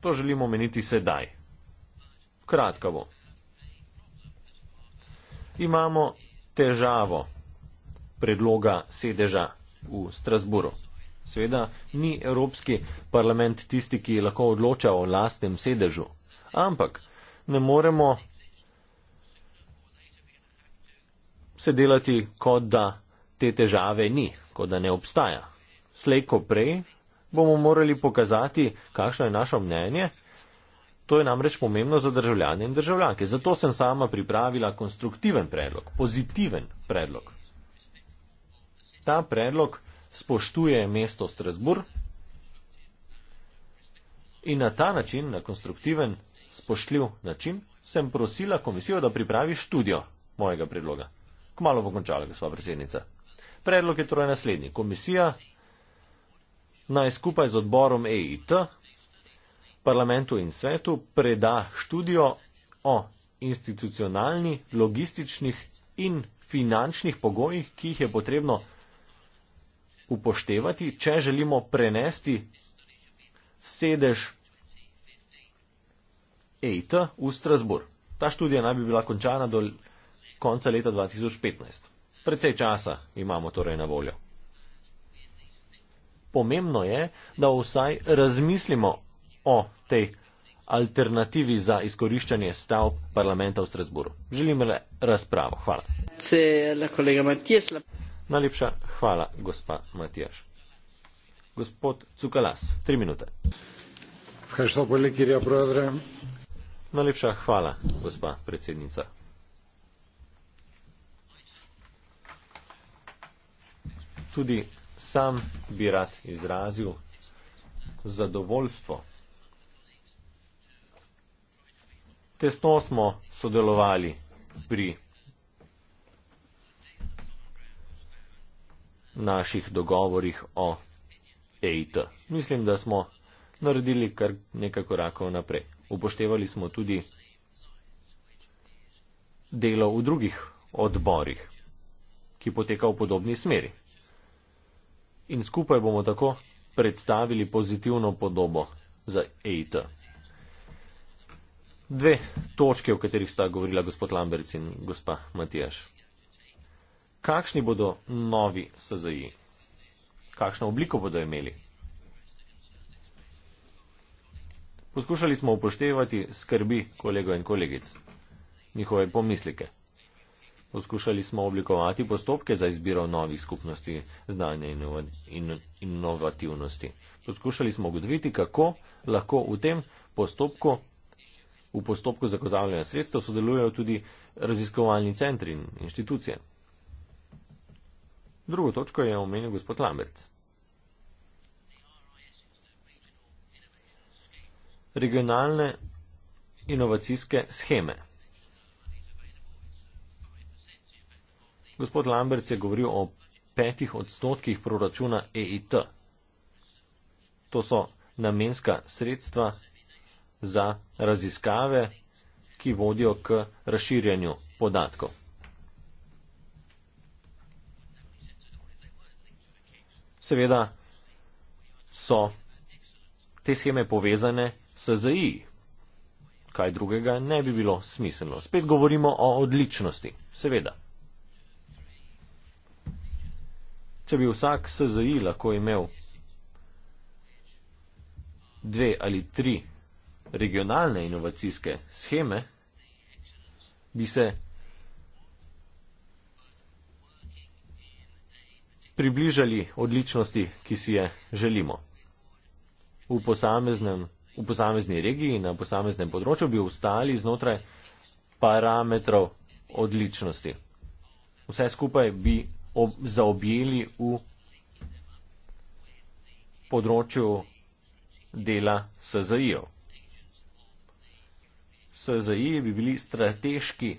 To želimo meniti sedaj kratka bo. Imamo težavo predloga sedeža v Strasburu. Sveda ni Evropski parlament tisti, ki lahko odloča o lastnem sedežu, ampak ne moremo se delati, kot da te težave ni, kot da ne obstaja. Slejko prej bomo morali pokazati, kakšno je naše mnenje To je namreč pomembno za državljane in državljanke. Zato sem sama pripravila konstruktiven predlog, pozitiven predlog. Ta predlog spoštuje mesto Strasbourg in na ta način, na konstruktiven, spoštljiv način, sem prosila komisijo, da pripravi študijo mojega predloga. Kmalo bo končala, gospa predsednica. Predlog je torej naslednji. Komisija naj skupaj z odborom EIT parlamentu in svetu preda študijo o institucionalni, logističnih in finančnih pogojih, ki jih je potrebno upoštevati, če želimo prenesti sedež EIT v Strasbourg. Ta študija naj bi bila končana do konca leta 2015. Precej časa imamo torej na voljo. Pomembno je, da vsaj razmislimo o tej alternativi za izkoriščanje stavb parlamenta v Strasburu. Želim le razpravo. Hvala. Najlepša hvala, gospa Matijaš. Gospod Cukalas, tri minute. Najlepša hvala, gospa predsednica. Tudi sam bi rad izrazil zadovoljstvo tesno smo sodelovali pri naših dogovorih o EIT. Mislim, da smo naredili kar nekaj korakov naprej. Upoštevali smo tudi delo v drugih odborih, ki poteka v podobni smeri. In skupaj bomo tako predstavili pozitivno podobo za EIT dve točke, o katerih sta govorila gospod Lamberc in gospa Matijaš. Kakšni bodo novi SZI? Kakšno obliko bodo imeli? Poskušali smo upoštevati skrbi kolegov in kolegic, njihove pomislike. Poskušali smo oblikovati postopke za izbiro novih skupnosti znanja in inovativnosti. Poskušali smo ugotoviti, kako lahko v tem postopku V postopku zagotavljanja sredstev sodelujejo tudi raziskovalni centri in inštitucije. Drugo točko je omenil gospod Lambert. Regionalne inovacijske scheme. Gospod Lambert je govoril o petih odstotkih proračuna EIT. To so namenska sredstva za raziskave, ki vodijo k razširjanju podatkov. Seveda so te scheme povezane s ZI. Kaj drugega ne bi bilo smiselno. Spet govorimo o odličnosti, seveda. Če bi vsak SZI lahko imel dve ali tri regionalne inovacijske scheme, bi se približali odličnosti, ki si je želimo. V, v posamezni regiji na posameznem področju bi ostali znotraj parametrov odličnosti. Vse skupaj bi ob, zaobjeli v področju dela SZI-ov. SZI bi bili strateški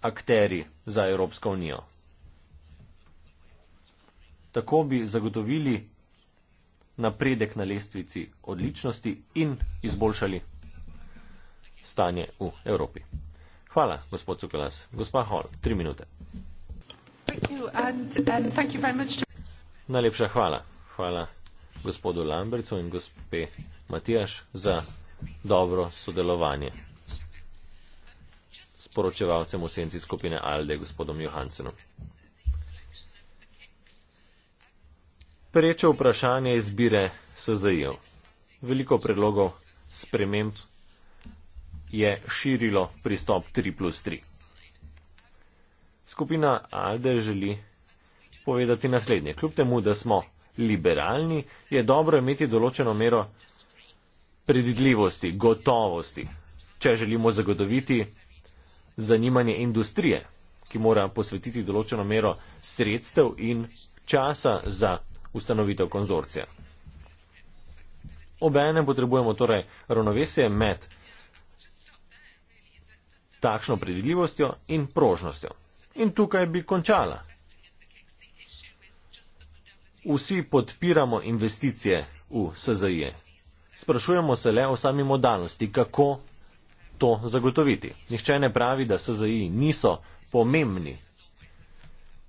akteri za Evropsko unijo. Tako bi zagotovili napredek na lestvici odličnosti in izboljšali stanje v Evropi. Hvala, gospod Cukolas. Gospa Hall, tri minute. Najlepša hvala. Hvala gospodu Lambercu in gospe Matijaš za dobro sodelovanje s poročevalcem v senci skupine Alde, gospodom Johansenom. Prečo vprašanje izbire SZI-ov. Veliko predlogov sprememb je širilo pristop 3 plus 3. Skupina Alde želi povedati naslednje. Kljub temu, da smo liberalni, je dobro imeti določeno mero predvidljivosti, gotovosti, če želimo zagotoviti zanimanje industrije, ki mora posvetiti določeno mero sredstev in časa za ustanovitev konzorcija. Obene potrebujemo torej ravnovesje med takšno predvidljivostjo in prožnostjo. In tukaj bi končala. Vsi podpiramo investicije v SZI. -je. Sprašujemo se le o sami modalnosti, kako to zagotoviti. Nihče ne pravi, da SZI niso pomembni.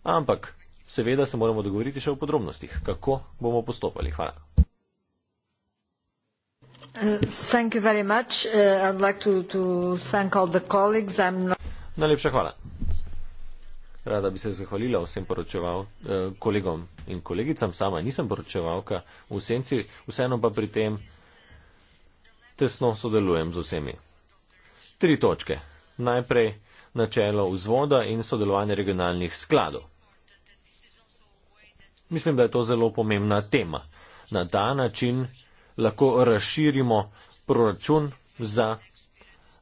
Ampak seveda se moramo dogovoriti še o podrobnostih, kako bomo postopali. Hvala. Uh, thank you very much. Uh, I'd like to, to thank all the colleagues. I'm not... Najlepša hvala. Rada bi se zahvalila vsem poročeval, eh, kolegom in kolegicam. Sama nisem poročevalka v senci, vseeno pa pri tem tesno sodelujem z vsemi. Tri točke. Najprej načelo vzvoda in sodelovanje regionalnih skladov. Mislim, da je to zelo pomembna tema. Na ta način lahko razširimo proračun za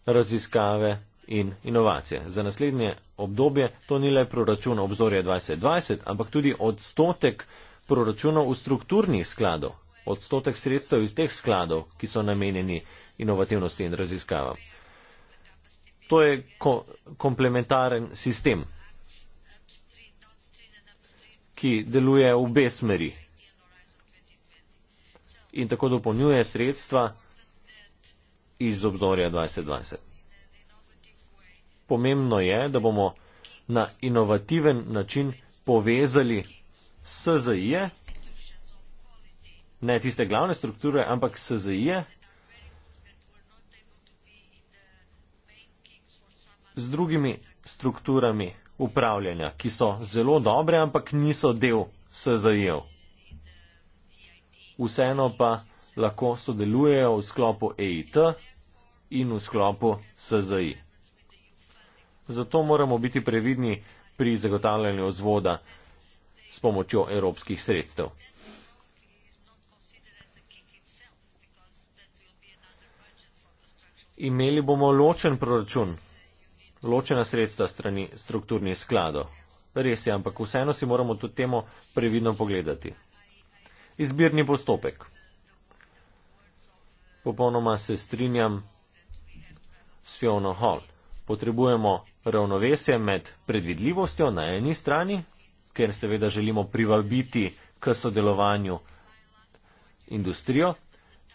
raziskave in inovacije. Za naslednje obdobje to ni le proračun obzorja 2020, ampak tudi odstotek proračunov v strukturnih skladov odstotek sredstev iz teh skladov, ki so namenjeni inovativnosti in raziskavam. To je ko komplementaren sistem, ki deluje v obe smeri in tako dopolnjuje sredstva iz obzorja 2020. Pomembno je, da bomo na inovativen način povezali SZI-je, ne tiste glavne strukture, ampak SZI-je. Z drugimi strukturami upravljanja, ki so zelo dobre, ampak niso del SZI-jev. Vseeno pa lahko sodelujejo v sklopu EIT in v sklopu SZI. Zato moramo biti previdni pri zagotavljanju vzvoda s pomočjo evropskih sredstev. imeli bomo ločen proračun, ločena sredstva strani strukturnih skladov. Res je, ampak vseeno si moramo to temo previdno pogledati. Izbirni postopek. Popolnoma se strinjam s Fiona Hall. Potrebujemo ravnovesje med predvidljivostjo na eni strani, ker seveda želimo privabiti k sodelovanju industrijo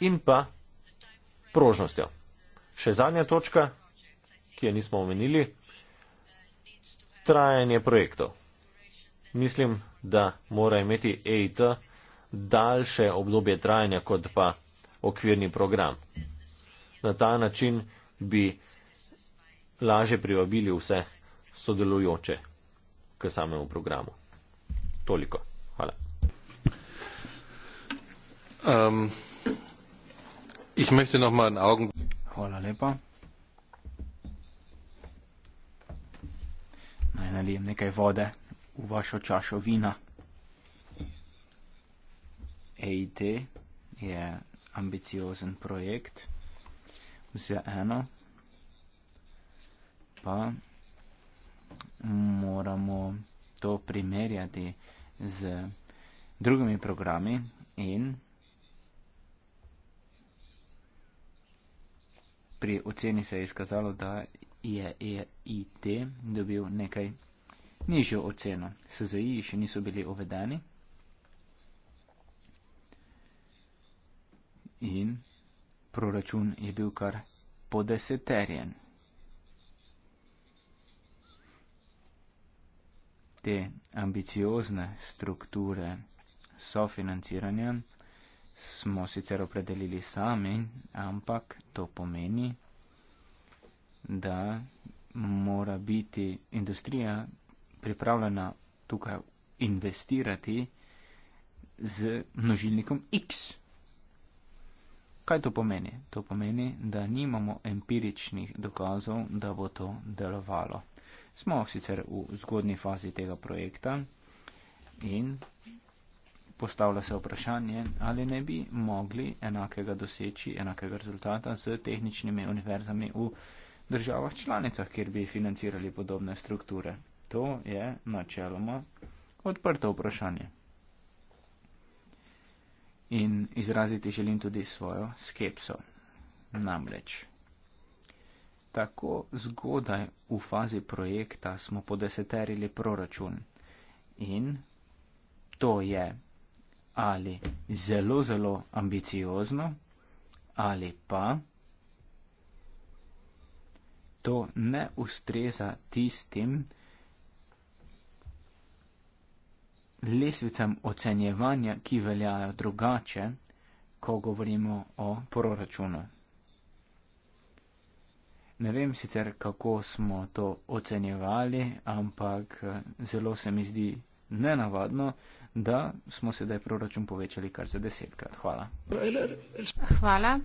in pa prožnostjo. Še zadnja točka, ki jo nismo omenili, trajanje projektov. Mislim, da mora imeti EIT daljše obdobje trajanja kot pa okvirni program. Na ta način bi laže privabili vse sodelujoče k samemu programu. Toliko. Hvala. Um, Hvala lepa. Naj nalijem nekaj vode v vašo čašo vina. AID e je ambiciozen projekt. Vse eno pa moramo to primerjati z drugimi programi in pri oceni se je izkazalo, da je EIT dobil nekaj nižjo oceno. SZI še niso bili uvedeni. In proračun je bil kar podeseterjen. Te ambiciozne strukture sofinanciranja smo sicer opredelili sami, ampak to pomeni, da mora biti industrija pripravljena tukaj investirati z množilnikom X. Kaj to pomeni? To pomeni, da nimamo empiričnih dokazov, da bo to delovalo. Smo sicer v zgodni fazi tega projekta in postavlja se vprašanje, ali ne bi mogli enakega doseči, enakega rezultata z tehničnimi univerzami v državah članicah, kjer bi financirali podobne strukture. To je načeloma odprto vprašanje. In izraziti želim tudi svojo skepso. Namreč, tako zgodaj v fazi projekta smo podeseterili proračun in to je ali zelo, zelo ambiciozno, ali pa to ne ustreza tistim lesvicam ocenjevanja, ki veljajo drugače, ko govorimo o proračunu. Ne vem sicer, kako smo to ocenjevali, ampak eh, zelo se mi zdi nenavadno, da smo sedaj proračun povečali kar za desetkrat. Hvala. Hvala.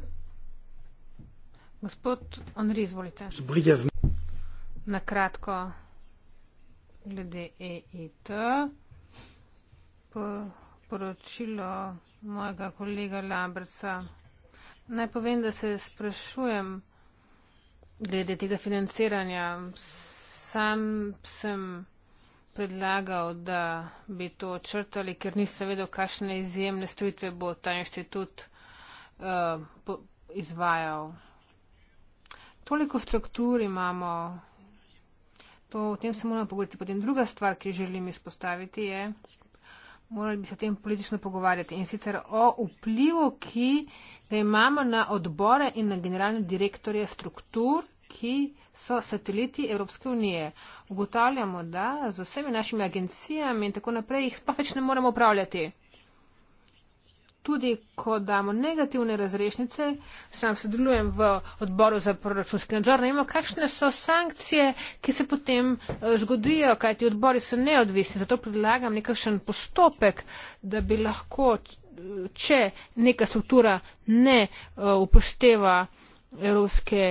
Gospod Onri, izvolite. Na kratko, glede EIT, poročilo mojega kolega Labrca. Naj povem, da se sprašujem glede tega financiranja. Sam sem predlagal, da bi to črtali, ker nisem vedel, kakšne izjemne storitve bo ta inštitut uh, izvajal. Toliko struktur imamo, to, o tem se moramo pogovoriti. Potem druga stvar, ki želim izpostaviti, je, morali bi se o tem politično pogovarjati in sicer o vplivu, ki ga imamo na odbore in na generalne direktorje struktur ki so sateliti Evropske unije. Ugotavljamo, da z vsemi našimi agencijami in tako naprej jih pa več ne moremo upravljati. Tudi, ko damo negativne razrešnice, sam sodelujem v odboru za proračunski nadzor, ne vemo, kakšne so sankcije, ki se potem eh, zgodijo, kaj ti odbori so neodvisni. Zato predlagam nekakšen postopek, da bi lahko, eh, če neka struktura ne eh, upošteva evropske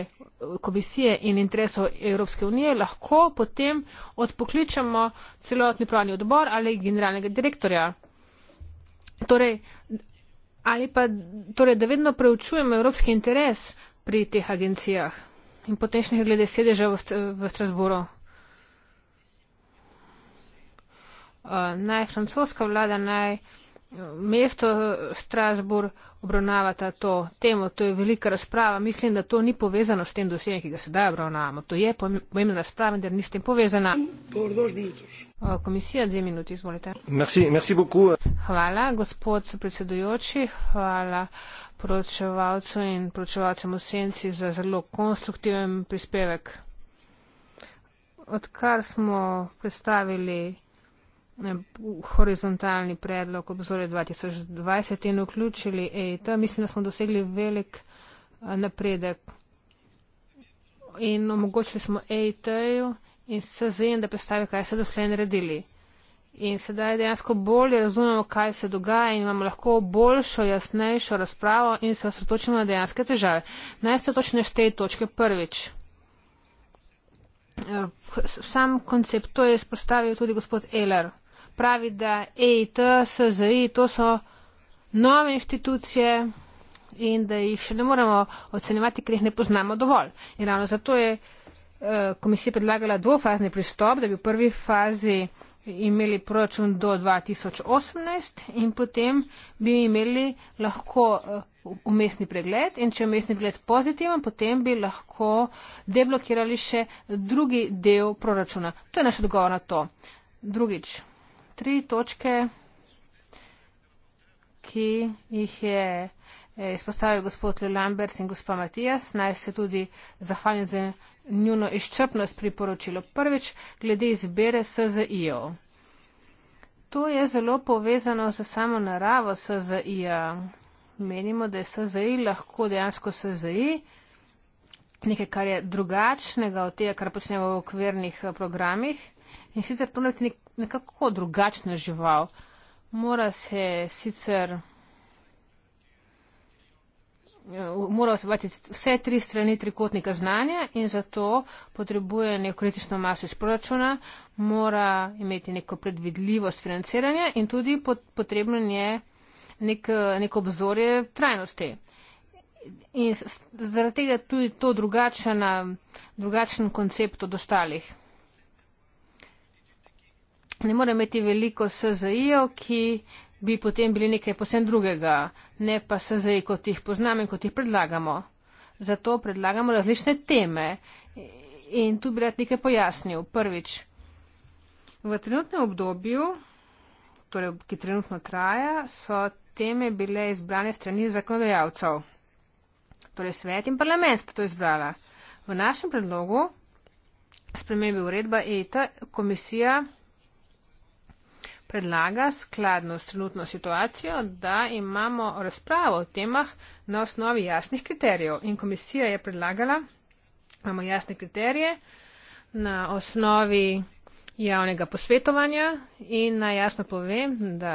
komisije in interesov Evropske unije, lahko potem odpokličemo celotni pravni odbor ali generalnega direktorja. Torej, ali pa, torej, da vedno preučujemo evropski interes pri teh agencijah in potenčnih glede sedeža v, v Strasburu. Uh, naj francoska vlada, naj mesto Strasbourg obravnavata to temo, to je velika razprava. Mislim, da to ni povezano s tem dosjem, ki ga sedaj obravnavamo. To je pomembna razprava, da ni s tem povezana. Komisija, dve minuti, izvolite. Merci, merci hvala, gospod predsedujoči, hvala poročevalcu in poročevalcem v senci za zelo konstruktiven prispevek. Odkar smo predstavili horizontalni predlog obzore 2020 in vključili EITA, mislim, da smo dosegli velik eh, napredek in omogočili smo EIT-ju in SZN, da predstavi, kaj so doslej naredili. In sedaj dejansko bolje razumemo, kaj se dogaja in imamo lahko boljšo, jasnejšo razpravo in se osredotočimo na dejanske težave. Naj se osredotočim na štej točke prvič. Eh, sam koncept, to je izpostavil tudi gospod Eler pravi, da EIT, SZI, to so nove inštitucije in da jih še ne moremo ocenjevati, ker jih ne poznamo dovolj. In ravno zato je eh, komisija predlagala dvofazni pristop, da bi v prvi fazi imeli proračun do 2018 in potem bi imeli lahko eh, umestni pregled in če je umestni pregled pozitiven, potem bi lahko deblokirali še drugi del proračuna. To je naš odgovor na to. Drugič tri točke, ki jih je eh, izpostavil gospod Lambert in gospod Matijas. Naj se tudi zahvalim za njuno izčrpnost pri poročilu. Prvič, glede izbere SZI-jo. To je zelo povezano s samo naravo SZI-ja. Menimo, da je SZI lahko dejansko SZI, nekaj, kar je drugačnega od tega, kar počnemo v okvirnih eh, programih. In sicer to je nek, nekako drugačna žival. Mora se sicer. Eh, mora se vati vse tri strani trikotnika znanja in zato potrebuje neko kritično maso iz proračuna, mora imeti neko predvidljivost financiranja in tudi potrebno je nek, neko obzorje trajnosti. In zaradi tega tudi to drugačen koncept od ostalih ne more imeti veliko SZI-jev, ki bi potem bili nekaj posebno drugega, ne pa SZI, kot jih poznamo in kot jih predlagamo. Zato predlagamo različne teme in tu bi rad nekaj pojasnil. Prvič, v trenutnem obdobju, torej, ki trenutno traja, so teme bile izbrane strani zakonodajalcev. Torej svet in parlament sta to izbrala. V našem predlogu spremembe uredba ETA komisija predlaga skladno s trenutno situacijo, da imamo razpravo o temah na osnovi jasnih kriterijev. In komisija je predlagala, imamo jasne kriterije na osnovi javnega posvetovanja in naj jasno povem, da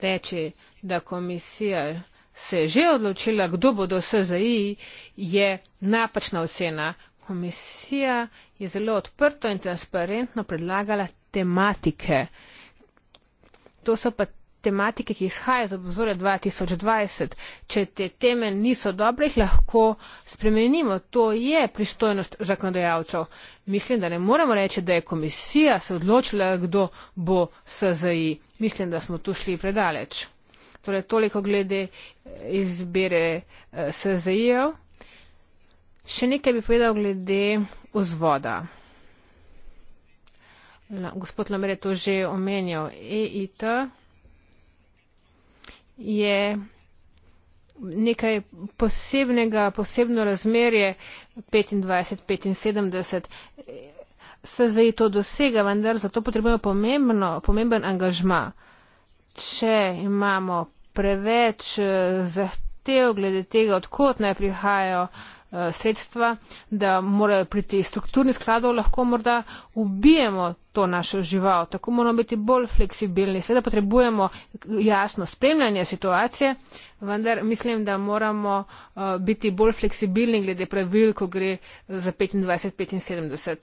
reči, da komisija se je že odločila, kdo bo do SZI, je napačna ocena. Komisija je zelo odprto in transparentno predlagala tematike to so pa tematike, ki izhajajo iz obzorja 2020. Če te teme niso dobre, jih lahko spremenimo. To je pristojnost zakonodajalcev. Mislim, da ne moremo reči, da je komisija se odločila, kdo bo SZI. Mislim, da smo tu šli predaleč. Torej, toliko glede eh, izbere eh, SZI-jev. Še nekaj bi povedal glede vzvoda. Gospod Lamre je to že omenjal. EIT je nekaj posebnega, posebno razmerje 25-75. SZI to dosega, vendar zato potrebujemo pomembno, pomemben angažma. Če imamo preveč eh, zahtev glede tega, odkot naj prihajajo, Eh, sredstva, da morajo priti iz strukturnih skladov, lahko morda ubijemo to našo žival. Tako moramo biti bolj fleksibilni. Sveda potrebujemo jasno spremljanje situacije, vendar mislim, da moramo uh, biti bolj fleksibilni glede pravil, ko gre za 25-75.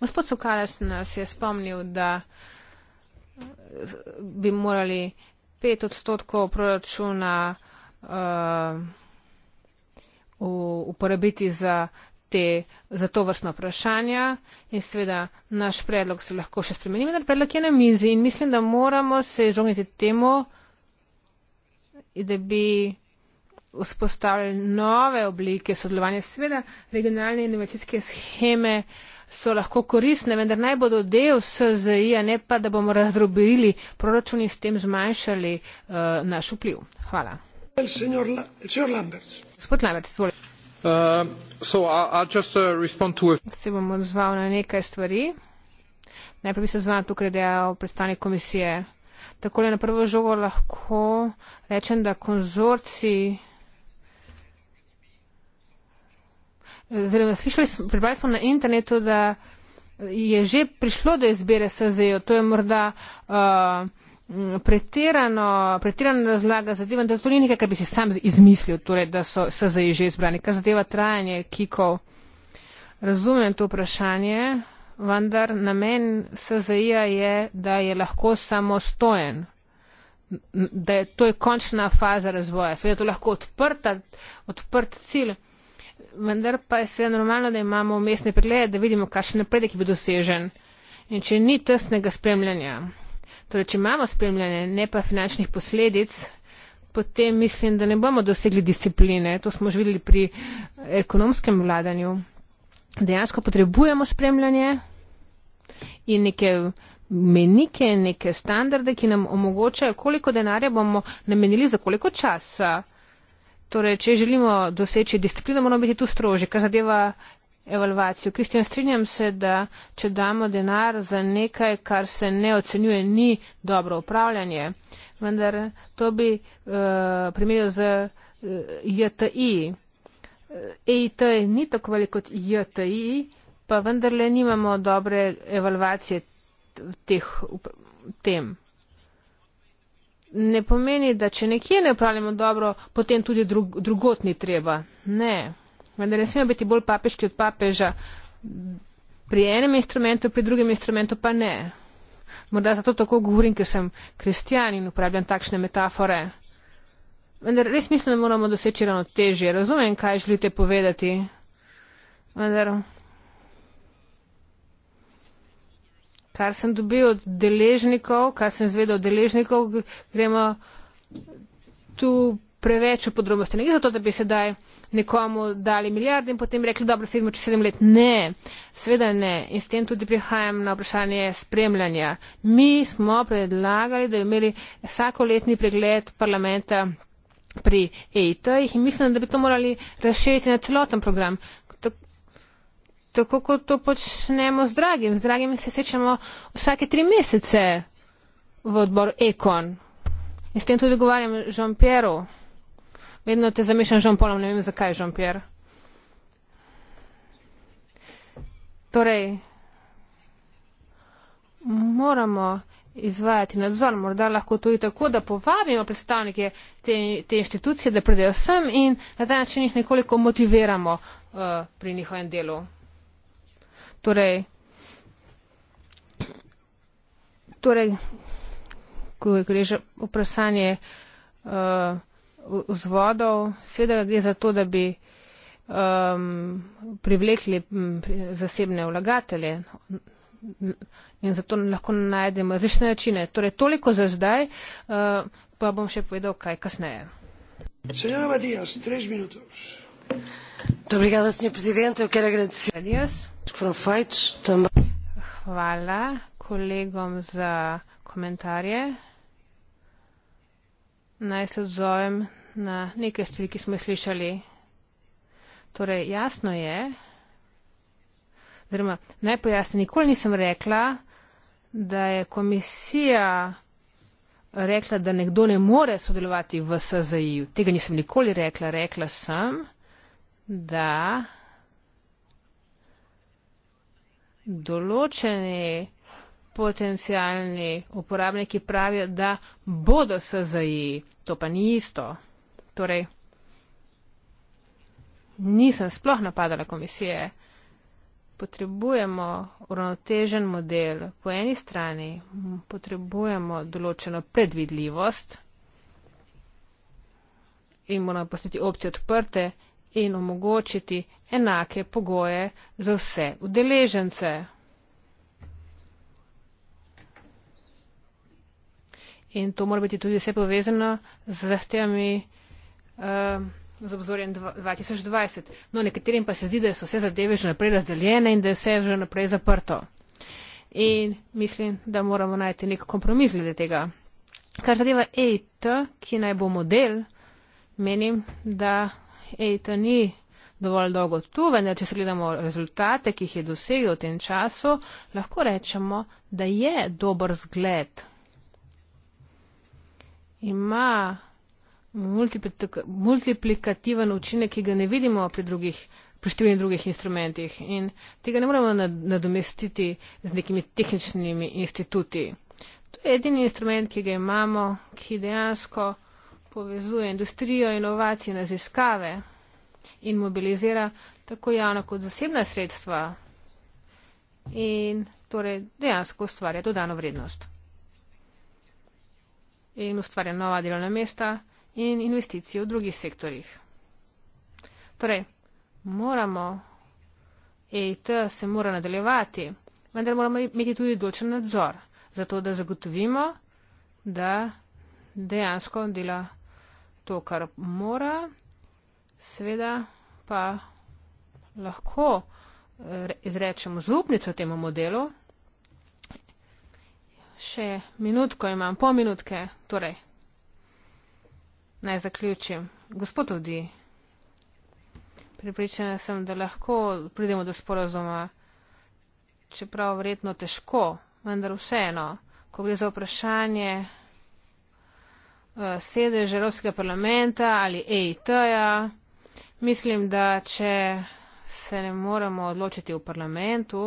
Gospod Sokalas nas je spomnil, da eh, bi morali 5 odstotkov proračuna uh, uporabiti za, te, za to vrstno vprašanje in seveda naš predlog se lahko še spremeni, vendar predlog je na mizi in mislim, da moramo se izogniti temu, da bi vzpostavljali nove oblike sodelovanja. Seveda regionalne inovacijske scheme so lahko koristne, vendar naj bodo del SZI, a ne pa, da bomo razdrobili proračun in s tem zmanjšali uh, naš vpliv. Hvala. El señor, el señor Uh, uh, se bom odzval na nekaj stvari. Najprej bi se zvala tukaj dejal predstavnik komisije. Takole na prvo žogo lahko rečem, da konzorci. Zdaj, slišali smo, prebrali smo na internetu, da je že prišlo do izbire SZ-ja. To je morda. Uh, Mm, pretirano, pretirano razlaga zadeva, da to ni nekaj, kar bi si sam izmislil, torej, da so se zdaj že izbrani. Kar zadeva trajanje kikov, razumem to vprašanje, vendar namen SZI-ja je, da je lahko samostojen da je to je končna faza razvoja. Sveda je to lahko odprta, odprt cilj, vendar pa je sveda normalno, da imamo mestne preglede, da vidimo, kakšen napredek je bil dosežen. In če ni tesnega spremljanja, Torej, če imamo spremljanje, ne pa finančnih posledic, potem mislim, da ne bomo dosegli discipline. To smo že videli pri ekonomskem vladanju. Dejansko potrebujemo spremljanje in neke menike, neke standarde, ki nam omogočajo, koliko denarja bomo namenili za koliko časa. Torej, če želimo doseči disciplino, moramo biti tu strožji, kar zadeva evalvacijo. Kristjan, strinjam se, da če damo denar za nekaj, kar se ne ocenjuje, ni dobro upravljanje, vendar to bi uh, primerjal z uh, eh, JTI. EIT eh, e ni tako veliko kot JTI, pa vendarle nimamo dobre evalvacije teh tem. Ne pomeni, da če nekje ne upravljamo dobro, potem tudi drug, drugotni treba. Ne vendar ne smejo biti bolj papeški od papeža pri enem instrumentu, pri drugem instrumentu pa ne. Morda zato tako govorim, ker sem kristjan in uporabljam takšne metafore. Vendar res mislim, da moramo doseči ravno težje. Razumem, kaj želite povedati. Vendar, kar sem dobil od deležnikov, kar sem zvedel od deležnikov, gremo tu preveč v podrobnosti. Ne gre za to, da bi sedaj nekomu dali milijarde in potem rekli, dobro, sedemo čez sedem let. Ne, seveda ne. In s tem tudi prihajam na vprašanje spremljanja. Mi smo predlagali, da bi imeli vsakoletni pregled parlamenta pri EIT-jih in mislim, da bi to morali razširiti na celoten program. Tako kot to počnemo z dragim. Z dragim se sečemo vsake tri mesece v odbor Ekon. In s tem tudi govorim Jean-Pierreu. Vedno te zamišljam z Jean Paulom, ne vem zakaj, Jean Pierre. Torej, moramo izvajati nadzor, morda lahko tudi tako, da povabimo predstavnike te, te inštitucije, da pridejo sem in na ta način jih nekoliko motiviramo uh, pri njihovem delu. Torej, torej, ko je že vprašanje. Uh, vzvodov, seveda gre za to, da bi um, privlekli zasebne vlagatelje in zato lahko najdemo različne načine. Torej, toliko za zdaj, uh, pa bom še povedal kaj kasneje. Senjora Matijas, treš minutos. Obrigada, senjor prezident, ker je gradcija. Hvala kolegom za komentarje. Naj se odzovem na neke stvari, ki smo jih slišali. Torej, jasno je, oziroma naj pojasnim, nikoli nisem rekla, da je komisija rekla, da nekdo ne more sodelovati v SZI. Tega nisem nikoli rekla. Rekla sem, da določeni potencijalni uporabniki pravijo, da bodo SZI. To pa ni isto. Torej, nisem sploh napadala komisije. Potrebujemo uravnotežen model. Po eni strani potrebujemo določeno predvidljivost in moramo postati opcije odprte in omogočiti enake pogoje za vse udeležence. In to mora biti tudi vse povezano z zahtevami Ehm, z obzorjem 2020. No, nekaterim pa se zdi, da so vse zadeve že naprej razdeljene in da je vse že naprej zaprto. In mislim, da moramo najti nek kompromis glede tega. Kar zadeva EIT, ki naj bo model, menim, da EIT ni dovolj dolgo tu, vendar če sledamo rezultate, ki jih je dosegel v tem času, lahko rečemo, da je dober zgled. Ima multiplikativen učinek, ki ga ne vidimo pri drugih. Pri številnih drugih instrumentih in tega ne moremo nadomestiti z nekimi tehničnimi instituti. To je edini instrument, ki ga imamo, ki dejansko povezuje industrijo, inovacije, raziskave in mobilizira tako javna kot zasebna sredstva in torej dejansko ustvarja dodano vrednost in ustvarja nova delovna mesta in investicije v drugih sektorjih. Torej, moramo, EIT se mora nadaljevati, vendar moramo imeti tudi določen nadzor, zato da zagotovimo, da dejansko dela to, kar mora, seveda pa lahko izrečemo zupnico temu modelu. Še minutko imam, pol minutke, torej Naj zaključim. Gospod Odi, pripričana sem, da lahko pridemo do sporozuma, čeprav verjetno težko, vendar vseeno, ko gre za vprašanje eh, sedeža Evropskega parlamenta ali EIT-ja, mislim, da če se ne moremo odločiti v parlamentu,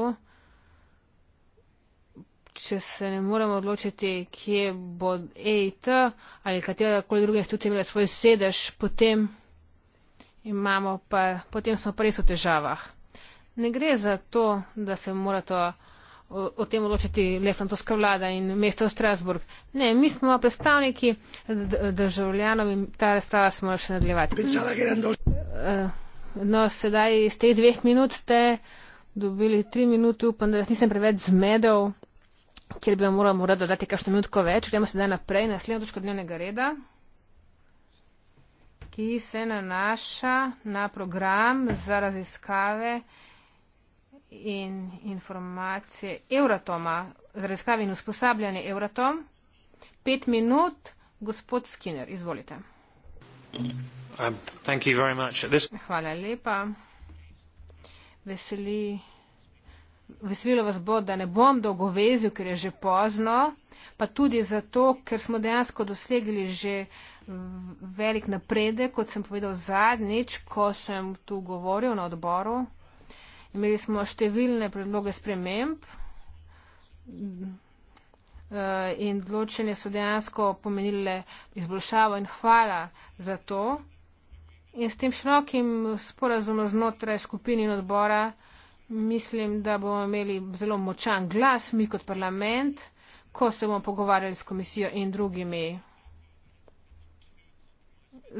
če se ne moremo odločiti, kje bo EIT ali katera koli druga institucija imela svoj sedež, potem imamo pa, potem smo pa res v težavah. Ne gre za to, da se mora to o tem odločiti le francoska vlada in mesto Strasburg. Ne, mi smo predstavniki državljanov in ta razprava se mora še nadaljevati. Eh, no, sedaj iz teh dveh minut ste dobili tri minute, upam, da nisem preveč zmedel kjer bi vam moral morda dodati kakšno minutko več. Gremo sedaj naprej na naslednjo točko dnevnega reda, ki se nanaša na program za raziskave in informacije Euratoma, za raziskave in usposabljanje Euratom. Pet minut, gospod Skinner, izvolite. Um, Hvala lepa. Veseli veselilo vas bo, da ne bom dolgovezil, ker je že pozno, pa tudi zato, ker smo dejansko dosegli že velik napredek, kot sem povedal zadnjič, ko sem tu govoril na odboru. Imeli smo številne predloge sprememb eh, in odločenje so dejansko pomenile izboljšavo in hvala za to. In s tem širokim sporazumom znotraj skupini odbora Mislim, da bomo imeli zelo močan glas, mi kot parlament, ko se bomo pogovarjali s komisijo in drugimi.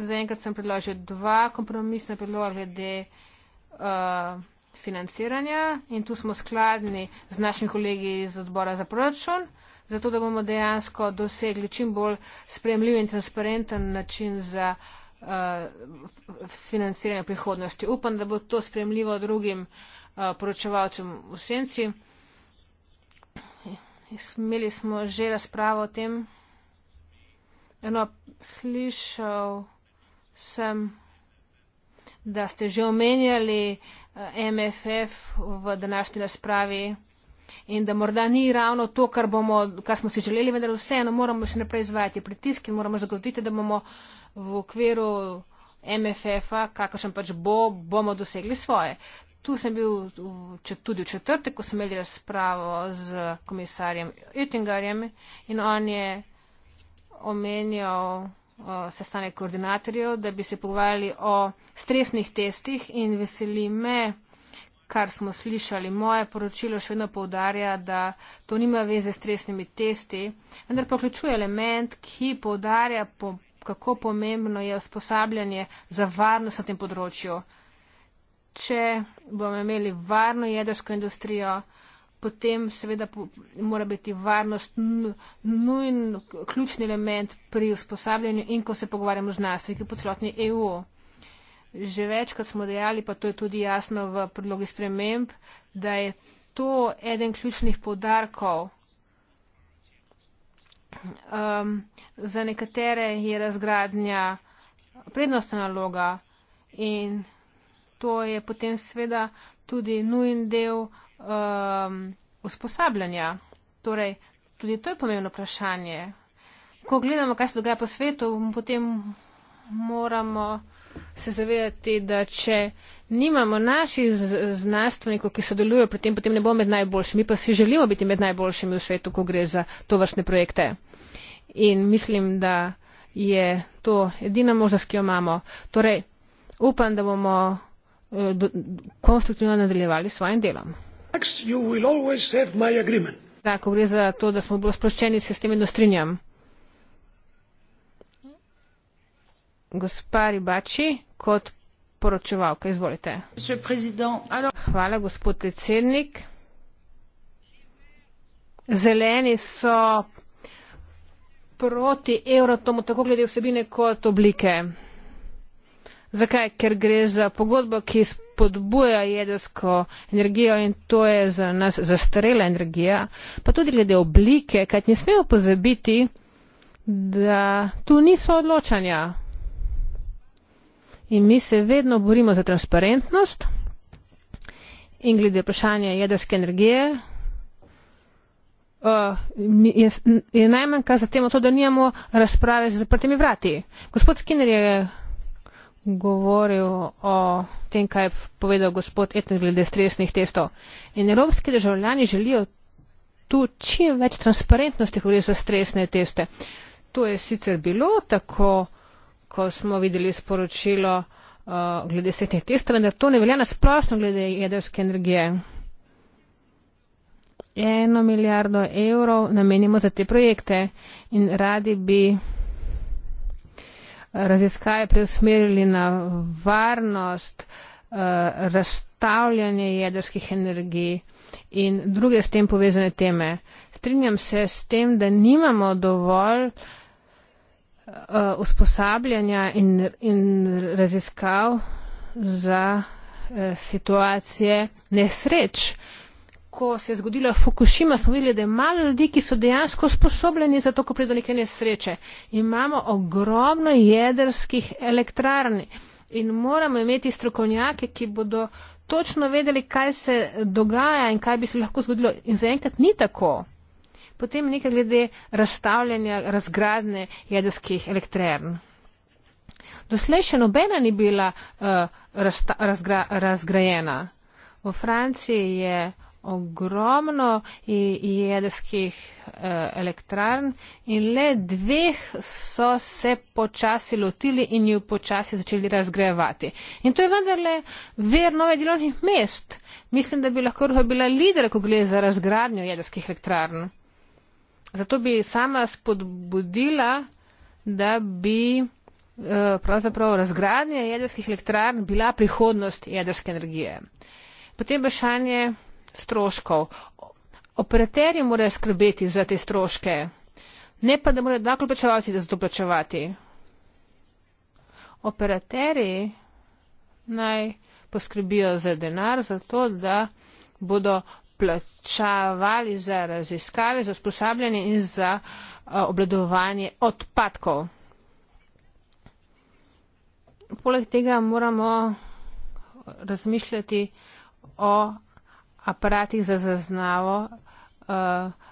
Zaenkrat sem predložil dva kompromisna predloga glede uh, financiranja in tu smo skladni z našim kolegi iz odbora za proračun, zato da bomo dejansko dosegli čim bolj spremljiv in transparenten način za uh, financiranje prihodnosti. Upam, da bo to spremljivo drugim. Uh, poročevalcem v senci. Imeli smo že razpravo o tem. Eno, slišal sem, da ste že omenjali eh, MFF v današnji razpravi in da morda ni ravno to, kar, bomo, kar smo si želeli, vendar vseeno moramo še naprej izvajati pritisk in moramo zagotoviti, da bomo v okviru MFF-a, kakršen pač bo, bomo dosegli svoje. Tu sem bil tudi v četrtek, ko smo imeli razpravo z komisarjem Oettingerjem in on je omenjal eh, sestanek koordinatorjev, da bi se pogovarjali o stresnih testih in veseli me, kar smo slišali. Moje poročilo še vedno povdarja, da to nima veze s stresnimi testi, vendar pa vključuje element, ki povdarja, po, kako pomembno je usposabljanje za varnost na tem področju če bomo imeli varno jedrsko industrijo, potem seveda po, mora biti varnost nujen ključni element pri usposabljanju in ko se pogovarjamo z znanstveniki po celotni EU. Že večkrat smo dejali, pa to je tudi jasno v predlogi sprememb, da je to eden ključnih podarkov. Um, za nekatere je razgradnja prednostna naloga in to je potem seveda tudi nujen del um, usposabljanja. Torej, tudi to je pomembno vprašanje. Ko gledamo, kaj se dogaja po svetu, potem moramo se zavedati, da če nimamo naših znanstvenikov, ki sodelujo pri tem, potem ne bomo med najboljšimi, pa si želimo biti med najboljšimi v svetu, ko gre za to vrstne projekte. In mislim, da je to edina možnost, ki jo imamo. Torej, upam, da bomo Eh, do, konstruktivno nadaljevali s svojim delom. Da, ko gre za to, da smo bolj sproščeni, se s tem vedno strinjam. Gospa Ribači, kot poročevalka, izvolite. Hvala, gospod predsednik. Zeleni so proti evrotomu, tako glede vsebine kot oblike. Zakaj? Ker gre za pogodbo, ki spodbuja jedrsko energijo in to je za nas zastarela energija, pa tudi glede oblike, kaj ne smemo pozabiti, da tu niso odločanja. In mi se vedno borimo za transparentnost in glede vprašanja jedrske energije. Uh, je, je najmanj, kar za tem, to, da nijamo razprave z zaprtimi vrati. Gospod Skinner je govoril o tem, kaj je povedal gospod Etnes glede stresnih testov. In evropski državljani želijo tu čim več transparentnosti, ko gre za stresne teste. To je sicer bilo tako, ko smo videli sporočilo uh, glede stresnih testov, vendar to ne velja nasplošno glede jedrske energije. Eno milijardo evrov namenimo za te projekte in radi bi raziskave preusmerili na varnost, eh, razstavljanje jedrskih energij in druge s tem povezane teme. Strinjam se s tem, da nimamo dovolj eh, usposabljanja in, in raziskav za eh, situacije nesreč ko se je zgodila Fukushima, smo videli, da je malo ljudi, ki so dejansko sposobljeni za to, ko pride do neke nesreče. Imamo ogromno jedrskih elektrarn in moramo imeti strokovnjake, ki bodo točno vedeli, kaj se dogaja in kaj bi se lahko zgodilo. In zaenkrat ni tako. Potem nekaj glede razstavljanja, razgradne jedrskih elektrarn. Doslej še nobena ni bila uh, razgra razgrajena. V Franciji je ogromno jedrskih eh, elektrarn in le dveh so se počasi lotili in ju počasi začeli razgrajevati. In to je vendarle ver nove delovnih mest. Mislim, da bi lahko Ruha bila lider, ko gre za razgradnjo jedrskih elektrarn. Zato bi sama spodbudila, da bi eh, pravzaprav razgradnja jedrskih elektrarn bila prihodnost jedrske energije. Potem vprašanje stroškov. Operaterji morajo skrbeti za te stroške, ne pa da morajo dakle plačevati, da so to plačevati. Operaterji naj poskrbijo za denar, za to, da bodo plačavali za raziskave, za usposabljanje in za obladovanje odpadkov. Poleg tega moramo razmišljati o aparatih za zaznavo uh,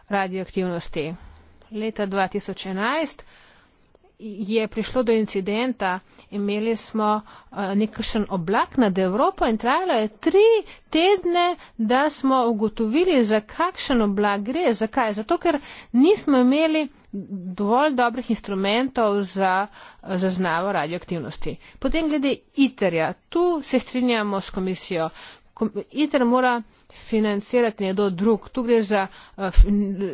radioaktivnosti. Leta 2011 je prišlo do incidenta, imeli smo uh, nekakšen oblak nad Evropo in trajalo je tri tedne, da smo ugotovili, za kakšen oblak gre. Zakaj? Zato, ker nismo imeli dovolj dobrih instrumentov za eh, zaznavo radioaktivnosti. Potem glede ITER-ja, tu se strinjamo s komisijo. Inter mora financirati nekdo drug. Tu gre za, eh,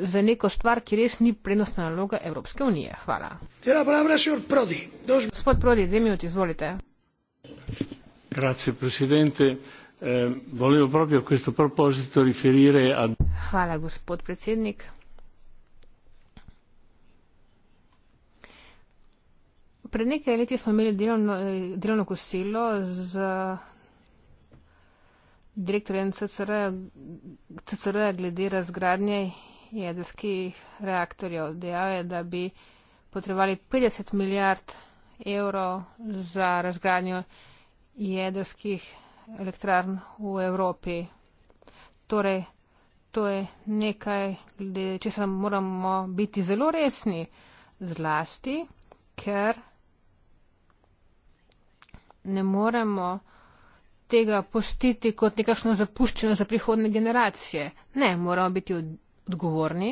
za neko stvar, ki res ni prednostna naloga Evropske unije. Hvala. Gospod Prodi, dve minuti, izvolite. Eh, Hvala, gospod predsednik. Pred nekaj leti smo imeli delovno, eh, delovno kosilo z Direktor NCCR -ja, glede razgradnje jedrskih reaktorjev dejal je, da bi potrebovali 50 milijard evrov za razgradnjo jedrskih elektrarn v Evropi. Torej, to je nekaj, glede česa moramo biti zelo resni zlasti, ker ne moremo tega postiti kot nekakšno zapuščino za prihodne generacije. Ne, moramo biti odgovorni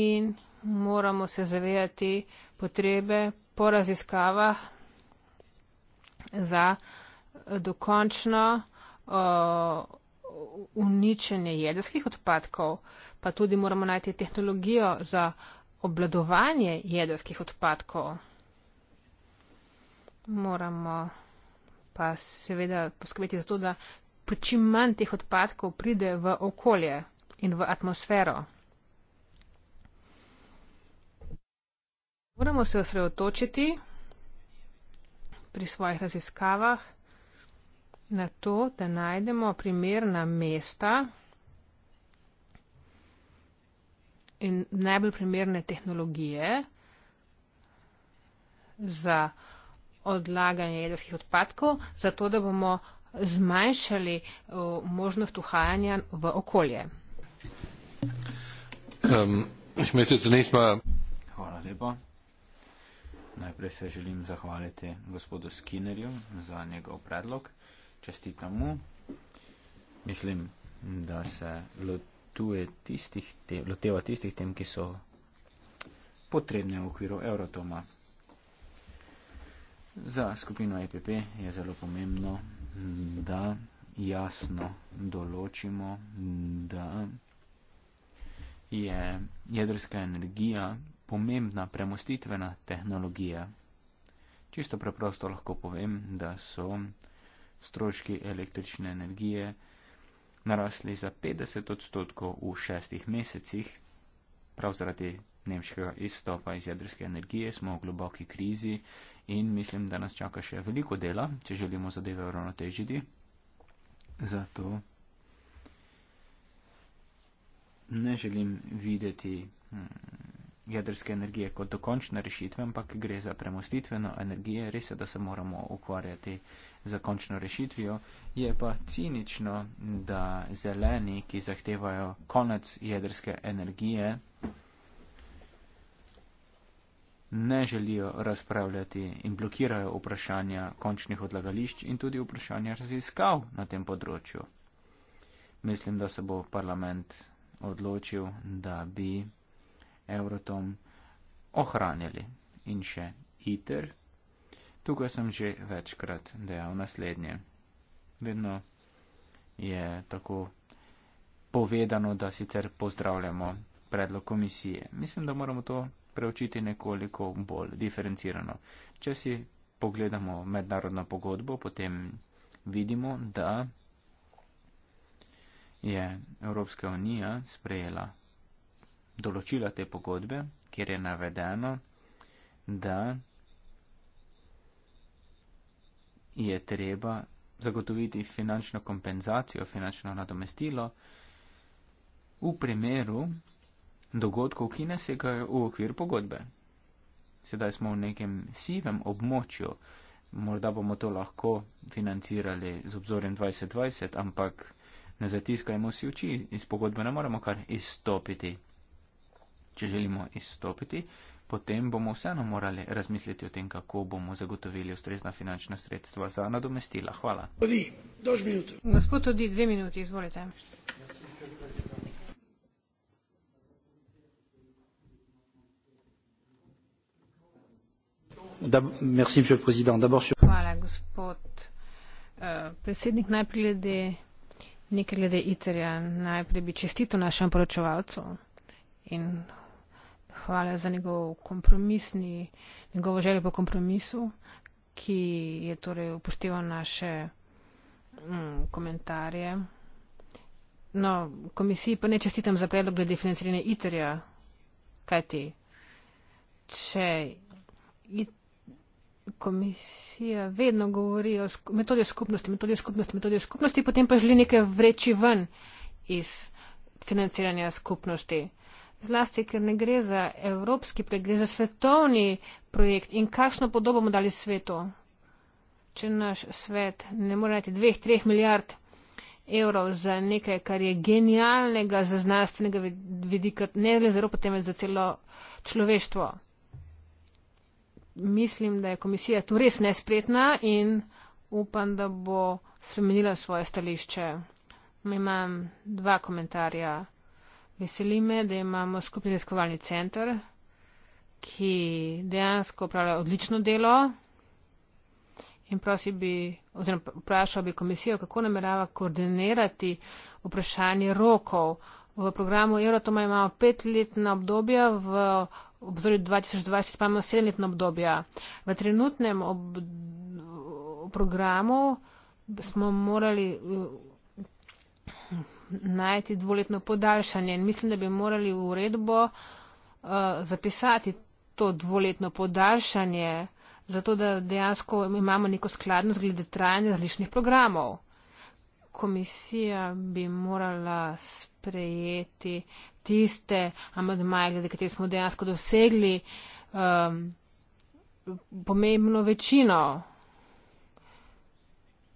in moramo se zavedati potrebe po raziskavah za dokončno uh, uničenje jedrskih odpadkov, pa tudi moramo najti tehnologijo za obladovanje jedrskih odpadkov. Moramo pa seveda poskrbeti za to, da čim manj teh odpadkov pride v okolje in v atmosfero. Moramo se osredotočiti pri svojih raziskavah na to, da najdemo primerna mesta in najbolj primerne tehnologije za odlaganje jedrskih odpadkov, zato da bomo zmanjšali možnost uhajanja v okolje. Um, nisma... Hvala lepa. Najprej se želim zahvaliti gospodu Skinnerju za njegov predlog. Čestitam mu. Mislim, da se tistih te, loteva tistih tem, ki so potrebne v okviru Eurotoma. Za skupino EPP je zelo pomembno, da jasno določimo, da je jedrska energija pomembna premostitvena tehnologija. Čisto preprosto lahko povem, da so stroški električne energije narasli za 50 odstotkov v šestih mesecih, prav zaradi nemškega izstopa iz jedrske energije, smo v globoki krizi in mislim, da nas čaka še veliko dela, če želimo zadeve uravnotežiti. Zato ne želim videti hm, jedrske energije kot dokončne rešitve, ampak gre za premostitveno energije. Res je, da se moramo ukvarjati z končno rešitvijo. Je pa cinično, da zeleni, ki zahtevajo konec jedrske energije, ne želijo razpravljati in blokirajo vprašanja končnih odlagališč in tudi vprašanja raziskav na tem področju. Mislim, da se bo parlament odločil, da bi Eurotom ohranili in še ITER. Tukaj sem že večkrat dejal naslednje. Vedno je tako povedano, da sicer pozdravljamo predlog komisije. Mislim, da moramo to preučiti nekoliko bolj diferencirano. Če si pogledamo mednarodno pogodbo, potem vidimo, da je Evropska unija sprejela določila te pogodbe, kjer je navedeno, da je treba zagotoviti finančno kompenzacijo, finančno nadomestilo v primeru, dogodkov, ki ne segajo v okvir pogodbe. Sedaj smo v nekem sivem območju, morda bomo to lahko financirali z obzorjem 2020, ampak ne zatiskajmo si oči, iz pogodbe ne moremo kar izstopiti. Če želimo izstopiti, potem bomo vseeno morali razmisliti o tem, kako bomo zagotovili ustrezna finančna sredstva za nadomestila. Hvala. Odi, dož minut. Gospod, odi dve minuti, izvolite. Ja, monsieur le président d'abord sur eh, Predsednik, najprej glede, nekaj glede ITER-ja. Najprej bi čestitil našemu poročevalcu in hvala za njegov kompromisni, njegovo željo po kompromisu, ki je torej upošteval naše mm, komentarje. No, komisiji pa ne čestitam za predlog glede financiranja ITER-ja, kajti če IT komisija vedno govori o sk metodi skupnosti, metodi skupnosti, metodi skupnosti, potem pa želi nekaj vreči ven iz financiranja skupnosti. Zlasti, ker ne gre za evropski projekt, gre za svetovni projekt in kakšno podobo bomo dali svetu, če naš svet ne more najti dveh, treh milijard evrov za nekaj, kar je genialnega, za znanstvenega vidika, ne le za Evropo, temveč za celo človeštvo mislim, da je komisija tu res nespretna in upam, da bo spremenila svoje stališče. Imam dva komentarja. Veseli me, da imamo skupni raziskovalni center, ki dejansko upravlja odlično delo. In prosim bi, oziroma vprašal bi komisijo, kako namerava koordinirati vprašanje rokov. V programu Euratoma imamo petletna obdobja, v obzorju 2020, spomnimo sedemletno obdobja. V trenutnem ob, v programu smo morali eh, najti dvoletno podaljšanje in mislim, da bi morali v uredbo uh, zapisati to dvoletno podaljšanje, zato da dejansko imamo neko skladnost glede trajanja različnih programov. Komisija bi morala sprejeti tiste amadmaje, glede katerih smo dejansko dosegli um, pomembno večino.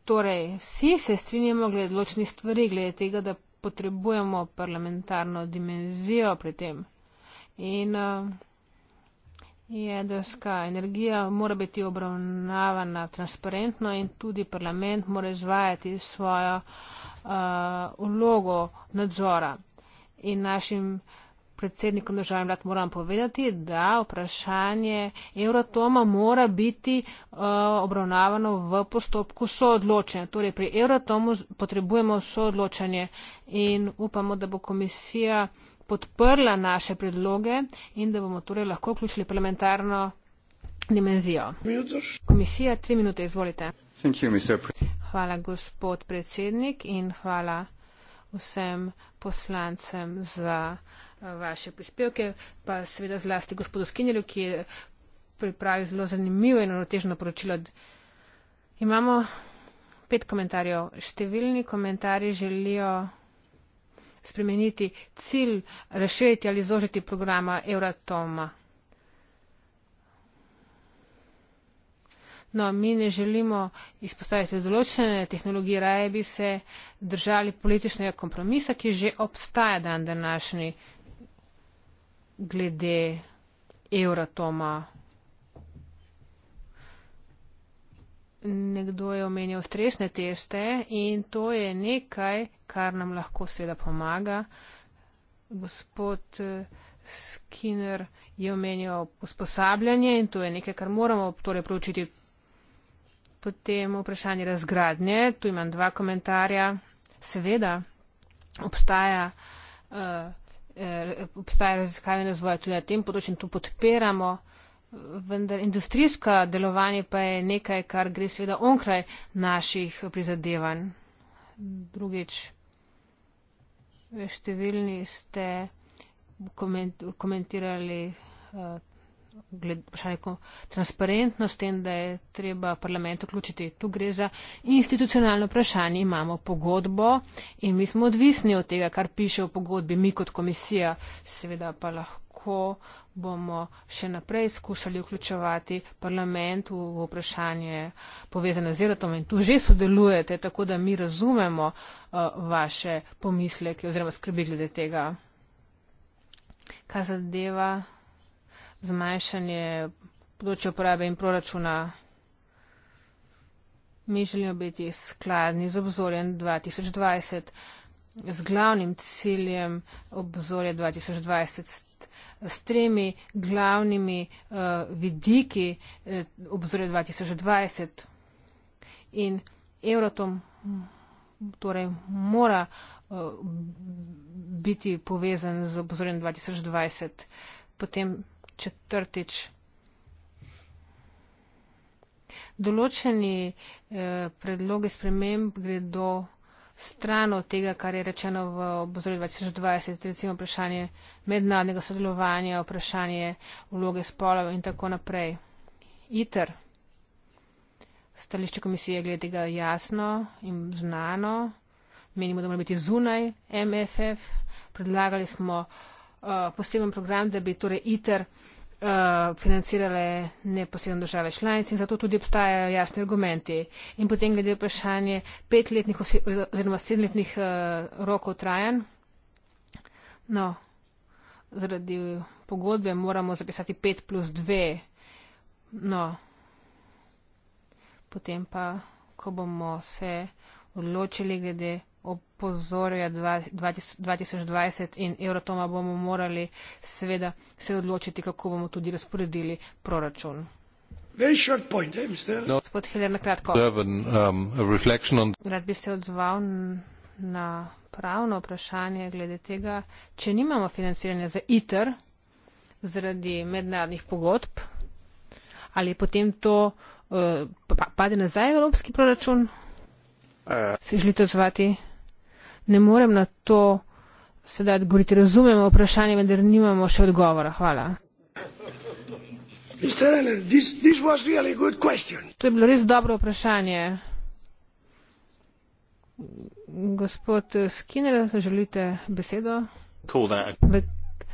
Torej, vsi se strinjamo glede odločnih stvari, glede tega, da potrebujemo parlamentarno dimenzijo pri tem. In uh, jedrska energija mora biti obravnavana transparentno in tudi parlament mora izvajati svojo uh, vlogo nadzora in našim predsednikom državnim vlad moram povedati, da vprašanje Euratoma mora biti uh, obravnavano v postopku soodločenja. Torej pri Euratomu potrebujemo soodločanje in upamo, da bo komisija podprla naše predloge in da bomo torej lahko vključili parlamentarno dimenzijo. Komisija, tri minute, izvolite. Hvala, gospod predsednik in hvala vsem poslancem za eh, vaše prispevke, pa seveda zlasti gospodu Skinjelju, ki je pripravil zelo zanimivo in rotežno poročilo. Imamo pet komentarjev. Številni komentarji želijo spremeniti cilj, razširiti ali zožiti programa Euratoma. No, mi ne želimo izpostaviti določene tehnologije, raje bi se držali političnega kompromisa, ki že obstaja dan današnji glede Euratoma. Nekdo je omenil stresne teste in to je nekaj, kar nam lahko seveda pomaga. Gospod eh, Skinner je omenil usposabljanje in to je nekaj, kar moramo torej proučiti Potem vprašanje razgradnje, tu imam dva komentarja. Seveda obstaja, uh, uh, obstaja raziskave in razvoja tudi na tem področju in to podpiramo, vendar industrijsko delovanje pa je nekaj, kar gre seveda onkraj naših prizadevanj. Drugič, številni ste koment, komentirali uh, vprašanje transparentnosti in da je treba parlament vključiti. Tu gre za institucionalno vprašanje. Imamo pogodbo in mi smo odvisni od tega, kar piše v pogodbi mi kot komisija. Seveda pa lahko bomo še naprej skušali vključevati parlament v, v vprašanje povezane z Eratom in tu že sodelujete, tako da mi razumemo uh, vaše pomisleke oziroma skrbi glede tega. Kar zadeva zmanjšanje področja uporabe in proračuna. Mi želimo biti skladni z obzorjem 2020, z glavnim ciljem obzorja 2020, s tremi glavnimi uh, vidiki uh, obzorja 2020 in Euratom torej mora uh, biti povezan z obzorjem 2020, potem četrtič. Določeni eh, predlogi sprememb gredo strano od tega, kar je rečeno v obzorju 2020, recimo vprašanje mednarodnega sodelovanja, vprašanje vloge spolov in tako naprej. ITER. Stališče komisije glede tega jasno in znano. Menimo, da mora biti zunaj MFF. Predlagali smo Eh, poseben program, da bi torej ITER eh, financirale neposredno države članice in zato tudi obstajajo jasni argumenti. In potem glede vprašanje petletnih oziroma sedmletnih eh, rokov trajan. No, zaradi pogodbe moramo zapisati 5 plus 2. No, potem pa, ko bomo se odločili glede opozorja 2020 in Eurotoma bomo morali seveda se odločiti, kako bomo tudi razporedili proračun. Eh, no. Gospod Hiller, na kratko. Um, Rad bi se odzval na pravno vprašanje glede tega, če nimamo financiranja za ITER zaradi mednarodnih pogodb, ali je potem to uh, pade nazaj v evropski proračun? Uh. Se želite odzvati? ne morem na to sedaj odgovoriti. Razumemo vprašanje, vendar nimamo še odgovora. Hvala. To je bilo res dobro vprašanje. Gospod Skinner, želite besedo? V,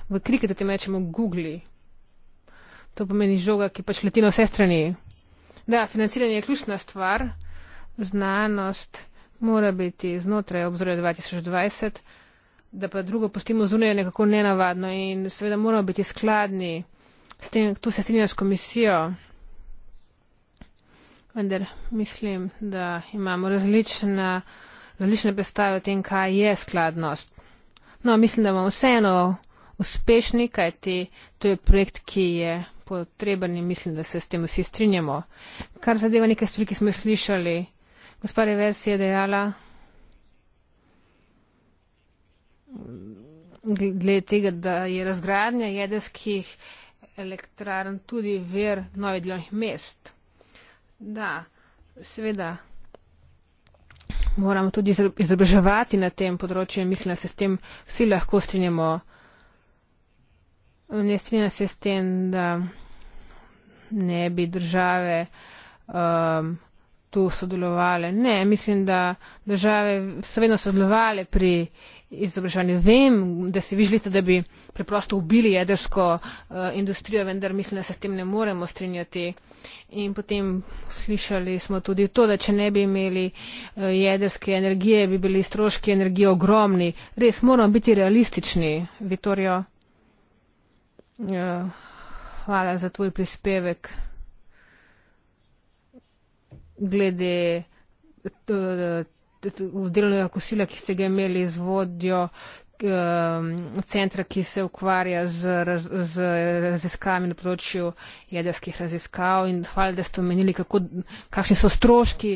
v kriketu te mečemo Google. To pomeni žoga, ki pač leti na vse strani. Da, financiranje je ključna stvar. Znanost mora biti znotraj obzorja 2020, da pa drugo postimo zunaj nekako nenavadno in seveda moramo biti skladni s tem, tu se strinjaš komisijo, vendar mislim, da imamo različna, različne predstave o tem, kaj je skladnost. No, mislim, da bomo vseeno uspešni, kajti to je projekt, ki je potreben in mislim, da se s tem vsi strinjamo. Kar zadeva nekaj stvari, ki smo jih slišali, Gospa Revers je dejala, glede tega, da je razgradnja jedrskih elektrarn tudi ver novih delovnih mest. Da, seveda. Moramo tudi izobraževati na tem področju in mislim, da se s tem vsi lahko strinjamo. Ne strinjam se s tem, da ne bi države um, tu sodelovale. Ne, mislim, da države so vedno sodelovale pri izobraževanju. Vem, da si vi želite, da bi preprosto ubili jedrsko uh, industrijo, vendar mislim, da se s tem ne moremo strinjati. In potem slišali smo tudi to, da če ne bi imeli uh, jedrske energije, bi bili stroški energije ogromni. Res moramo biti realistični, Vitorijo. Uh, ja, hvala za tvoj prispevek glede delovnega kosila, ki ste ga imeli z vodjo um, centra, ki se ukvarja z, raz, z raziskami na področju jedrskih raziskav in hvala, da ste omenili, kakšni so stroški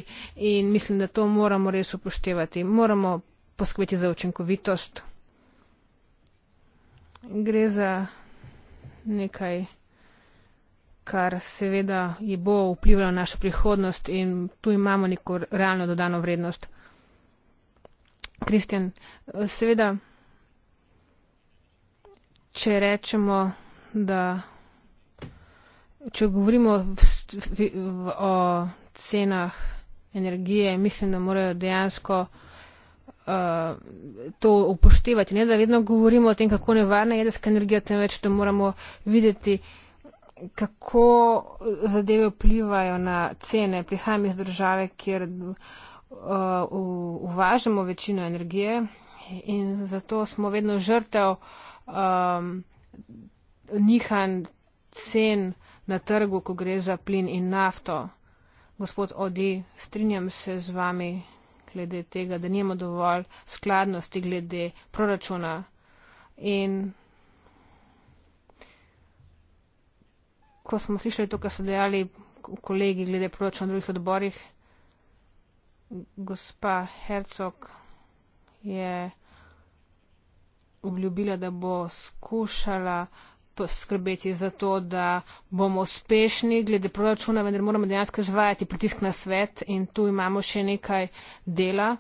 in mislim, da to moramo res upoštevati. Moramo poskveti za učinkovitost. Gre za nekaj kar seveda je bo vplivalo na našo prihodnost in tu imamo neko realno dodano vrednost. Kristjan, seveda, če rečemo, da če govorimo o cenah energije, mislim, da morajo dejansko uh, to upoštevati. Ne da vedno govorimo o tem, kako nevarna je jedrska energija, temveč da moramo videti, uh, kako zadeve vplivajo na cene. Prihajam iz države, kjer uh, uvažamo večino energije in zato smo vedno žrtev um, nihan cen na trgu, ko gre za plin in nafto. Gospod Odi, strinjam se z vami glede tega, da nimamo dovolj skladnosti glede proračuna. In ko smo slišali to, kar so dejali kolegi glede proračuna v drugih odborih, gospa Hercog je obljubila, da bo skušala poskrbeti za to, da bomo uspešni glede proračuna, vendar moramo dejansko izvajati pritisk na svet in tu imamo še nekaj dela.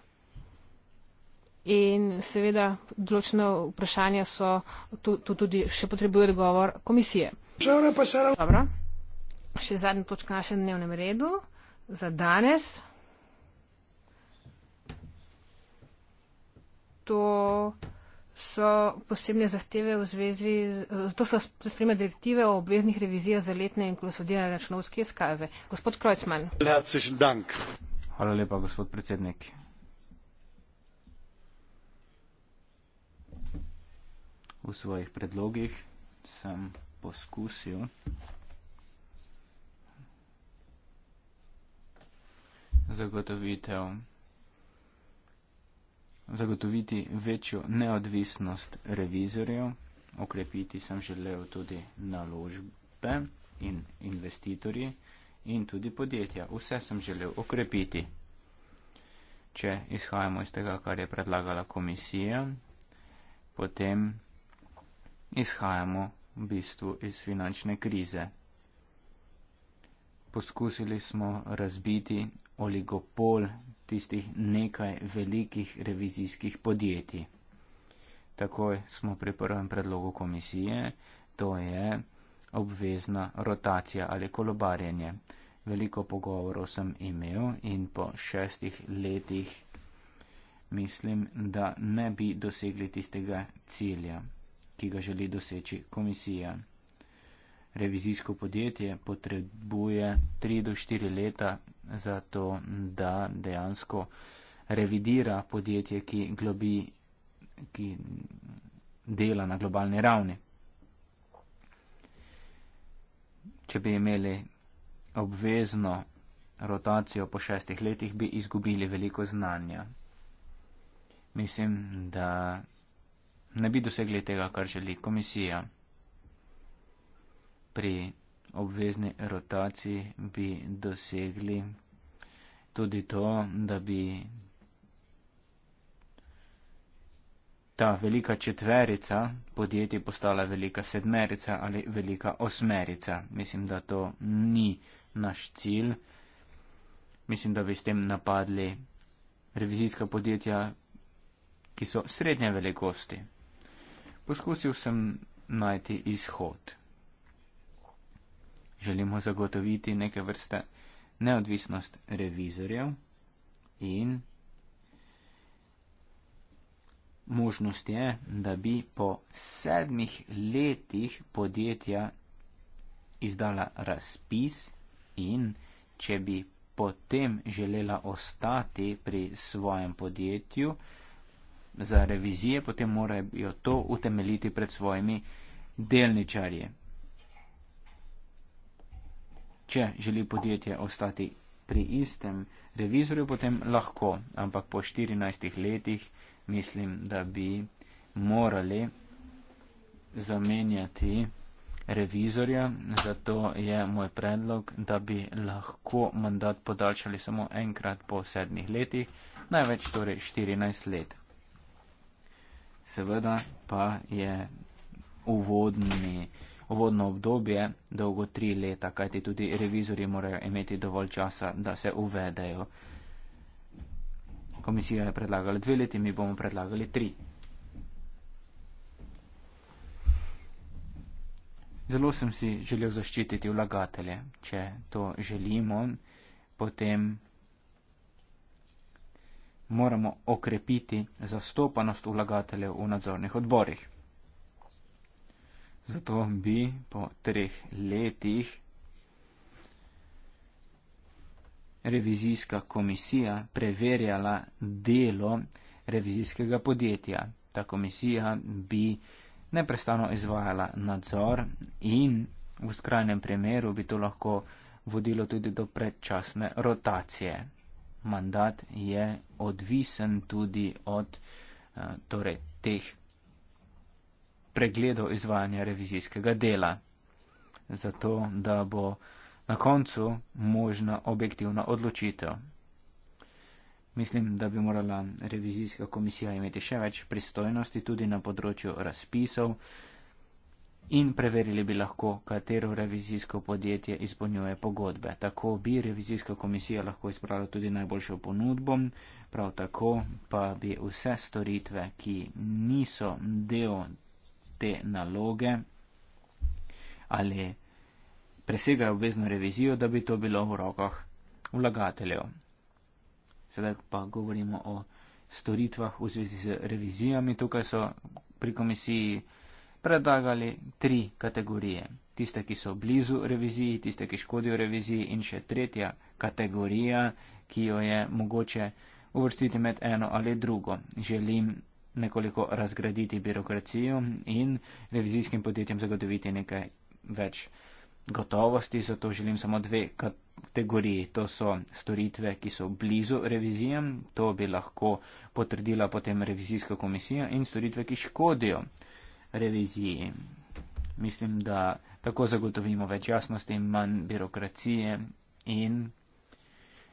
In seveda, določene vprašanja so tu, tu tudi še potrebuje odgovor komisije. Dobro. Še zadnja točka našem dnevnem redu za danes. To so posebne zahteve v zvezi, to so spremljene direktive o obveznih revizijah za letne in klosodirane računovske izkaze. Gospod Krojcman. Hvala lepa, gospod predsednik. V svojih predlogih sem poskusil. Zagotovitev. Zagotoviti večjo neodvisnost revizorjev, okrepiti sem želel tudi naložbe in investitorji in tudi podjetja. Vse sem želel okrepiti. Če izhajamo iz tega, kar je predlagala komisija, potem izhajamo v bistvu iz finančne krize. Poskusili smo razbiti oligopol tistih nekaj velikih revizijskih podjetij. Takoj smo pri prvem predlogu komisije, to je obvezna rotacija ali kolobarjenje. Veliko pogovorov sem imel in po šestih letih mislim, da ne bi dosegli tistega cilja ki ga želi doseči komisija. Revizijsko podjetje potrebuje 3 do 4 leta za to, da dejansko revidira podjetje, ki, globi, ki dela na globalni ravni. Če bi imeli obvezno rotacijo po šestih letih, bi izgubili veliko znanja. Mislim, da ne bi dosegli tega, kar želi komisija. Pri obvezni rotaciji bi dosegli tudi to, da bi ta velika četverica podjetij postala velika sedmerica ali velika osmerica. Mislim, da to ni naš cilj. Mislim, da bi s tem napadli revizijska podjetja, ki so srednje velikosti poskusil sem najti izhod. Želimo zagotoviti neke vrste neodvisnost revizorjev in možnost je, da bi po sedmih letih podjetja izdala razpis in če bi potem želela ostati pri svojem podjetju, za revizije, potem morajo to utemeljiti pred svojimi delničarji. Če želi podjetje ostati pri istem revizorju, potem lahko, ampak po 14 letih mislim, da bi morali zamenjati revizorja, zato je moj predlog, da bi lahko mandat podaljšali samo enkrat po sedmih letih, največ torej 14 let seveda pa je uvodni, uvodno obdobje dolgo tri leta, kajti tudi revizori morajo imeti dovolj časa, da se uvedejo. Komisija je predlagala dve leti, mi bomo predlagali tri. Zelo sem si želel zaščititi vlagatelje. Če to želimo, potem moramo okrepiti zastopanost vlagateljev v nadzornih odborih. Zato bi po treh letih revizijska komisija preverjala delo revizijskega podjetja. Ta komisija bi neprestano izvajala nadzor in v skrajnem primeru bi to lahko vodilo tudi do predčasne rotacije mandat je odvisen tudi od eh, torej, teh pregledov izvajanja revizijskega dela, zato da bo na koncu možna objektivna odločitev. Mislim, da bi morala revizijska komisija imeti še več pristojnosti tudi na področju razpisov, in preverili bi lahko, katero revizijsko podjetje izpolnjuje pogodbe. Tako bi revizijska komisija lahko izbrala tudi najboljšo ponudbo, prav tako pa bi vse storitve, ki niso del te naloge ali presegajo obvezno revizijo, da bi to bilo v rokah vlagateljev. Sedaj pa govorimo o storitvah v zvezi z revizijami. Tukaj so pri komisiji predlagali tri kategorije. Tiste, ki so blizu reviziji, tiste, ki škodijo reviziji in še tretja kategorija, ki jo je mogoče uvrstiti med eno ali drugo. Želim nekoliko razgraditi birokracijo in revizijskim podjetjem zagotoviti nekaj več gotovosti, zato želim samo dve kategoriji. To so storitve, ki so blizu revizijam, to bi lahko potrdila potem revizijska komisija in storitve, ki škodijo reviziji. Mislim, da tako zagotovimo več jasnosti in manj birokracije in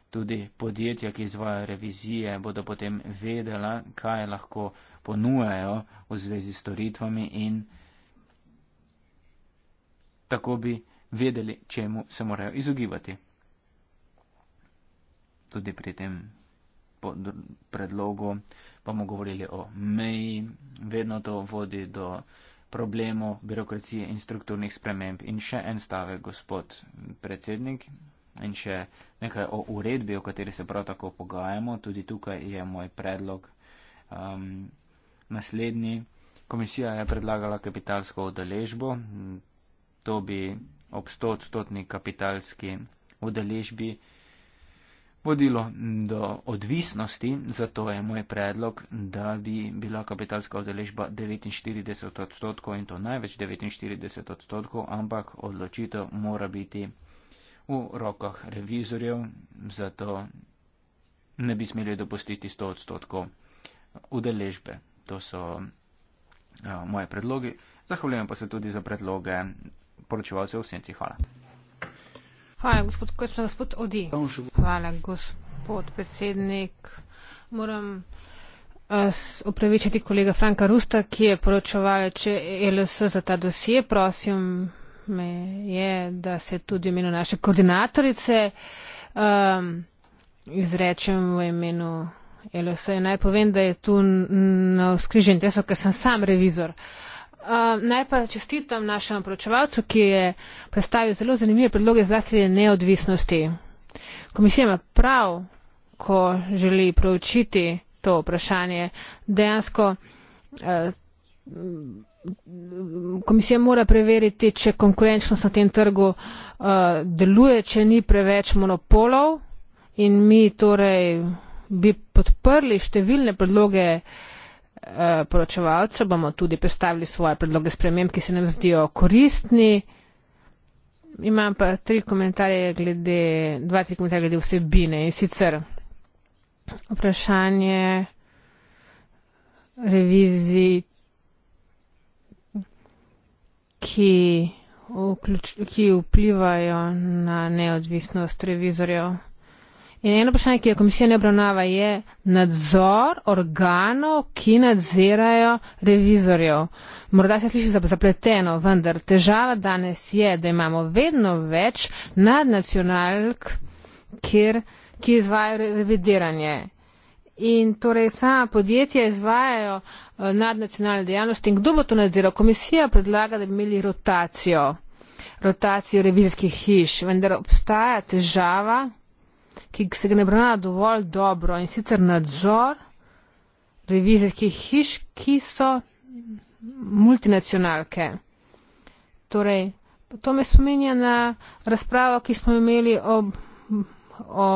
tudi podjetja, ki izvajo revizije, bodo potem vedela, kaj lahko ponujajo v zvezi s storitvami in tako bi vedeli, čemu se morajo izogibati. Tudi pri tem predlogu bomo govorili o meji, vedno to vodi do problemu birokracije in strukturnih sprememb. In še en stavek, gospod predsednik, in še nekaj o uredbi, o kateri se prav tako pogajamo. Tudi tukaj je moj predlog um, naslednji. Komisija je predlagala kapitalsko udeležbo. To bi ob 100-stotni kapitalski udeležbi vodilo do odvisnosti, zato je moj predlog, da bi bila kapitalska odeležba 49 odstotkov in to največ 49 odstotkov, ampak odločitev mora biti v rokah revizorjev, zato ne bi smeli dopustiti 100 odstotkov udeležbe. To so uh, moje predlogi. Zahvaljujem pa se tudi za predloge poročevalcev v senci. Hvala. Hvala, gospod, gospod, gospod Odi. Hvala, gospod predsednik. Moram eh, opravičiti kolega Franka Rusta, ki je poročeval, če je LS za ta dosije, prosim me je, da se tudi v imenu naše koordinatorice um, izrečem v imenu e LS. Naj povem, da je tu na skrižen, tesno, ker sem sam revizor. Uh, Ehm, najprej čestitam našemu poročevalcu, ki je predstavil zelo zanimive predloge zlasti neodvisnosti. Komisija ima prav, ko želi proučiti to vprašanje. Dejansko ehm, komisija mora preveriti, če konkurenčnost na tem trgu eh, deluje, če ni preveč monopolov in mi torej bi podprli številne predloge uh, Eh, poročevalcev, bomo tudi predstavili svoje predloge sprememb, ki se nam zdijo koristni. Imam pa tri komentarje glede, dva, tri komentarje glede vsebine in sicer vprašanje revizi, ki, vključ, ki vplivajo na neodvisnost revizorjev. In eno vprašanje, ki je komisija ne obravnava, je nadzor organov, ki nadzirajo revizorjev. Morda se sliši zapleteno, vendar težava danes je, da imamo vedno več nadnacionalk, kjer, ki izvajo revidiranje. In torej sama podjetja izvajajo eh, nadnacionalne dejavnosti. In kdo bo to nadziral? Komisija predlaga, da bi imeli rotacijo, rotacijo revizijskih hiš, vendar obstaja težava ki se ga ne brana dovolj dobro in sicer nadzor revizijskih hiš, ki so multinacionalke. Torej, to me spominja na razpravo, ki smo imeli o, o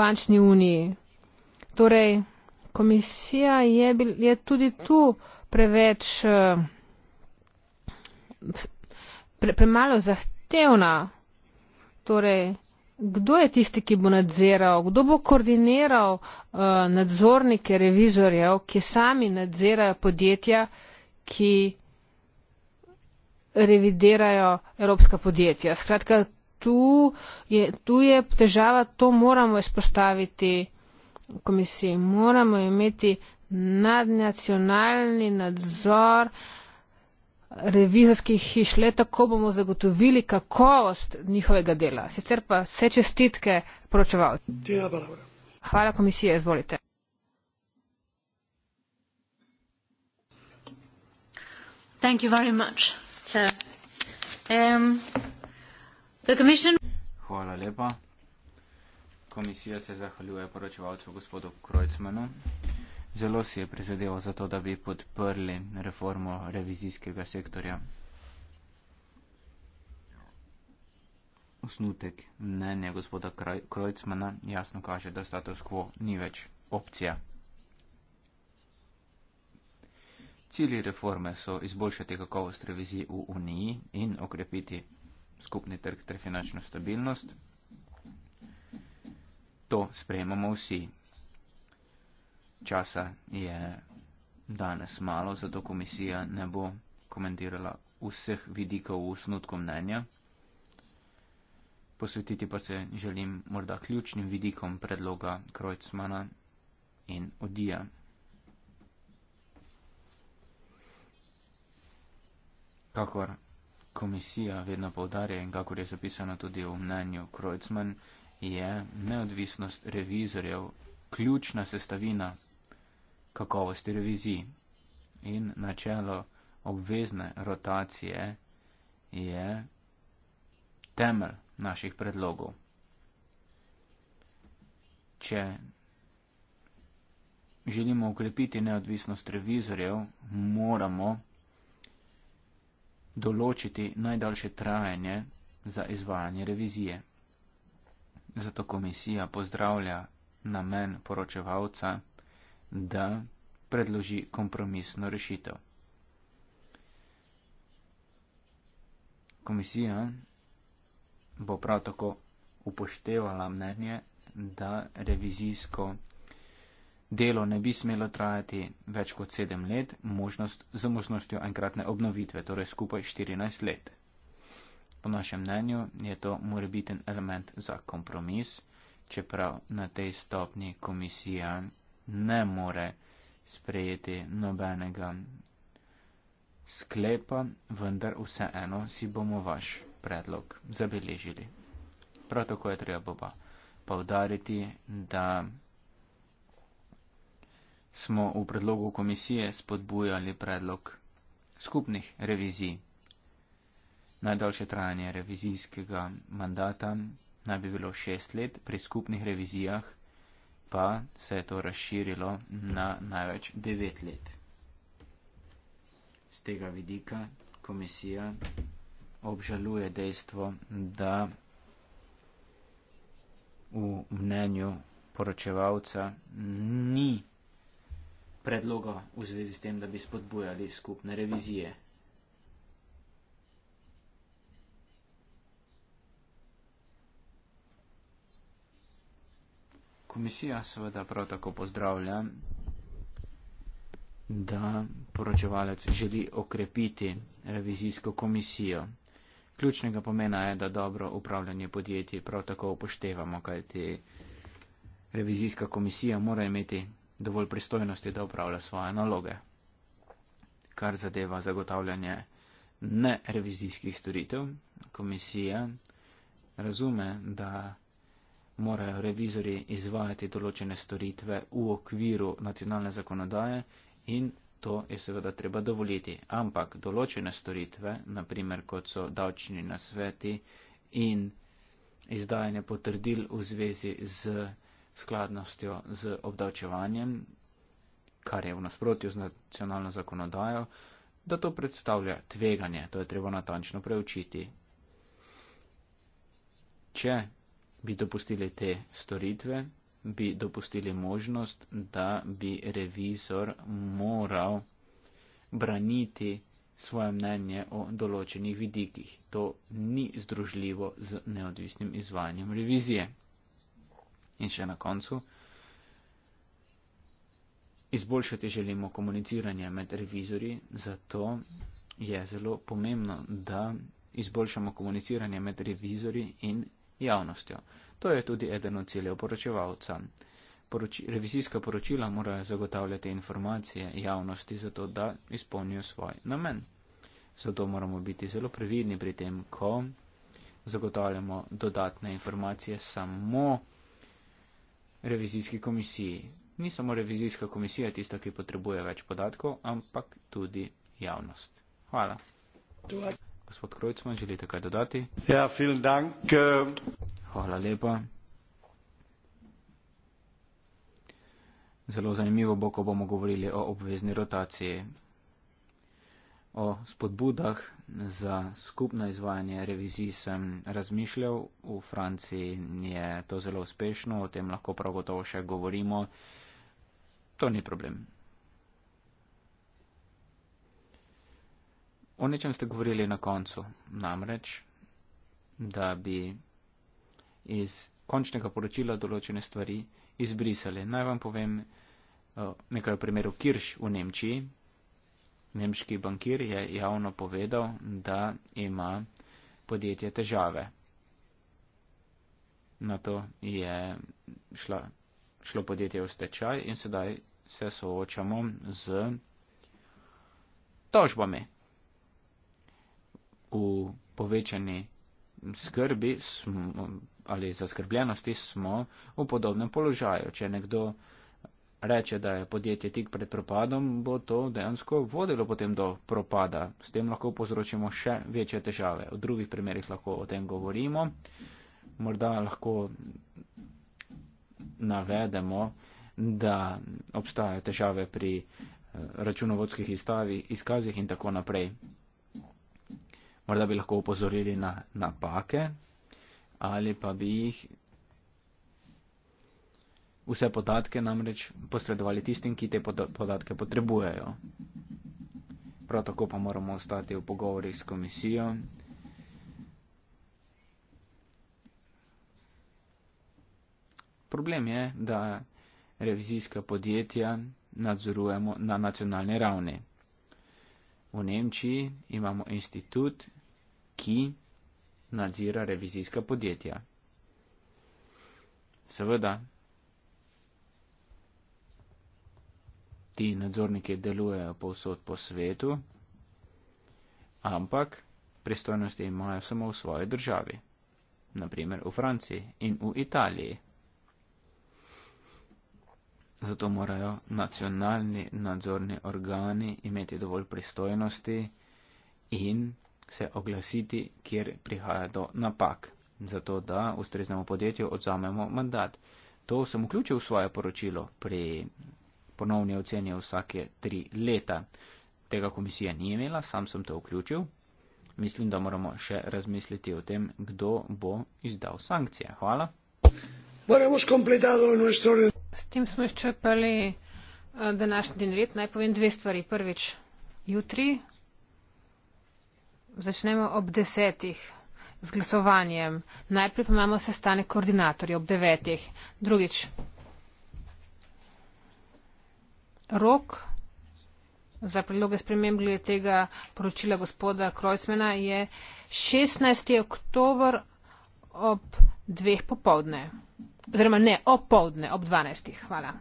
bančni uniji. Torej, komisija je, bil, je tudi tu preveč eh, pre, premalo zahtevna. Torej, kdo je tisti, ki bo nadziral, kdo bo koordiniral uh, nadzornike, revizorjev, ki sami nadzirajo podjetja, ki revidirajo evropska podjetja. Skratka, tu je, tu je težava, to moramo izpostaviti komisiji. Moramo imeti nadnacionalni nadzor. Uh, revizijskih hiš, le tako bomo zagotovili kakovost njihovega dela. Sicer pa vse čestitke poročevalcem. Hvala komisije, izvolite. Um, Hvala lepa. Komisija se zahvaljuje poročevalcu gospodu Krojcmanu zelo si je prizadeval za to, da bi podprli reformo revizijskega sektorja. Osnutek mnenja gospoda Krojcmana jasno kaže, da status quo ni več opcija. Cilji reforme so izboljšati kakovost revizij v Uniji in okrepiti skupni trg ter finančno stabilnost. To sprejemamo vsi, časa je danes malo, zato komisija ne bo komentirala vseh vidikov v snutku mnenja. Posvetiti pa se želim morda ključnim vidikom predloga Krojcmana in Odija. Kakor komisija vedno povdarja in kakor je zapisano tudi v mnenju Krojcman, je neodvisnost revizorjev ključna sestavina kakovost televiziji. In načelo obvezne rotacije je temelj naših predlogov. Če želimo ukrepiti neodvisnost revizorjev, moramo določiti najdaljše trajanje za izvajanje revizije. Zato komisija pozdravlja namen poročevalca da predloži kompromisno rešitev. Komisija bo prav tako upoštevala mnenje, da revizijsko delo ne bi smelo trajati več kot sedem let, možnost z možnostjo enkratne obnovitve, torej skupaj 14 let. Po našem mnenju je to morebiten element za kompromis, čeprav na tej stopni komisija ne more sprejeti nobenega sklepa, vendar vseeno si bomo vaš predlog zabeležili. Prav tako je treba pa povdariti, da smo v predlogu komisije spodbujali predlog skupnih revizij. Najdaljše trajanje revizijskega mandata naj bi bilo šest let pri skupnih revizijah, pa se je to razširilo na največ 9 let. Z tega vidika komisija obžaluje dejstvo, da v mnenju poročevalca ni predloga v zvezi s tem, da bi spodbujali skupne revizije. komisija seveda prav tako pozdravlja, da poročevalec želi okrepiti revizijsko komisijo. Ključnega pomena je, da dobro upravljanje podjetij prav tako upoštevamo, kajti revizijska komisija mora imeti dovolj pristojnosti, da upravlja svoje naloge, kar zadeva zagotavljanje ne revizijskih storitev. Komisija razume, da morajo revizori izvajati določene storitve v okviru nacionalne zakonodaje in to je seveda treba dovoliti. Ampak določene storitve, naprimer kot so davčni nasveti in izdajanje potrdil v zvezi z skladnostjo z obdavčevanjem, kar je v nasprotju z nacionalno zakonodajo, da to predstavlja tveganje, to je treba natančno preučiti. Če bi dopustili te storitve, bi dopustili možnost, da bi revizor moral braniti svoje mnenje o določenih vidikih. To ni združljivo z neodvisnim izvajanjem revizije. In še na koncu. Izboljšati želimo komuniciranje med revizori, zato je zelo pomembno, da izboljšamo komuniciranje med revizori in javnostjo. To je tudi eden od ciljev poročevalca. Poroči, revizijska poročila morajo zagotavljati informacije javnosti, zato da izpolnijo svoj namen. Zato moramo biti zelo previdni pri tem, ko zagotavljamo dodatne informacije samo revizijski komisiji. Ni samo revizijska komisija tista, ki potrebuje več podatkov, ampak tudi javnost. Hvala. Tukaj. Gospod Krojcman, želite kaj dodati? Ja, vielen dank. Hvala lepa. Zelo zanimivo bo, ko bomo govorili o obvezni rotaciji, o spodbudah za skupno izvajanje revizij sem razmišljal. V Franciji je to zelo uspešno, o tem lahko prav gotovo še govorimo. To ni problem. O nečem ste govorili na koncu, namreč, da bi iz končnega poročila določene stvari izbrisali. Naj vam povem eh, nekaj o primeru Kirš v Nemčiji. Nemški bankir je javno povedal, da ima podjetje težave. Na to je šla, šlo podjetje v stečaj in sedaj se soočamo z tožbami v povečani skrbi smo, ali zaskrbljenosti smo v podobnem položaju. Če nekdo reče, da je podjetje tik pred propadom, bo to dejansko vodilo potem do propada. S tem lahko povzročimo še večje težave. V drugih primerjih lahko o tem govorimo. Morda lahko navedemo, da obstajajo težave pri eh, računovodskih izkazih in tako naprej morda bi lahko upozorili na napake ali pa bi jih vse podatke namreč posredovali tistim, ki te podatke potrebujejo. Prav tako pa moramo ostati v pogovorih s komisijo. Problem je, da revizijska podjetja nadzorujemo na nacionalni ravni. V Nemčiji imamo institut, ki nadzira revizijska podjetja. Seveda, ti nadzorniki delujejo povsod po svetu, ampak pristojnosti imajo samo v svoji državi, naprimer v Franciji in v Italiji. Zato morajo nacionalni nadzorni organi imeti dovolj pristojnosti in se oglasiti, kjer prihaja do napak, zato da ustreznemu podjetju odzamemo mandat. To sem vključil v svoje poročilo pri ponovni oceni vsake tri leta. Tega komisija ni imela, sam sem to vključil. Mislim, da moramo še razmisliti o tem, kdo bo izdal sankcije. Hvala. S tem smo izčrpali eh, današnji dan red. Naj povem dve stvari. Prvič, jutri začnemo ob desetih z glasovanjem. Najprej pa imamo sestanek koordinatorja ob devetih. Drugič. Rok za predloge sprememb glede tega poročila gospoda Krojcmena je 16. oktober ob dveh popovdne. Oziroma ne, opovdne ob 12. Hvala.